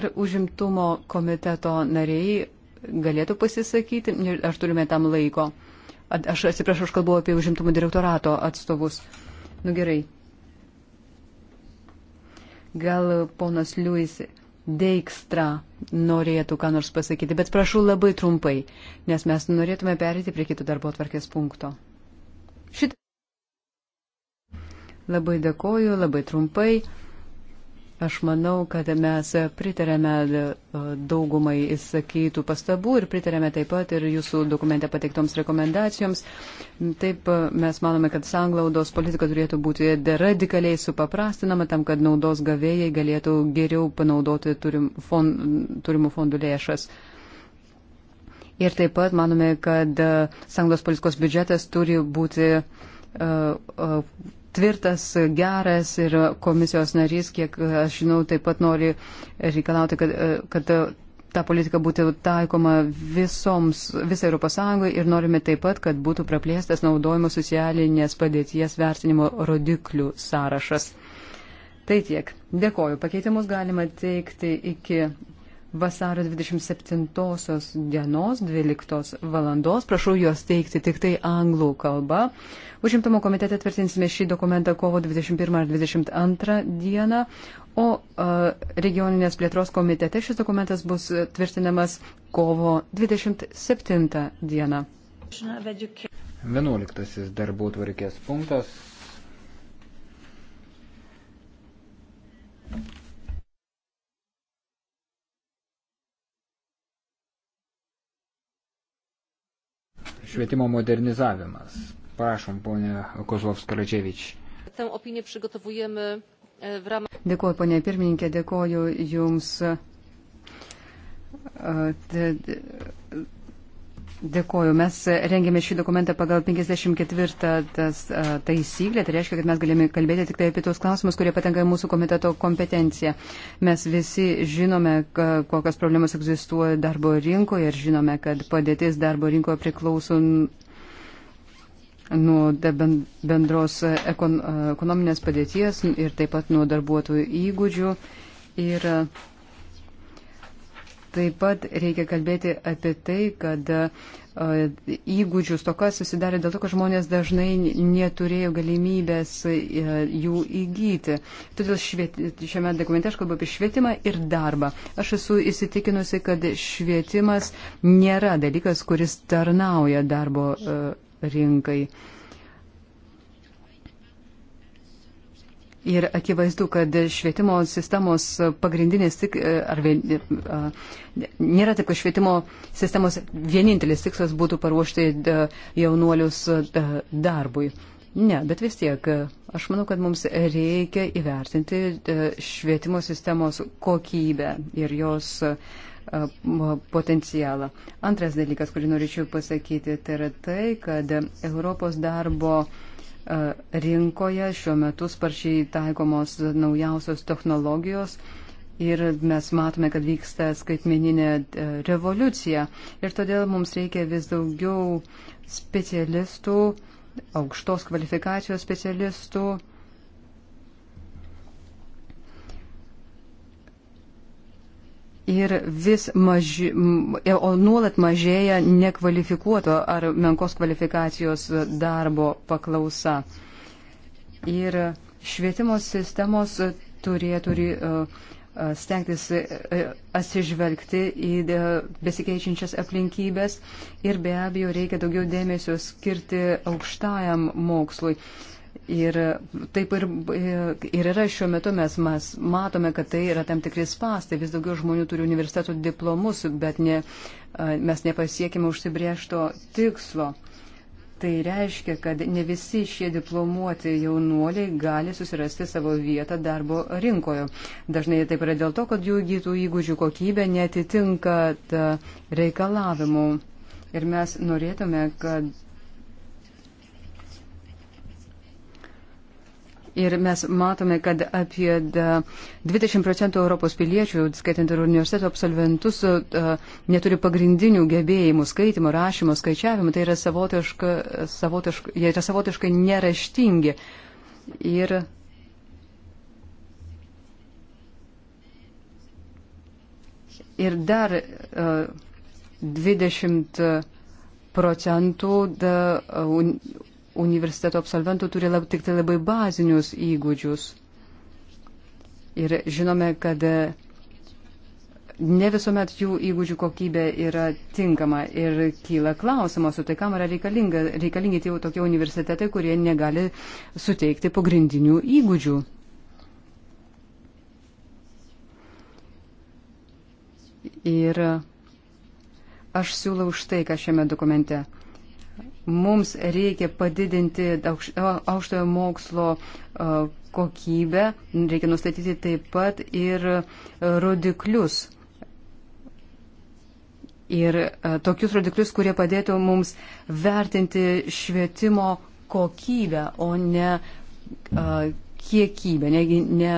Ar užimtumo komiteto nariai galėtų pasisakyti ir ar turime tam laiko. Aš atsiprašau, aš kalbu apie užimtumo direktorato atstovus. Nu gerai. Gal ponas Liujis Deikstra norėtų ką nors pasakyti, bet prašau labai trumpai, nes mes norėtume perėti prie kito darbo atvarkės punkto. Šitą. Labai dėkoju, labai trumpai. Aš manau, kad mes pritarėme e, daugumai įsakytų pastabų ir pritarėme taip pat ir jūsų dokumente pateiktoms rekomendacijoms. Taip e, mes manome, kad sanglaudos politika turėtų būti radikaliai supaprastinama tam, kad naudos gavėjai galėtų geriau panaudoti turim, fon, turimų fondų lėšas. Ir taip pat manome, kad e, sanglaudos politikos biudžetas turi būti. Uh, uh, tvirtas, geras ir komisijos narys, kiek aš žinau, taip pat nori reikalauti, kad, kad ta politika būtų taikoma visoms, visai ES ir norime taip pat, kad būtų praplėstas naudojimo socialinės padėties vertinimo rodiklių sąrašas. Tai tiek. Dėkoju. Pakeitimus galima teikti iki vasario 27 dienos 12 valandos. Prašau juos teikti tik tai anglų kalba. Užimtumo komitete tvirtinsime šį dokumentą kovo 21 ar 22 dieną, o uh, regioninės plėtros komitete šis dokumentas bus tvirtinamas kovo 27 dieną. 11 darbų tvarkės punktas. Thank you. švietimo modernizavimas. Prašom, ponė Kozlovskaračevič. E, dėkuoju, ponė pirmininkė, dėkuoju Jums. E, Dėkoju. Mes rengėme šį dokumentą pagal 54 tas, taisyklę. Tai reiškia, kad mes galime kalbėti tik tai apie tos klausimus, kurie patenka į mūsų komiteto kompetenciją. Mes visi žinome, kokios problemos egzistuoja darbo rinkoje ir žinome, kad padėtis darbo rinkoje priklauso nuo bendros ekonominės padėties ir taip pat nuo darbuotojų įgūdžių. Ir uh, Taip pat reikia kalbėti apie tai, kad įgūdžių stoka susidarė dėl to, kad žmonės dažnai neturėjo galimybės e, jų įgyti. Todėl švieti, šiame dokumente aš kalbu apie švietimą ir darbą. Aš esu įsitikinusi, kad švietimas nėra dalykas, kuris tarnauja darbo e, rinkai. Uh, Ir akivaizdu, kad švietimo sistemos pagrindinis tik, e, ar vien, e, nėra taip, kad švietimo sistemos vienintelis tikslas būtų paruošti e, jaunuolius darbui. Ne, bet vis tiek, aš manau, kad mums reikia įvertinti švietimo sistemos kokybę ir jos potencialą. Antras dalykas, kurį norėčiau pasakyti, tai yra tai, kad Europos darbo uh, E, rinkoje šiuo metu sparčiai taikomos naujausios technologijos. Ir mes matome, kad vyksta skaitmeninė e, revoliucija. Ir todėl mums reikia vis daugiau specialistų, aukštos kvalifikacijos specialistų, ir vis maži, o nuolat mažėja nekvalifikuoto ar menkos kvalifikacijos darbo paklausa. Ir švietimo sistemos turėtų turi, e, e, stengtis e, atsižvelgti į besikeičiančias aplinkybės ir be abejo reikia daugiau dėmesio skirti aukštajam mokslui. Ir taip ir, ir yra šiuo metu mes, mes matome, kad tai yra tam tikri spastai. Vis daugiau žmonių turi universitetų diplomus, bet ne, mes nepasiekime užsibriešto tikslo. Tai reiškia, kad ne visi šie diplomuoti jaunuoliai gali susirasti savo vietą darbo rinkoje. Dažnai taip yra dėl to, kad jų įgytų įgūdžių kokybė netitinka reikalavimų. Ir mes norėtume, kad Ir mes matome, kad apie 20 procentų Europos piliečių, skaitant ir universiteto absolventus, neturi pagrindinių gebėjimų skaitimo, rašymo, skaičiavimo. Tai yra savotiška, savotiška, jie yra savotiškai neraštingi. Ir Ir dar uh, 20 procentų da, un, universiteto absolventų turi lab, tik tai labai bazinius įgūdžius. Ir žinome, kad e, ne visuomet jų įgūdžių kokybė yra tinkama ir kyla klausimas, o tai kam yra reikalingi tie tokie universitetai, kurie negali suteikti pagrindinių įgūdžių. Ir aš siūlau štai ką šiame dokumente. Mums reikia padidinti aukštojo mokslo kokybę, reikia nustatyti taip pat ir rodiklius. Ir tokius rodiklius, kurie padėtų mums vertinti švietimo kokybę, o ne kiekybę, ne, ne,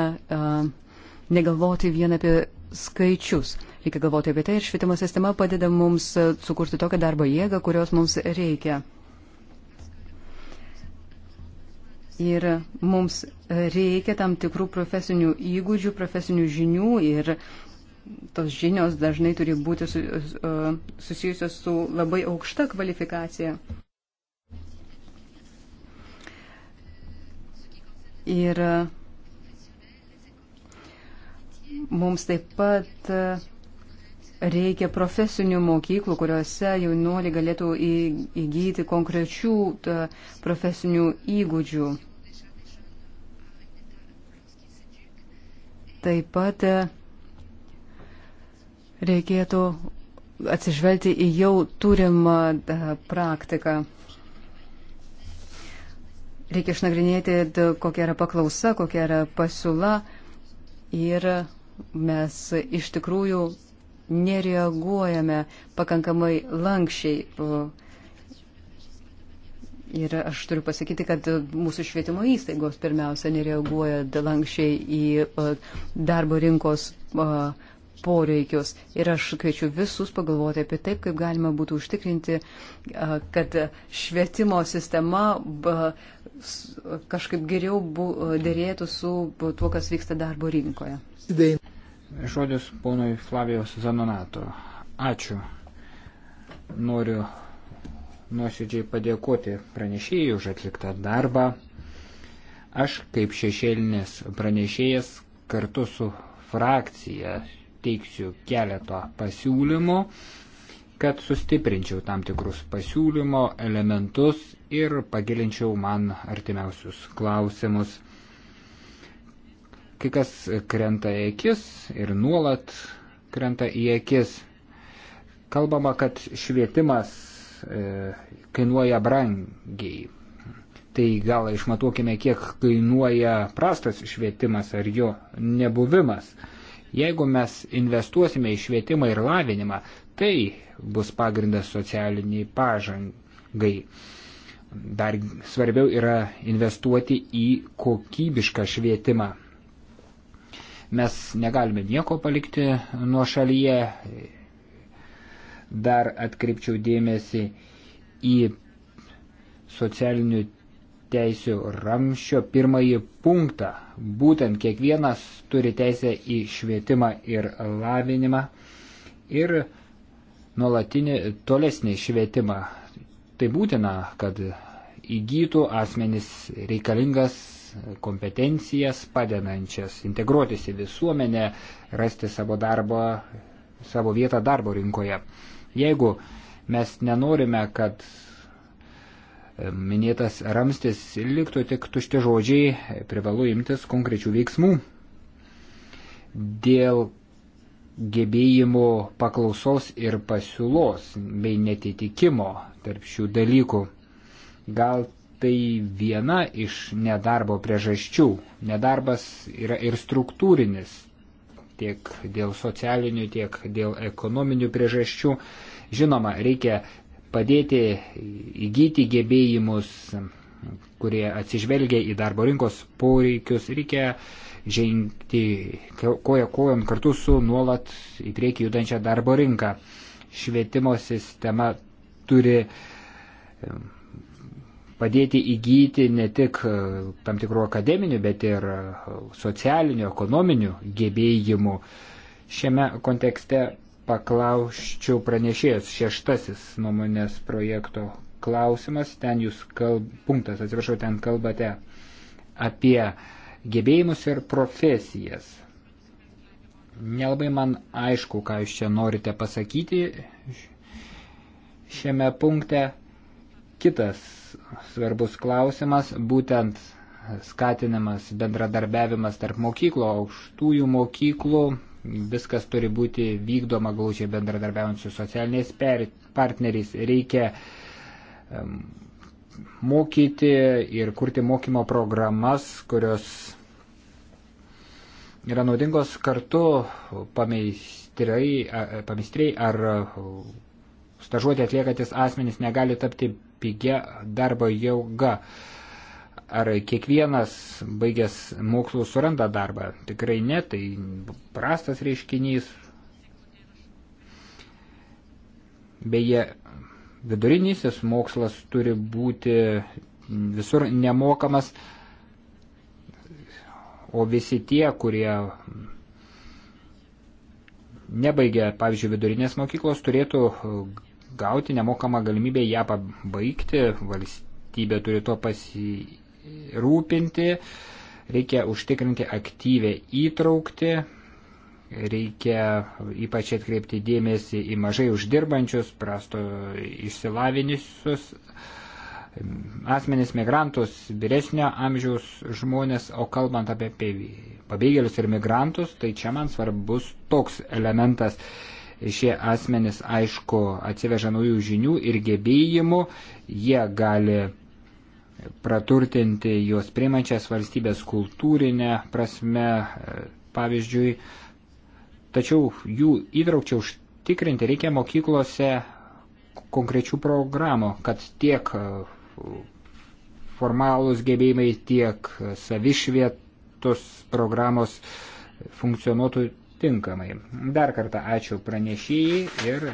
negalvoti vien apie skaičius. Reikia galvoti apie tai ir švietimo sistema padeda mums sukurti tokią darbo jėgą, kurios mums reikia. Ir mums reikia tam tikrų profesinių įgūdžių, profesinių žinių ir tos žinios dažnai turi būti susijusios su labai aukšta kvalifikacija. Ir mums taip pat reikia profesinių mokyklų, kuriuose jaunuoliai galėtų įgyti konkrečių profesinių įgūdžių. Taip pat e, reikėtų atsižvelgti į jau turimą e, praktiką. Reikia išnagrinėti, kokia yra paklausa, kokia yra pasiūla ir mes iš tikrųjų nereaguojame pakankamai lankščiai Ir aš turiu pasakyti, kad mūsų švietimo įstaigos pirmiausia nereaguoja lankščiai į e, darbo rinkos e, poreikius. Ir aš kviečiu visus pagalvoti apie taip, kaip galima būtų užtikrinti, e, kad švietimo sistema kažkaip geriau dėrėtų su tuo, kas vyksta darbo rinkoje. Žodis ponui Flavijos Zanonato. Ačiū. Noriu nuoširdžiai padėkoti pranešėjai už atliktą darbą. Aš kaip šešėlinis pranešėjas kartu su frakcija teiksiu keletą pasiūlymų, kad sustiprinčiau tam tikrus pasiūlymo elementus ir pagilinčiau man artimiausius klausimus. Kai kas krenta į akis ir nuolat krenta į akis. Kalbama, kad švietimas E, kainuoja brangiai. Tai gal išmatuokime, kiek kainuoja prastas švietimas ar jo nebuvimas. Jeigu mes investuosime į švietimą ir lavinimą, tai bus pagrindas socialiniai pažangai. Dar svarbiau yra investuoti į kokybišką švietimą. Mes negalime nieko palikti nuo šalyje, Dar atkreipčiau dėmesį į socialinių teisių ramščio pirmąjį punktą. Būtent kiekvienas turi teisę į švietimą ir lavinimą ir nuolatinį tolesnį švietimą. Tai būtina, kad įgytų asmenys reikalingas kompetencijas, padedančias integruotis į visuomenę, rasti savo darbą, savo vietą darbo rinkoje. Jeigu mes nenorime, kad e, minėtas ramstis liktų tik tušti žodžiai, privalu imtis konkrečių veiksmų. Dėl gebėjimų paklausos ir pasiūlos bei netitikimo tarp šių dalykų. Gal tai viena iš nedarbo priežasčių. Nedarbas yra ir struktūrinis, tiek dėl socialinių, tiek dėl ekonominių priežasčių. Žinoma, reikia padėti įgyti gebėjimus, kurie atsižvelgia į darbo rinkos poreikius, reikia žengti koja kojon kartu su nuolat į priekį judančią darbo rinką. Švietimo sistema turi padėti įgyti ne tik e, tam tikrų akademinių, bet ir e, socialinių, ekonominių gebėjimų. Šiame kontekste paklauščiau pranešėjas šeštasis nuomonės projekto klausimas, ten jūs kalb, punktas, atsiprašau, ten kalbate apie gebėjimus ir profesijas. Nelabai man aišku, ką jūs čia norite pasakyti šiame punkte. Kitas svarbus klausimas - būtent skatinamas bendradarbiavimas tarp mokyklų, aukštųjų mokyklų. Viskas turi būti vykdoma glaučiai bendradarbiaujant su socialiniais partneriais. Reikia um, mokyti ir kurti mokymo programas, kurios yra naudingos kartu pameistrai ar stažuotė atliekantis asmenys negali tapti pigia darbo jauga. Ar kiekvienas baigęs mokslus suranda darbą? Tikrai ne, tai prastas reiškinys. Beje, vidurinysis mokslas turi būti visur nemokamas, o visi tie, kurie nebaigia, pavyzdžiui, vidurinės mokyklos, turėtų gauti nemokamą galimybę ją pabaigti, valstybė turi tuo pasirūpinti, reikia užtikrinti aktyvę įtraukti, reikia ypač atkreipti dėmesį į mažai uždirbančius, prasto išsilavinusius asmenis, migrantus, vyresnio amžiaus žmonės, o kalbant apie pabėgėlius ir migrantus, tai čia man svarbus toks elementas. Šie asmenys, aišku, atsiveža naujų žinių ir gebėjimų, jie gali praturtinti juos priimančias valstybės kultūrinę prasme, pavyzdžiui, tačiau jų įtraukčiau užtikrinti reikia mokyklose konkrečių programų, kad tiek e, formalūs gebėjimai, tiek savišvietos programos funkcionuotų tinkamai. Dar kartą ačiū pranešėjai ir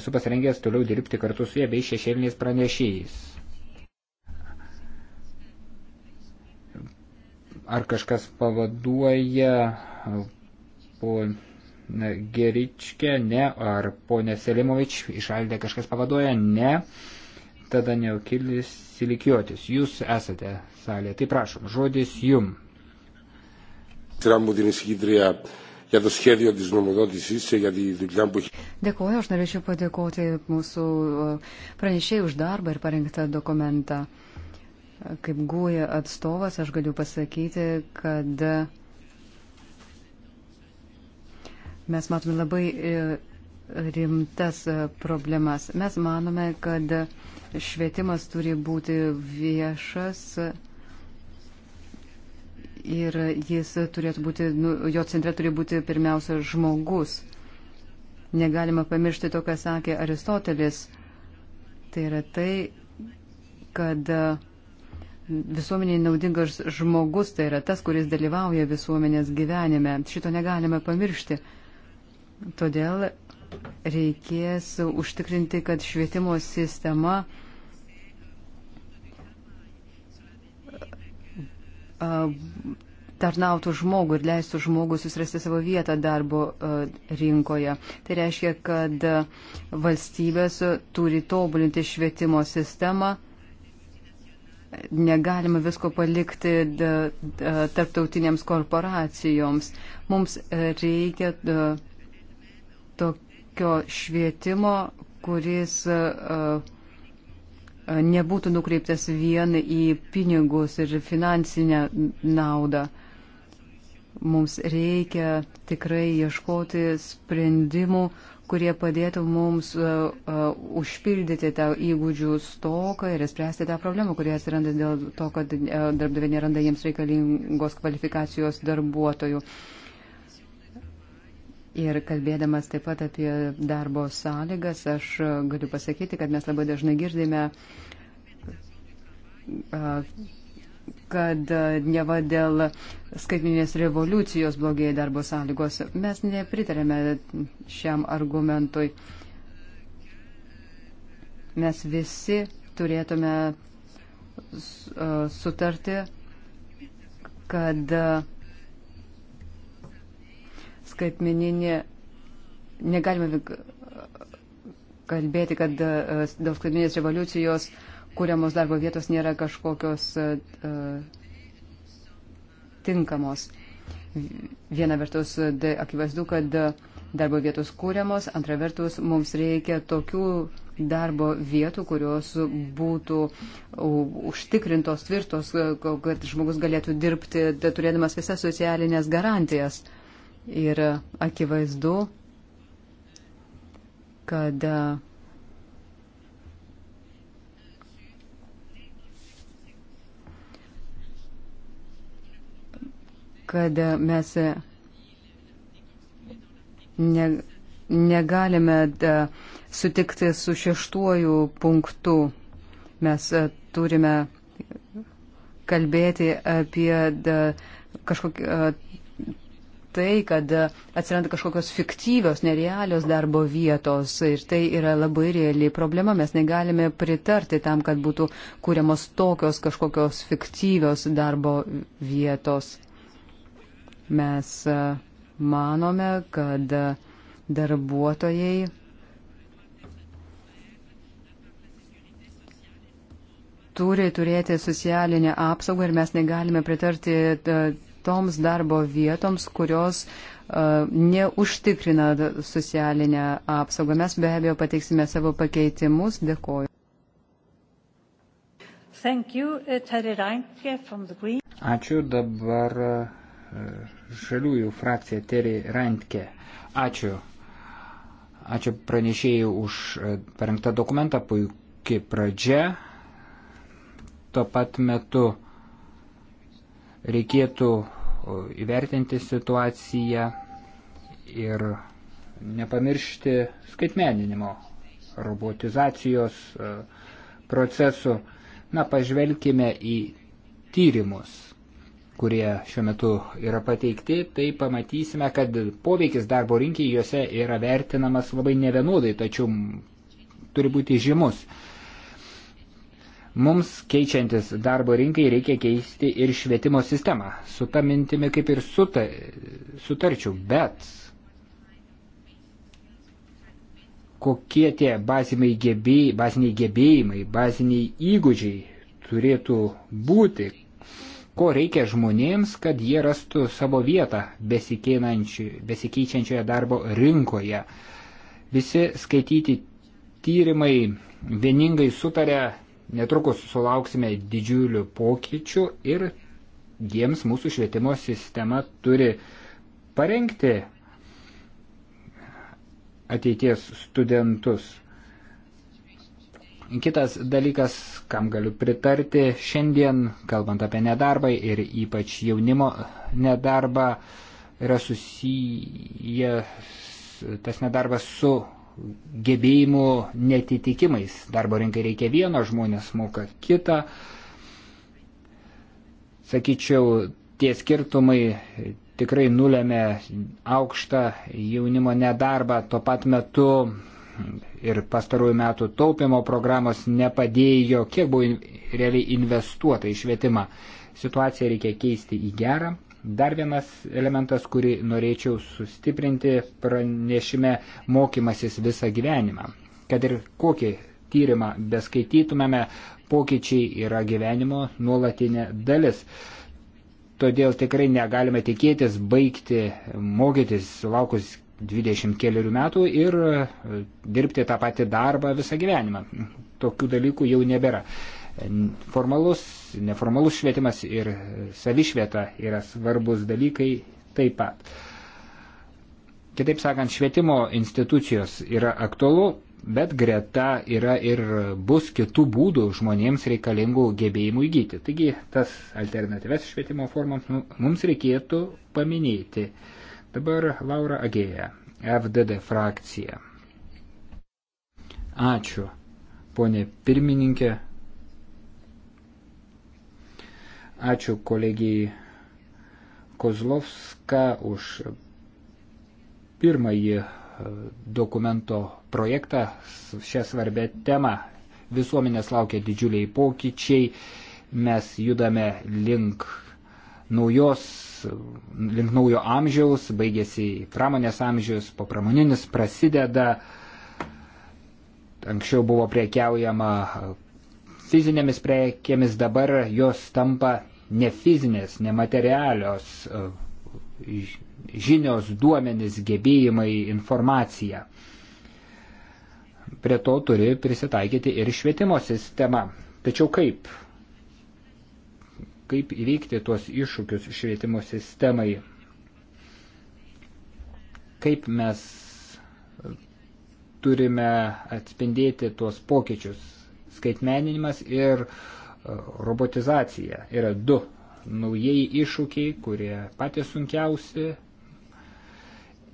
esu pasirengęs toliau dirbti kartu su jie bei šešėliniais pranešėjais. Ar kažkas pavaduoja po Geričkę, ne, ar ponė Selimovič išaldė kažkas pavaduoja, ne, tada neokilis silikiuotis. Jūs esate salėje, tai prašom, žodis jums. Τυρά μου την εισηγήτρια για το σχέδιο της νομοδότησης και για τη δουλειά που έχει. Dėkuoju, aš norėčiau padėkoti mūsų e, pranešėjai už darbą ir parengtą dokumentą. Kaip guoja atstovas, aš galiu pasakyti, kad mes matome labai e, rimtas e, problemas. Mes manome, kad švietimas turi būti viešas ir jis turėtų būti, nu, jo centre turi būti pirmiausia žmogus. Negalima pamiršti to, ką sakė Aristotelis. Tai yra tai, kad e, visuomeniai naudingas žmogus tai yra tas, kuris dalyvauja visuomenės gyvenime. Šito negalime pamiršti. Todėl reikės užtikrinti, kad švietimo sistema uh, tarnautų žmogų ir leistų žmogų susirasti savo vietą darbo rinkoje. Tai reiškia, kad valstybės turi tobulinti švietimo sistemą. Negalima visko palikti tarptautinėms korporacijoms. Mums reikia tokio švietimo, kuris uh, nebūtų nukreiptas vien į pinigus ir finansinę naudą. Mums reikia tikrai ieškoti sprendimų, kurie padėtų mums uh, uh, užpildyti tą įgūdžių stoką ir spręsti tą problemą, kurie atsiranda dėl to, kad uh, darbdaviai neranda jiems reikalingos kvalifikacijos darbuotojų. Uh, Ir kalbėdamas taip pat apie darbo sąlygas, aš e, galiu pasakyti, kad mes labai dažnai girdime, kad e, neva dėl skaitminės revoliucijos blogėja darbo sąlygos. Mes nepritarėme šiam argumentui. Mes visi turėtume e, sutarti, kad skaitmeninė, negalime kalbėti, kad e, dėl skaitmeninės revoliucijos kūriamos darbo vietos nėra kažkokios e, e, tinkamos. Viena vertus, akivaizdu, kad darbo vietos kūriamos, antra vertus, mums reikia tokių darbo vietų, kurios būtų užtikrintos, tvirtos, kad žmogus galėtų dirbti, turėdamas visas socialinės garantijas. Ir akivaizdu, kad e, kad e, mes e, ne, negalime da, sutikti su šeštuoju punktu. Mes a, turime kalbėti apie da, kažkokį a, tai, kad atsiranda kažkokios fiktyvios, nerealios darbo vietos ir tai yra labai reali problema. Mes negalime pritarti tam, kad būtų kūriamos tokios kažkokios fiktyvios darbo vietos. Mes e, manome, kad darbuotojai turi turėti socialinę apsaugą ir mes negalime pritarti e, toms darbo vietoms, kurios uh, neužtikrina socialinę apsaugą. Mes be abejo pateiksime savo pakeitimus. Dėkoju. E, Ačiū dabar e, žaliųjų frakcija Terė Rantke. Ačiū. Ačiū pranešėjai už parengtą dokumentą, puikiai pradžia. Tuo pat metu reikėtų įvertinti situaciją ir nepamiršti skaitmeninimo, robotizacijos procesų. Na, pažvelkime į tyrimus, kurie šiuo metu yra pateikti, tai pamatysime, kad poveikis darbo rinkiai juose yra vertinamas labai nevienodai, tačiau turi būti žymus. Mums keičiantis darbo rinkai reikia keisti ir švietimo sistemą. Su tą mintimi kaip ir suta, sutarčiau, bet kokie tie baziniai gebėjimai, baziniai, gebėjimai, baziniai įgūdžiai turėtų būti, ko reikia žmonėms, kad jie rastų savo vietą besikeičiančioje darbo rinkoje. Visi skaityti tyrimai vieningai sutarė, Netrukus sulauksime didžiulių pokyčių ir jiems mūsų švietimo sistema turi parengti ateities studentus. Kitas dalykas, kam galiu pritarti šiandien, kalbant apie nedarbą ir ypač jaunimo nedarbą, yra susijęs tas nedarbas su gebėjimų netitikimais. Darbo rinkai reikia vieno, žmonės moka kitą. Sakyčiau, tie skirtumai tikrai nulėmė aukštą jaunimo nedarbą. Tuo pat metu ir pastarųjų metų taupimo programos nepadėjo, kiek buvo realiai investuota į švietimą. Situaciją reikia keisti į gerą. Dar vienas elementas, kurį norėčiau sustiprinti pranešime mokymasis visą gyvenimą. Kad ir kokį tyrimą beskaitytumėme, pokyčiai yra gyvenimo nuolatinė dalis. Todėl tikrai negalime tikėtis baigti mokytis sulaukus 20 keliarių metų ir dirbti tą patį darbą visą gyvenimą. Tokių dalykų jau nebėra. Formalus, neformalus švietimas ir savišvieta yra svarbus dalykai taip pat. Kitaip sakant, švietimo institucijos yra aktualu, bet greta yra ir bus kitų būdų žmonėms reikalingų gebėjimų įgyti. Taigi tas alternatyves švietimo formams nu, mums reikėtų paminėti. Dabar Laura Agėja, FDD frakcija. Ačiū, ponė pirmininkė. Ačiū kolegijai Kozlovska už pirmąjį e, dokumento projektą šią svarbę temą. Visuomenės laukia didžiuliai pokyčiai, mes judame link naujos, link naujo amžiaus, baigėsi pramonės amžius, popramoninis prasideda, anksčiau buvo priekiaujama fizinėmis prekėmis, dabar jos tampa nefizinės, nematerialios e, žinios, duomenys, gebėjimai, informacija. Prie to turi prisitaikyti ir švietimo sistema. Tačiau kaip? Kaip įveikti tuos iššūkius švietimo sistemai? Kaip mes turime atspindėti tuos pokyčius? Skaitmeninimas ir uh, robotizacija. Yra du naujieji iššūkiai, kurie patys sunkiausi.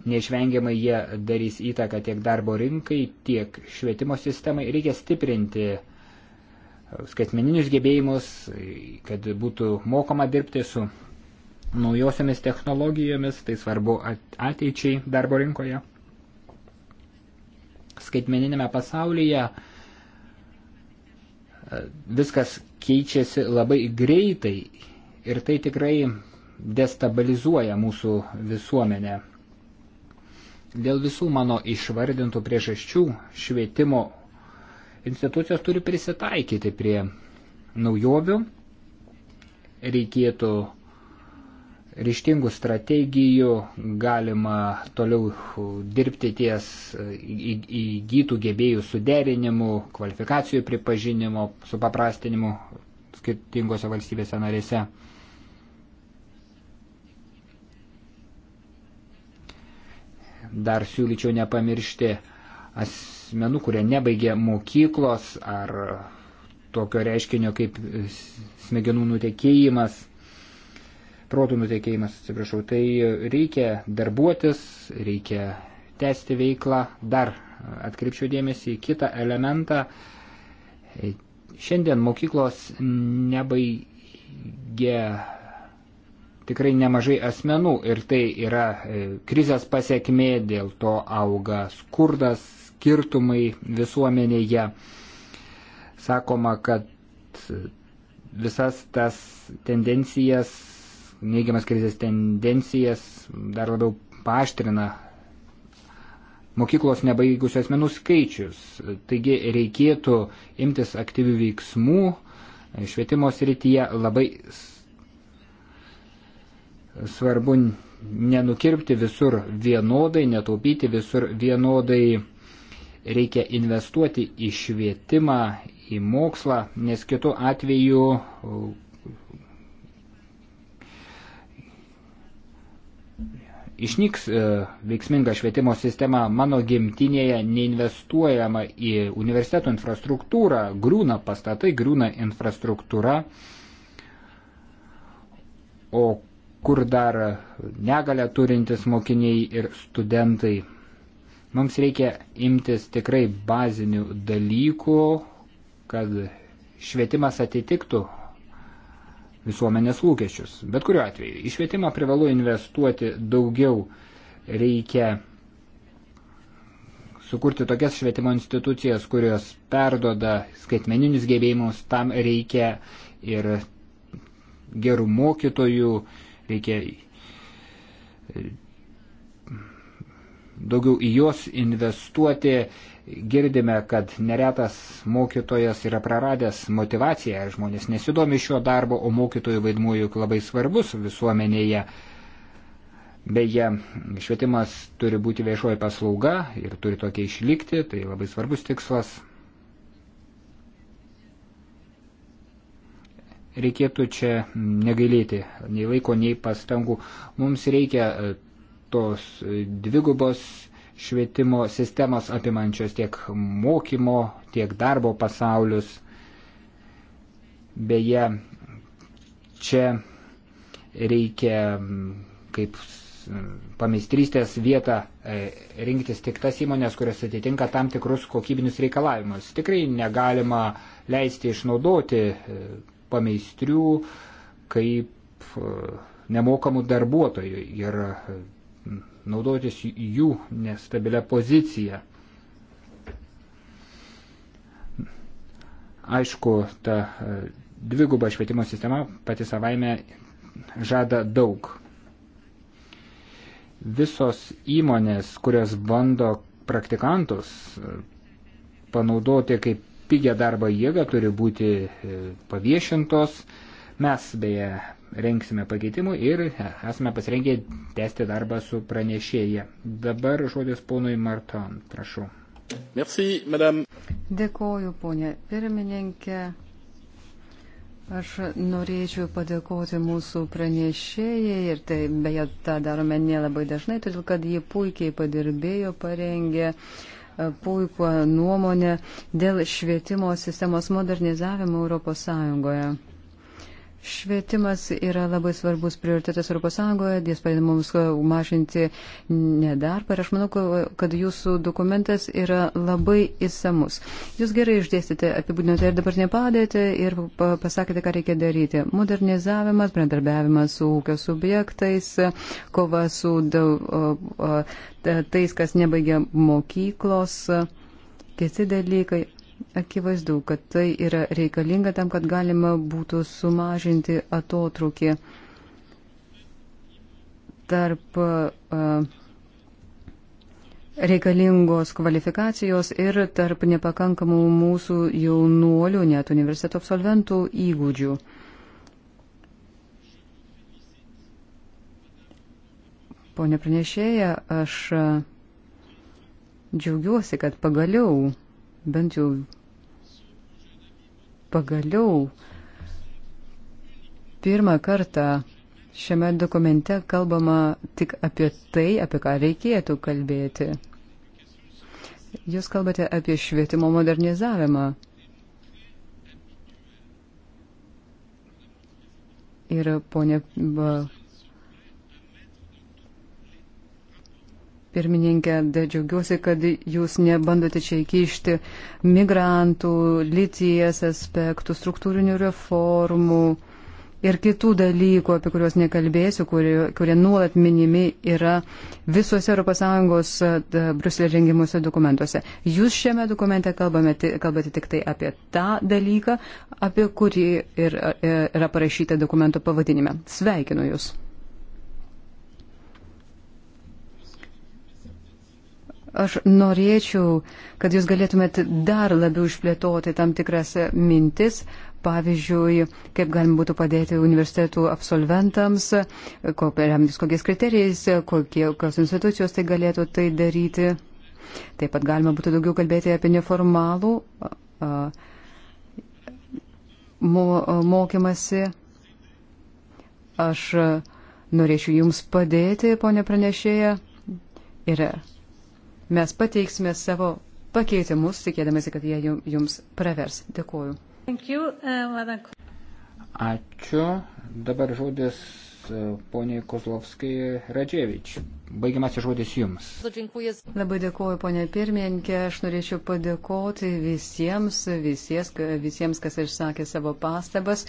Neišvengiamai jie darys įtaką tiek darbo rinkai, tiek švietimo sistemai. Reikia stiprinti skaitmeninius gebėjimus, kad būtų mokoma dirbti su naujosiomis technologijomis, tai svarbu ateičiai darbo rinkoje. Skaitmeninėme pasaulyje uh, viskas keičiasi labai greitai ir tai tikrai destabilizuoja mūsų visuomenę. Dėl visų mano išvardintų priežasčių švietimo institucijos turi prisitaikyti prie naujovių, reikėtų ryštingų strategijų, galima toliau dirbti ties įgytų gebėjų suderinimu, kvalifikacijų pripažinimu, supaprastinimu skirtingose valstybėse narėse. Dar siūlyčiau nepamiršti asmenų, kurie nebaigė mokyklos ar tokio reiškinio kaip smegenų nutekėjimas protų nutekėjimas, atsiprašau, tai reikia darbuotis, reikia tęsti veiklą. Dar atkreipčiau dėmesį į kitą elementą. Šiandien mokyklos nebaigė tikrai nemažai asmenų ir tai yra e, krizės pasiekmė, dėl to auga skurdas, skirtumai visuomenėje. Sakoma, kad visas tas tendencijas neigiamas krizės tendencijas dar labiau paaštrina mokyklos nebaigusių asmenų skaičius. Taigi reikėtų imtis aktyvių veiksmų švietimo srityje labai svarbu nenukirpti visur vienodai, netaupyti visur vienodai. Reikia investuoti į švietimą, į mokslą, nes kitu atveju išnyks e, veiksminga švietimo sistema mano gimtinėje, neinvestuojama į universitetų infrastruktūrą, grūna pastatai, grūna infrastruktūra, o kur dar negalę turintis mokiniai ir studentai. Mums reikia imtis tikrai bazinių dalykų, kad švietimas atitiktų visuomenės lūkesčius. Bet kuriuo atveju, išvietimą privalu investuoti daugiau, reikia sukurti tokias švietimo institucijas, kurios perdoda skaitmeninius gebėjimus, tam reikia ir gerų mokytojų, reikia daugiau į juos investuoti, girdime, kad neretas mokytojas yra praradęs motivaciją, žmonės nesidomi šio darbo, o mokytojų vaidmuo juk labai svarbus visuomenėje. Beje, švietimas turi būti viešoji paslauga ir turi tokia išlikti, tai labai svarbus tikslas. Reikėtų čia negailėti nei laiko, nei pastangų. Mums reikia e, tos dvigubos švietimo sistemos apimančios tiek mokymo, tiek darbo pasaulius. Beje, čia reikia mm, kaip mm, pamistrystės vietą e, rinktis tik tas įmonės, kurios atitinka tam tikrus kokybinius reikalavimus. Tikrai negalima leisti išnaudoti e, pameistrių kaip e, nemokamų darbuotojų ir naudotis jų nestabilią poziciją. Aišku, ta e, dviguba švietimo sistema pati savaime žada daug. Visos įmonės, kurios bando praktikantus e, panaudoti kaip pigią darbo jėgą, turi būti e, paviešintos. Mes beje rengsime pakeitimų ir esame pasirengę tęsti darbą su pranešėja. Dabar žodis ponui Marton, prašau. Merci, madame. Dėkoju, ponė pirmininkė. Aš norėčiau padėkoti mūsų pranešėjai ir tai beje tą darome nelabai dažnai, todėl kad jie puikiai padirbėjo, parengė e, puikų nuomonę dėl švietimo sistemos modernizavimo Europos Sąjungoje. Švietimas yra labai svarbus prioritetas Europos Sąjungoje, jis padeda mums mažinti nedarbą ir aš manau, kad jūsų dokumentas yra labai įsamus. Jūs gerai išdėstėte, apibūdinote ir dabar nepadėte ir pasakėte, ką reikia daryti. Modernizavimas, bendarbiavimas su ūkio subjektais, kova su tais, kas nebaigia mokyklos, kiti dalykai akivaizdu, kad tai yra reikalinga tam, kad galima būtų sumažinti atotrukį tarp uh, reikalingos kvalifikacijos ir tarp nepakankamų mūsų jaunuolių, net universiteto absolventų įgūdžių. Pone pranešėja, aš džiaugiuosi, kad pagaliau bent jau pagaliau pirmą kartą šiame dokumente kalbama tik apie tai, apie ką reikėtų kalbėti. Jūs kalbate apie švietimo modernizavimą. Ir ponė pirmininkė, džiaugiuosi, kad jūs nebandote čia įkišti migrantų, lyties aspektų, struktūrinių reformų ir kitų dalykų, apie kuriuos nekalbėsiu, kurie, kurie nuolat minimi yra visuose ES Bruselė rengimuose dokumentuose. Jūs šiame dokumente kalbate, kalbate tik tai apie tą dalyką, apie kurį ir, e, yra parašyta dokumento pavadinime. Sveikinu Jūs. Aš norėčiau, kad jūs galėtumėt dar labiau išplėtoti tam tikras mintis, pavyzdžiui, kaip galima būtų padėti universitetų absolventams, remtis kokiais kriterijais, kokios institucijos tai galėtų tai daryti. Taip pat galima būtų daugiau kalbėti apie neformalų mo, mokymasi. Aš norėčiau Jums padėti, ponė pranešėja. Ir Mes pateiksime savo pakeitimus, tikėdamėsi, kad jie jums pravers. Dėkuoju. Uh, Ačiū. Dabar žodis E, poniai Kozlovskai Radževič. Baigiamas žodis jums. Labai dėkuoju, ponė pirmininkė. Aš norėčiau padėkoti visiems, visies, visiems, kas išsakė savo pastabas.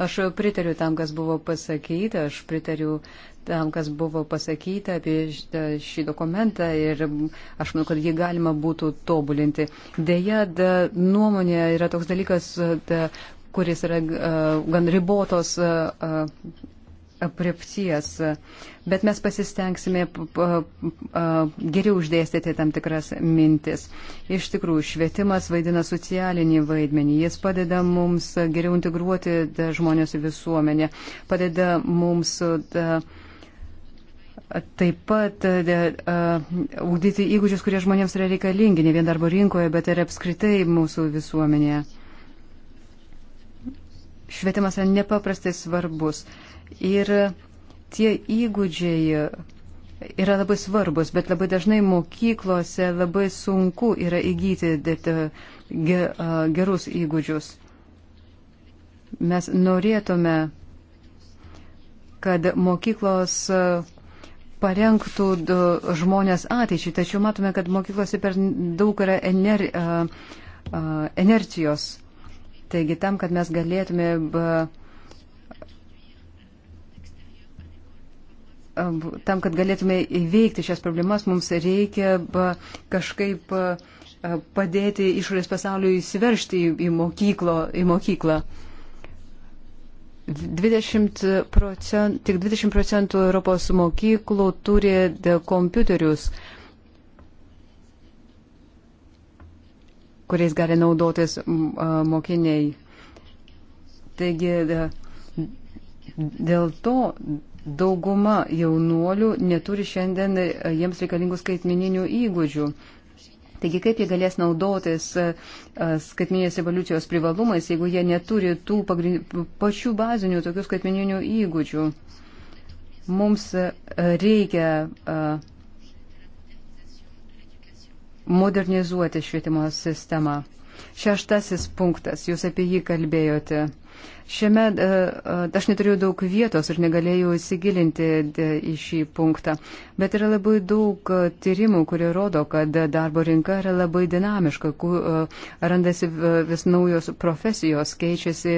Aš pritariu tam, kas buvo pasakyta. Aš pritariu tam, kas buvo pasakyta apie šitą, šį dokumentą ir aš manau, kad jį galima būtų tobulinti. Deja, da, nuomonė yra toks dalykas, da, kuris yra uh, gan ribotos uh, apriepties, bet mes pasistengsime geriau uždėstyti tam tikras mintis. Iš tikrųjų, švietimas vaidina socialinį vaidmenį, jis padeda mums geriau integruoti žmonės į visuomenę, padeda mums da, Taip pat ugdyti įgūdžius, kurie žmonėms yra reikalingi, ne vien darbo rinkoje, bet ir apskritai mūsų visuomenėje. Švietimas yra nepaprastai svarbus. Ir tie įgūdžiai yra labai svarbus, bet labai dažnai mokyklose labai sunku yra įgyti gerus įgūdžius. Mes norėtume, kad mokyklos parengtų žmonės ateičiai, tačiau matome, kad mokyklose per daug yra ener, inercijos. Taigi tam, kad mes galėtume tam, kad galėtume įveikti šias problemas, mums reikia kažkaip padėti išorės pasauliui įsiveršti į, mokyklo, į mokyklą. 20 procent, tik 20 procentų Europos mokyklų turi kompiuterius, kuriais gali naudotis mokiniai. Taigi dėl to Dauguma jaunuolių neturi šiandien e, jiems reikalingų skaitmeninių įgūdžių. Taigi kaip jie galės naudotis e, e, skaitminės revoliucijos privalumais, jeigu jie neturi tų pagrind... pačių bazinių tokių skaitmininių įgūdžių. Mums reikia modernizuoti švietimo sistemą. Šeštasis punktas, jūs apie jį kalbėjote. Šiame e, e, aš neturėjau daug vietos ir negalėjau įsigilinti e, į šį punktą, bet yra labai daug tyrimų, kurie rodo, kad darbo rinka yra labai dinamiška, randasi vis naujos profesijos, keičiasi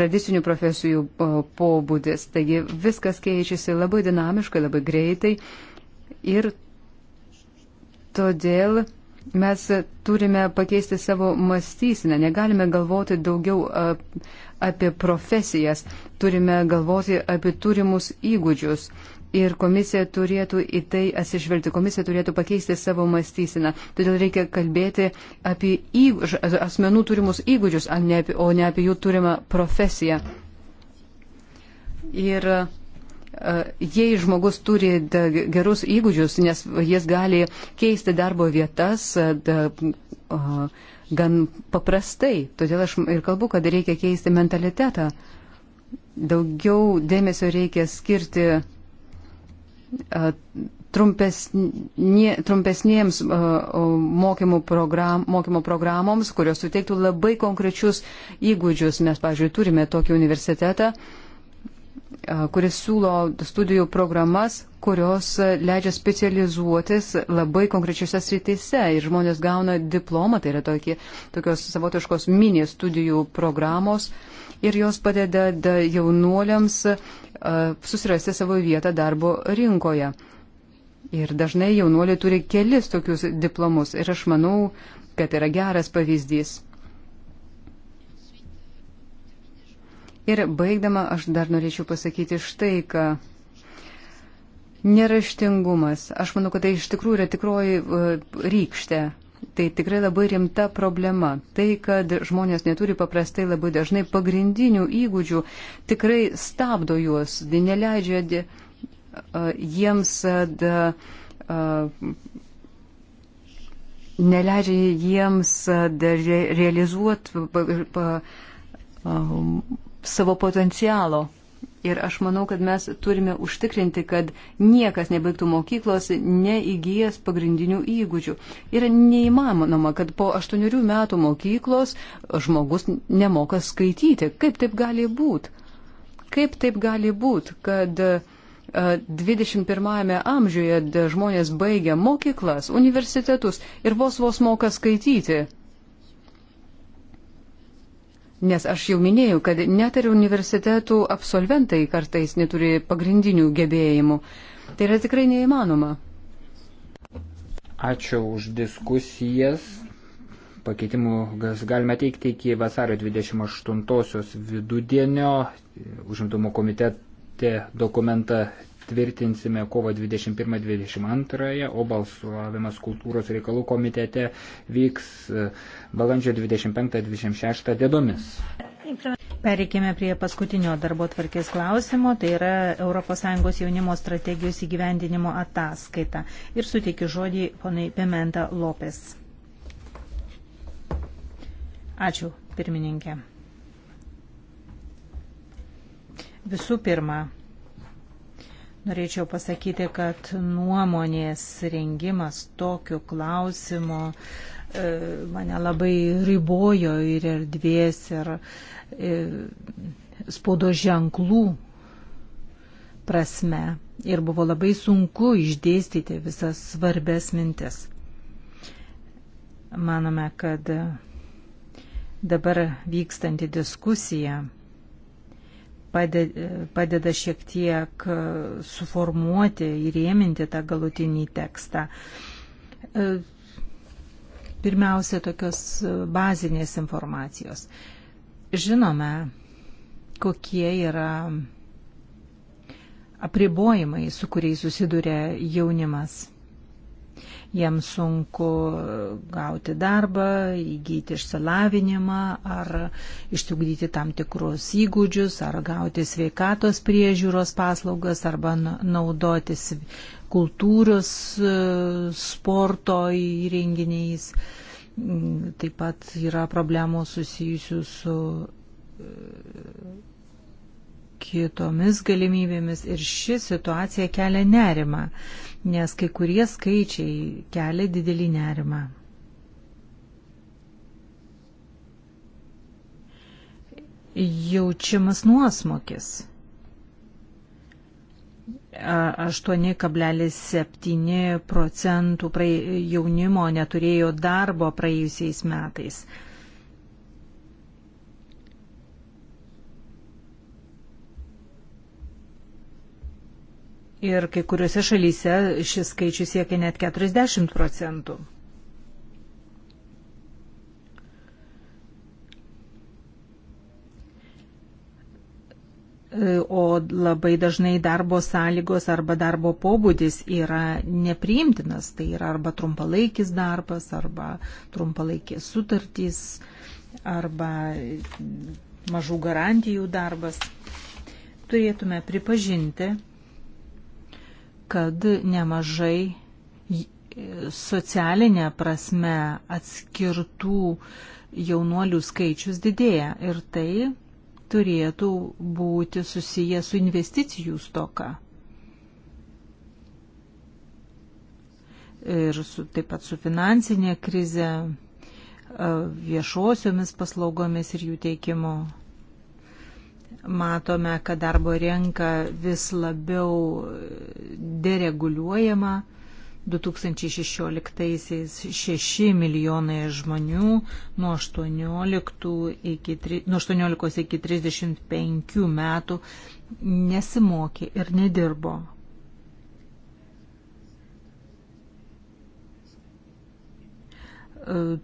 tradicinių profesijų pobūdis, taigi viskas keičiasi labai dinamiškai, labai greitai ir todėl Mes turime pakeisti savo mąstysinę, negalime galvoti daugiau apie profesijas, turime galvoti apie turimus įgūdžius. Ir komisija turėtų į tai atsižvelgti, komisija turėtų pakeisti savo mąstysiną. Todėl reikia kalbėti apie įgūdž, asmenų turimus įgūdžius, o ne apie jų turimą profesiją. Ir uh, E, jei žmogus turi gerus įgūdžius, nes jis gali keisti darbo vietas e, gan paprastai. Todėl aš ir kalbu, kad reikia keisti mentalitetą. Daugiau dėmesio reikia skirti e, trumpesnie, trumpesniems mokymo, program, mokymo programoms, kurios suteiktų labai konkrečius įgūdžius. Mes, pavyzdžiui, turime tokį universitetą, uh, kuris siūlo studijų programas, kurios leidžia specializuotis labai konkrečiose srityse ir žmonės gauna diplomą, tai yra tokie, tokios savotiškos mini studijų programos ir jos padeda jaunuoliams susirasti savo vietą darbo rinkoje. Ir dažnai jaunuoliai turi kelis tokius diplomus ir aš manau, kad tai yra geras pavyzdys. Ir baigdama aš dar norėčiau pasakyti štai, ką neraštingumas. Aš manau, kad tai iš tikrųjų yra tikroji e, rykštė. Tai tikrai labai rimta problema. Tai, kad žmonės neturi paprastai labai dažnai pagrindinių įgūdžių, tikrai stabdo juos, e, e, neleidžia jiems da, neleidžia jiems realizuoti savo potencialo. Ir aš manau, kad mes turime užtikrinti, kad niekas nebaigtų mokyklos neįgyjęs pagrindinių įgūdžių. Yra neįmanoma, kad po aštuoniurių metų mokyklos žmogus nemoka skaityti. Kaip taip gali būti? Kaip taip gali būti, kad 21 e, amžiuje žmonės baigia mokyklas, universitetus ir vos vos moka skaityti? Nes aš jau minėjau, kad net ir universitetų absolventai kartais neturi pagrindinių gebėjimų. Tai yra tikrai neįmanoma. Ačiū už diskusijas. Pakeitimų galime teikti iki vasario 28 vidudienio. Užimtumo komitete dokumentą tvirtinsime kovo 21-22, o balsuovimas kultūros reikalų komitete vyks e, balandžio 25-26 dėdomis. Pereikime prie paskutinio darbo tvarkės klausimo, tai yra ES jaunimo strategijos įgyvendinimo ataskaita. Ir suteikiu žodį ponai Pimenta Lopes. Ačiū, pirmininkė. Visų pirma, Norėčiau pasakyti, kad nuomonės rengimas tokiu klausimu e, mane labai ribojo ir erdvės, ir e, spaudo ženklų prasme. Ir buvo labai sunku išdėstyti visas svarbės mintis. Manome, kad dabar vykstanti diskusija padeda šiek tiek suformuoti, įrėminti tą galutinį tekstą. E, pirmiausia, tokios bazinės informacijos. Žinome, kokie yra apribojimai, su kuriais susiduria jaunimas jiems sunku gauti darbą, įgyti išsilavinimą ar išsiugdyti tam tikrus įgūdžius, ar gauti sveikatos priežiūros paslaugas, arba naudotis kultūros e, sporto įrenginiais. Mm, taip pat yra problemų susijusių su e, kitomis galimybėmis ir ši situacija kelia nerimą nes kai kurie skaičiai kelia didelį nerimą. Jaučiamas nuosmokis. 8,7 procentų jaunimo neturėjo darbo praėjusiais metais. Ir kai kuriuose šalyse šis skaičius siekia net 40 procentų. O labai dažnai darbo sąlygos arba darbo pobūdis yra nepriimtinas. Tai yra arba trumpalaikis darbas, arba trumpalaikės sutartys, arba mažų garantijų darbas. Turėtume pripažinti, kad nemažai socialinė prasme atskirtų jaunuolių skaičius didėja ir tai turėtų būti susiję su investicijų stoka. Ir su, taip pat su finansinė krize, viešosiomis paslaugomis ir jų teikimu matome, kad darbo rinka vis labiau dereguliuojama. 2016-aisiais 6 milijonai žmonių nuo 18, iki, nuo 18 iki 35 metų nesimokė ir nedirbo.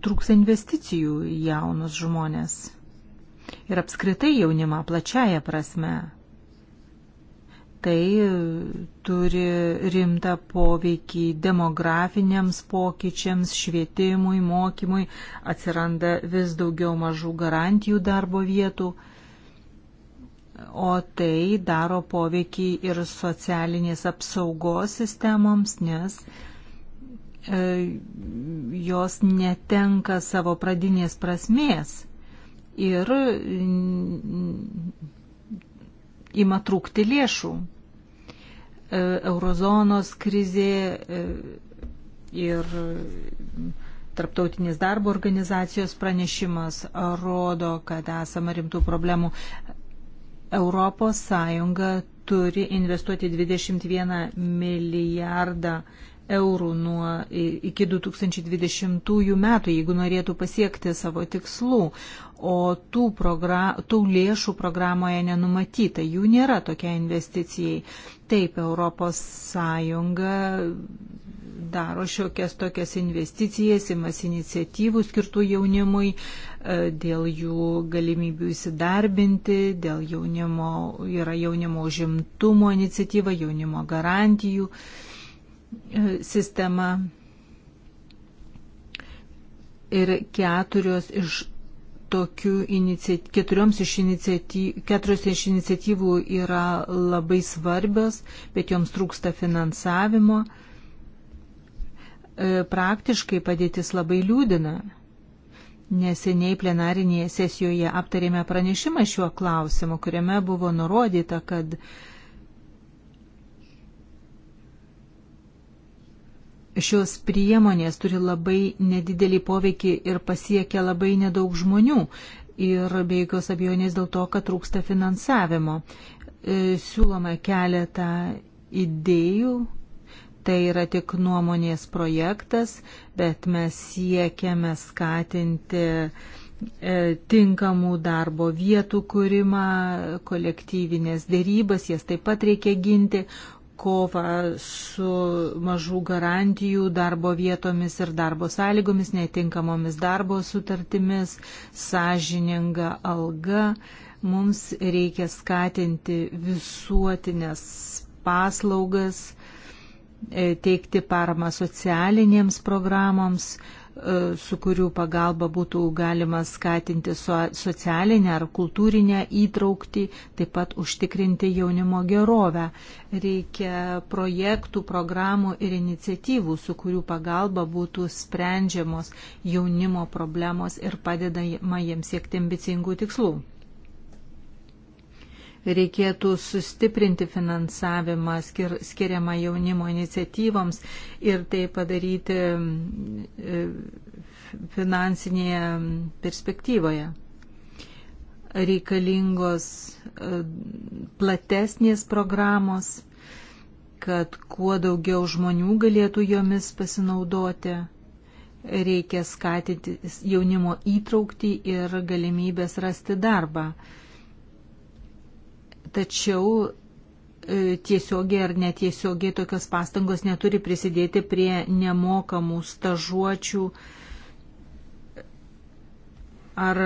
Trūks investicijų jaunus žmonės ir apskritai jaunimą plačiaja prasme. Tai e, turi rimtą poveikį demografiniams pokyčiams, švietimui, mokymui, atsiranda vis daugiau mažų garantijų darbo vietų o tai daro poveikį ir socialinės apsaugos sistemoms, nes e, jos netenka savo pradinės prasmės ir mm, ima trūkti lėšų. E, eurozonos krizė e, ir mm, Tarptautinės darbo organizacijos pranešimas rodo, kad esama rimtų problemų. Europos Sąjunga turi investuoti 21 milijardą eurų nuo iki 2020 metų, jeigu norėtų pasiekti savo tikslų, o tų, program, tų lėšų programoje nenumatyta, jų nėra tokia investicijai. Taip, ES daro šiokias tokias investicijas, imas iniciatyvų skirtų jaunimui e, dėl jų galimybių įsidarbinti, dėl jaunimo, yra jaunimo žimtumo iniciatyva, jaunimo garantijų. Uh, E, sistema ir keturios iš tokių iniciatyvų, keturioms iš iniciatyvų, keturios iš iniciatyvų yra labai svarbios, bet joms trūksta finansavimo. E, praktiškai padėtis labai liūdina. Neseniai plenarinėje sesijoje aptarėme pranešimą šiuo klausimu, kuriame buvo nurodyta, kad uh, šios priemonės turi labai nedidelį poveikį ir pasiekia labai nedaug žmonių. Ir be jokios abejonės dėl to, kad trūksta finansavimo. E, siūloma keletą idėjų. Tai yra tik nuomonės projektas, bet mes siekiame skatinti e, tinkamų darbo vietų kūrimą, kolektyvinės dėrybas, jas taip pat reikia ginti, kovą su mažų garantijų darbo vietomis ir darbo sąlygomis, netinkamomis darbo sutartimis, sąžininga alga. Mums reikia skatinti visuotinės paslaugas, e, teikti paramą socialinėms programoms, E, su kurių pagalba būtų galima skatinti socialinę ar kultūrinę įtraukti, taip pat užtikrinti jaunimo gerovę. Reikia projektų, programų ir iniciatyvų, su kurių pagalba būtų sprendžiamos jaunimo problemos ir padedama jiems siekti ambicingų tikslų reikėtų sustiprinti finansavimą skir, skiriamą jaunimo iniciatyvoms ir tai padaryti e, finansinėje perspektyvoje. Reikalingos e, platesnės programos, kad kuo daugiau žmonių galėtų jomis pasinaudoti. Reikia skatinti jaunimo įtraukti ir galimybės rasti darbą tačiau e, tiesiogiai ar netiesiogiai tokios pastangos neturi prisidėti prie nemokamų stažuočių ar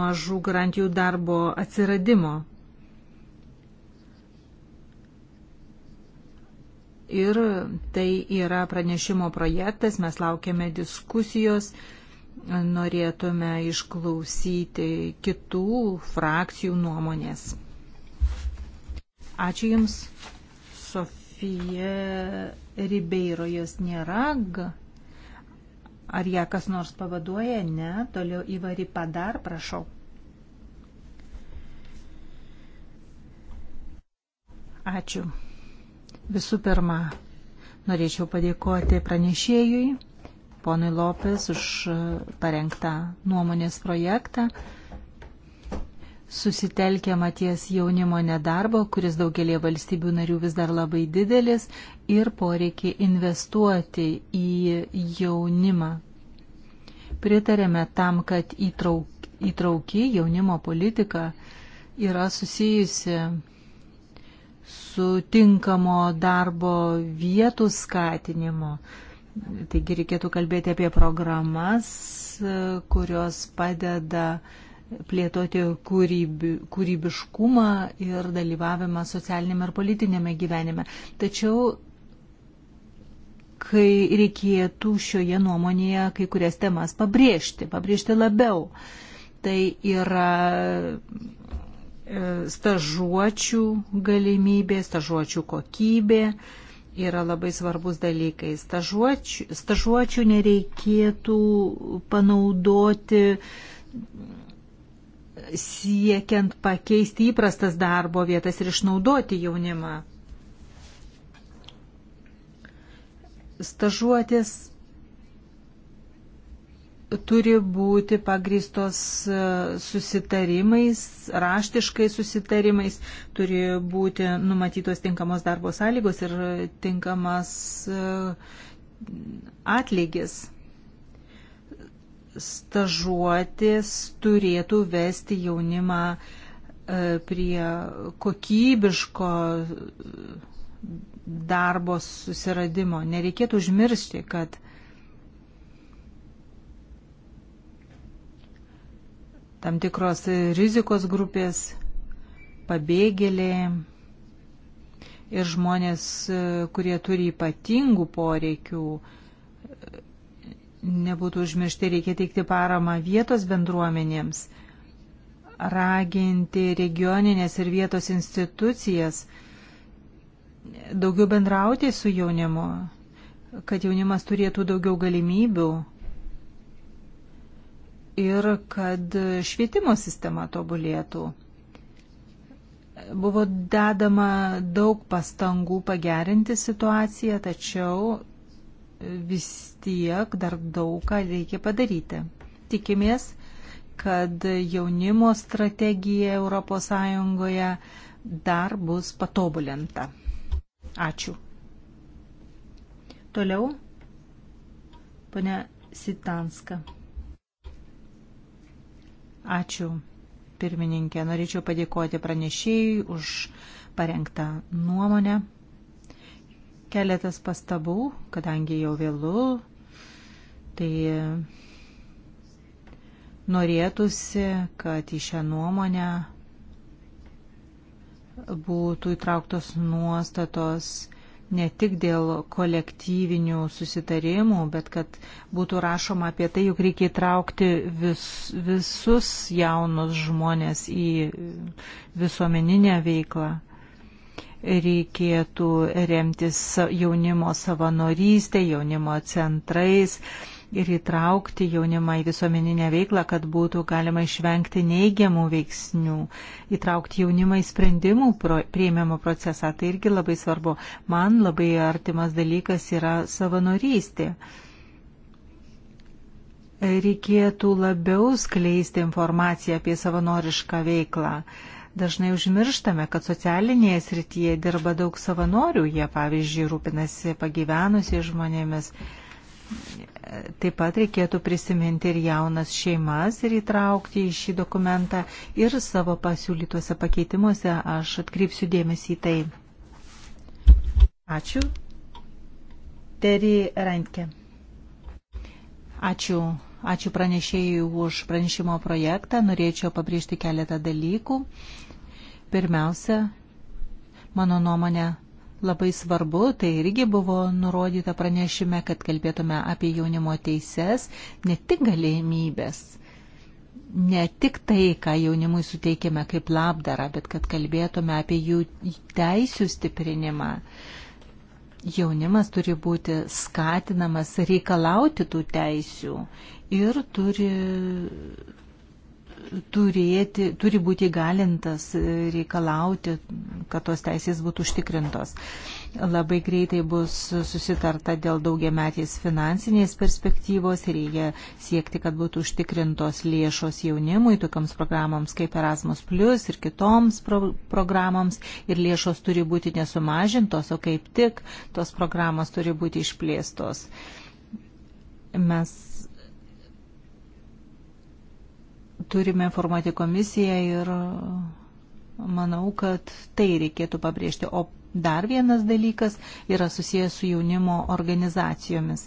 mažų garantijų darbo atsiradimo. Ir tai yra pranešimo projektas, mes laukiame diskusijos, norėtume išklausyti kitų frakcijų nuomonės. Ačiū Jums, Sofija Ribeiro, jos nėra. Ar ją kas nors pavaduoja? Ne. Toliau įvari padar, prašau. Ačiū. Visų pirma, norėčiau padėkoti pranešėjui, ponui Lopes, už parengtą nuomonės projektą susitelkiama ties jaunimo nedarbo, kuris daugelie valstybių narių vis dar labai didelis, ir poreikiai investuoti į jaunimą. Pritarėme tam, kad įtrauk, įtrauki jaunimo politika yra susijusi su tinkamo darbo vietų skatinimu. Taigi reikėtų kalbėti apie programas, kurios padeda uh, plėtoti kūrybi, kūrybiškumą ir dalyvavimą socialinėme ir politinėme gyvenime. Tačiau, kai reikėtų šioje nuomonėje kai kurias temas pabrėžti, pabrėžti labiau, tai yra e, stažuočių galimybė, stažuočių kokybė yra labai svarbus dalykai. Stažuočių, stažuočių nereikėtų panaudoti siekiant pakeisti įprastas darbo vietas ir išnaudoti jaunimą. Stažuotis turi būti pagristos e, susitarimais, raštiškai susitarimais, turi būti numatytos tinkamos darbo sąlygos ir tinkamas e, atlygis stažuotės turėtų vesti jaunimą e, prie kokybiško e, darbo susiradimo. Nereikėtų užmiršti, kad tam tikros rizikos grupės, pabėgėliai ir žmonės, e, kurie turi ypatingų poreikių, nebūtų užmiršti, reikia teikti paramą vietos bendruomenėms, raginti regioninės ir vietos institucijas, daugiau bendrauti su jaunimu, kad jaunimas turėtų daugiau galimybių ir kad švietimo sistema tobulėtų. Buvo dedama daug pastangų pagerinti situaciją, tačiau vis tiek dar daug ką reikia padaryti. Tikimės, kad jaunimo strategija ES dar bus patobulinta. Ačiū. Toliau, pane Sitanska. Ačiū, pirmininkė. Norėčiau padėkoti pranešėjai už parengtą nuomonę. Keletas pastabų, kadangi jau vėlu, tai norėtųsi, kad į šią nuomonę būtų įtrauktos nuostatos ne tik dėl kolektyvinių susitarimų, bet kad būtų rašoma apie tai, jog reikia įtraukti vis, visus jaunus žmonės į visuomeninę veiklą reikėtų remtis jaunimo savanorystė, jaunimo centrais ir įtraukti jaunimą į visuomeninę veiklą, kad būtų galima išvengti neigiamų veiksnių, įtraukti jaunimą į sprendimų pro, prieimimo procesą. Tai irgi labai svarbu. Man labai artimas dalykas yra savanorystė. Reikėtų labiau skleisti informaciją apie savanorišką veiklą. Dažnai užmirštame, kad socialinėje srityje dirba daug savanorių, jie pavyzdžiui rūpinasi pagyvenusiais žmonėmis. Taip pat reikėtų prisiminti ir jaunas šeimas ir įtraukti į šį dokumentą ir savo pasiūlytuose pakeitimuose aš atkreipsiu dėmesį į tai. Ačiū. Teri Rankė. Ačiū. Ačiū pranešėjai už pranešimo projektą. Norėčiau pabrėžti keletą dalykų. Pirmiausia, mano nuomonė, labai svarbu, tai irgi buvo nurodyta pranešime, kad kalbėtume apie jaunimo teises, ne tik galimybės, ne tik tai, ką jaunimui suteikėme kaip labdarą, bet kad kalbėtume apie jų teisių stiprinimą jaunimas turi būti skatinamas reikalauti tų teisių ir turi turėti, turi būti įgalintas e, reikalauti, kad tos teisės būtų užtikrintos. Labai greitai bus susitarta dėl daugiametės finansinės perspektyvos, reikia siekti, kad būtų užtikrintos lėšos jaunimui, tokiams programams kaip Erasmus Plus ir kitoms pro programams, ir lėšos turi būti nesumažintos, o kaip tik tos programos turi būti išplėstos. Mes turime informuoti komisiją ir e, manau, kad tai reikėtų pabrėžti. O dar vienas dalykas yra susijęs su jaunimo organizacijomis.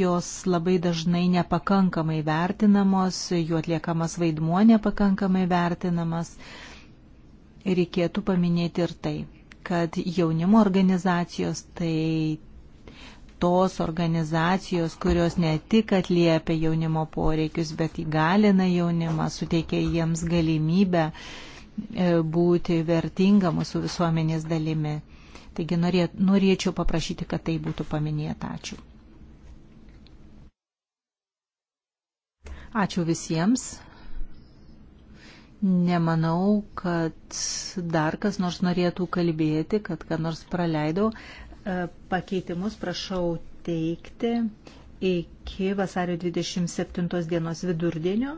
Jos labai dažnai nepakankamai vertinamos, jų atliekamas vaidmuo nepakankamai vertinamas. Reikėtų paminėti ir tai, kad jaunimo organizacijos tai tos organizacijos, kurios ne tik atliepia jaunimo poreikius, bet įgalina jaunimą, suteikia jiems galimybę e, būti vertinga mūsų visuomenės dalimi. Taigi norė, norėčiau paprašyti, kad tai būtų paminėta. Ačiū. Ačiū visiems. Nemanau, kad dar kas nors norėtų kalbėti, kad ką nors praleidau. E, pakeitimus prašau teikti iki vasario 27 dienos vidurdienio.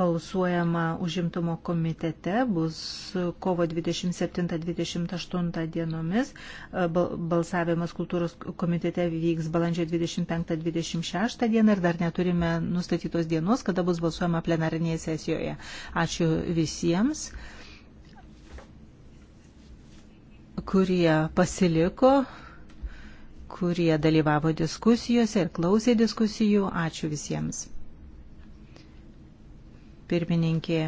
Balsuojama užimtumo komitete bus kovo 27-28 dienomis. E, balsavimas kultūros komitete vyks balandžio 25-26 dieną ir dar neturime nustatytos dienos, kada bus balsuojama plenarinėje sesijoje. Ačiū visiems kurie pasiliko, kurie dalyvavo diskusijose ir klausė diskusijų. Ačiū visiems. Pirmininkė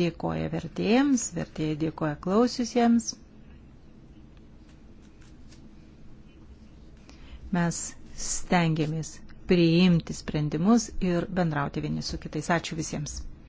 dėkoja vertėjams, vertėjai dėkoja klausiusiems. Mes stengiamės priimti sprendimus ir bendrauti vieni su kitais. Ačiū visiems.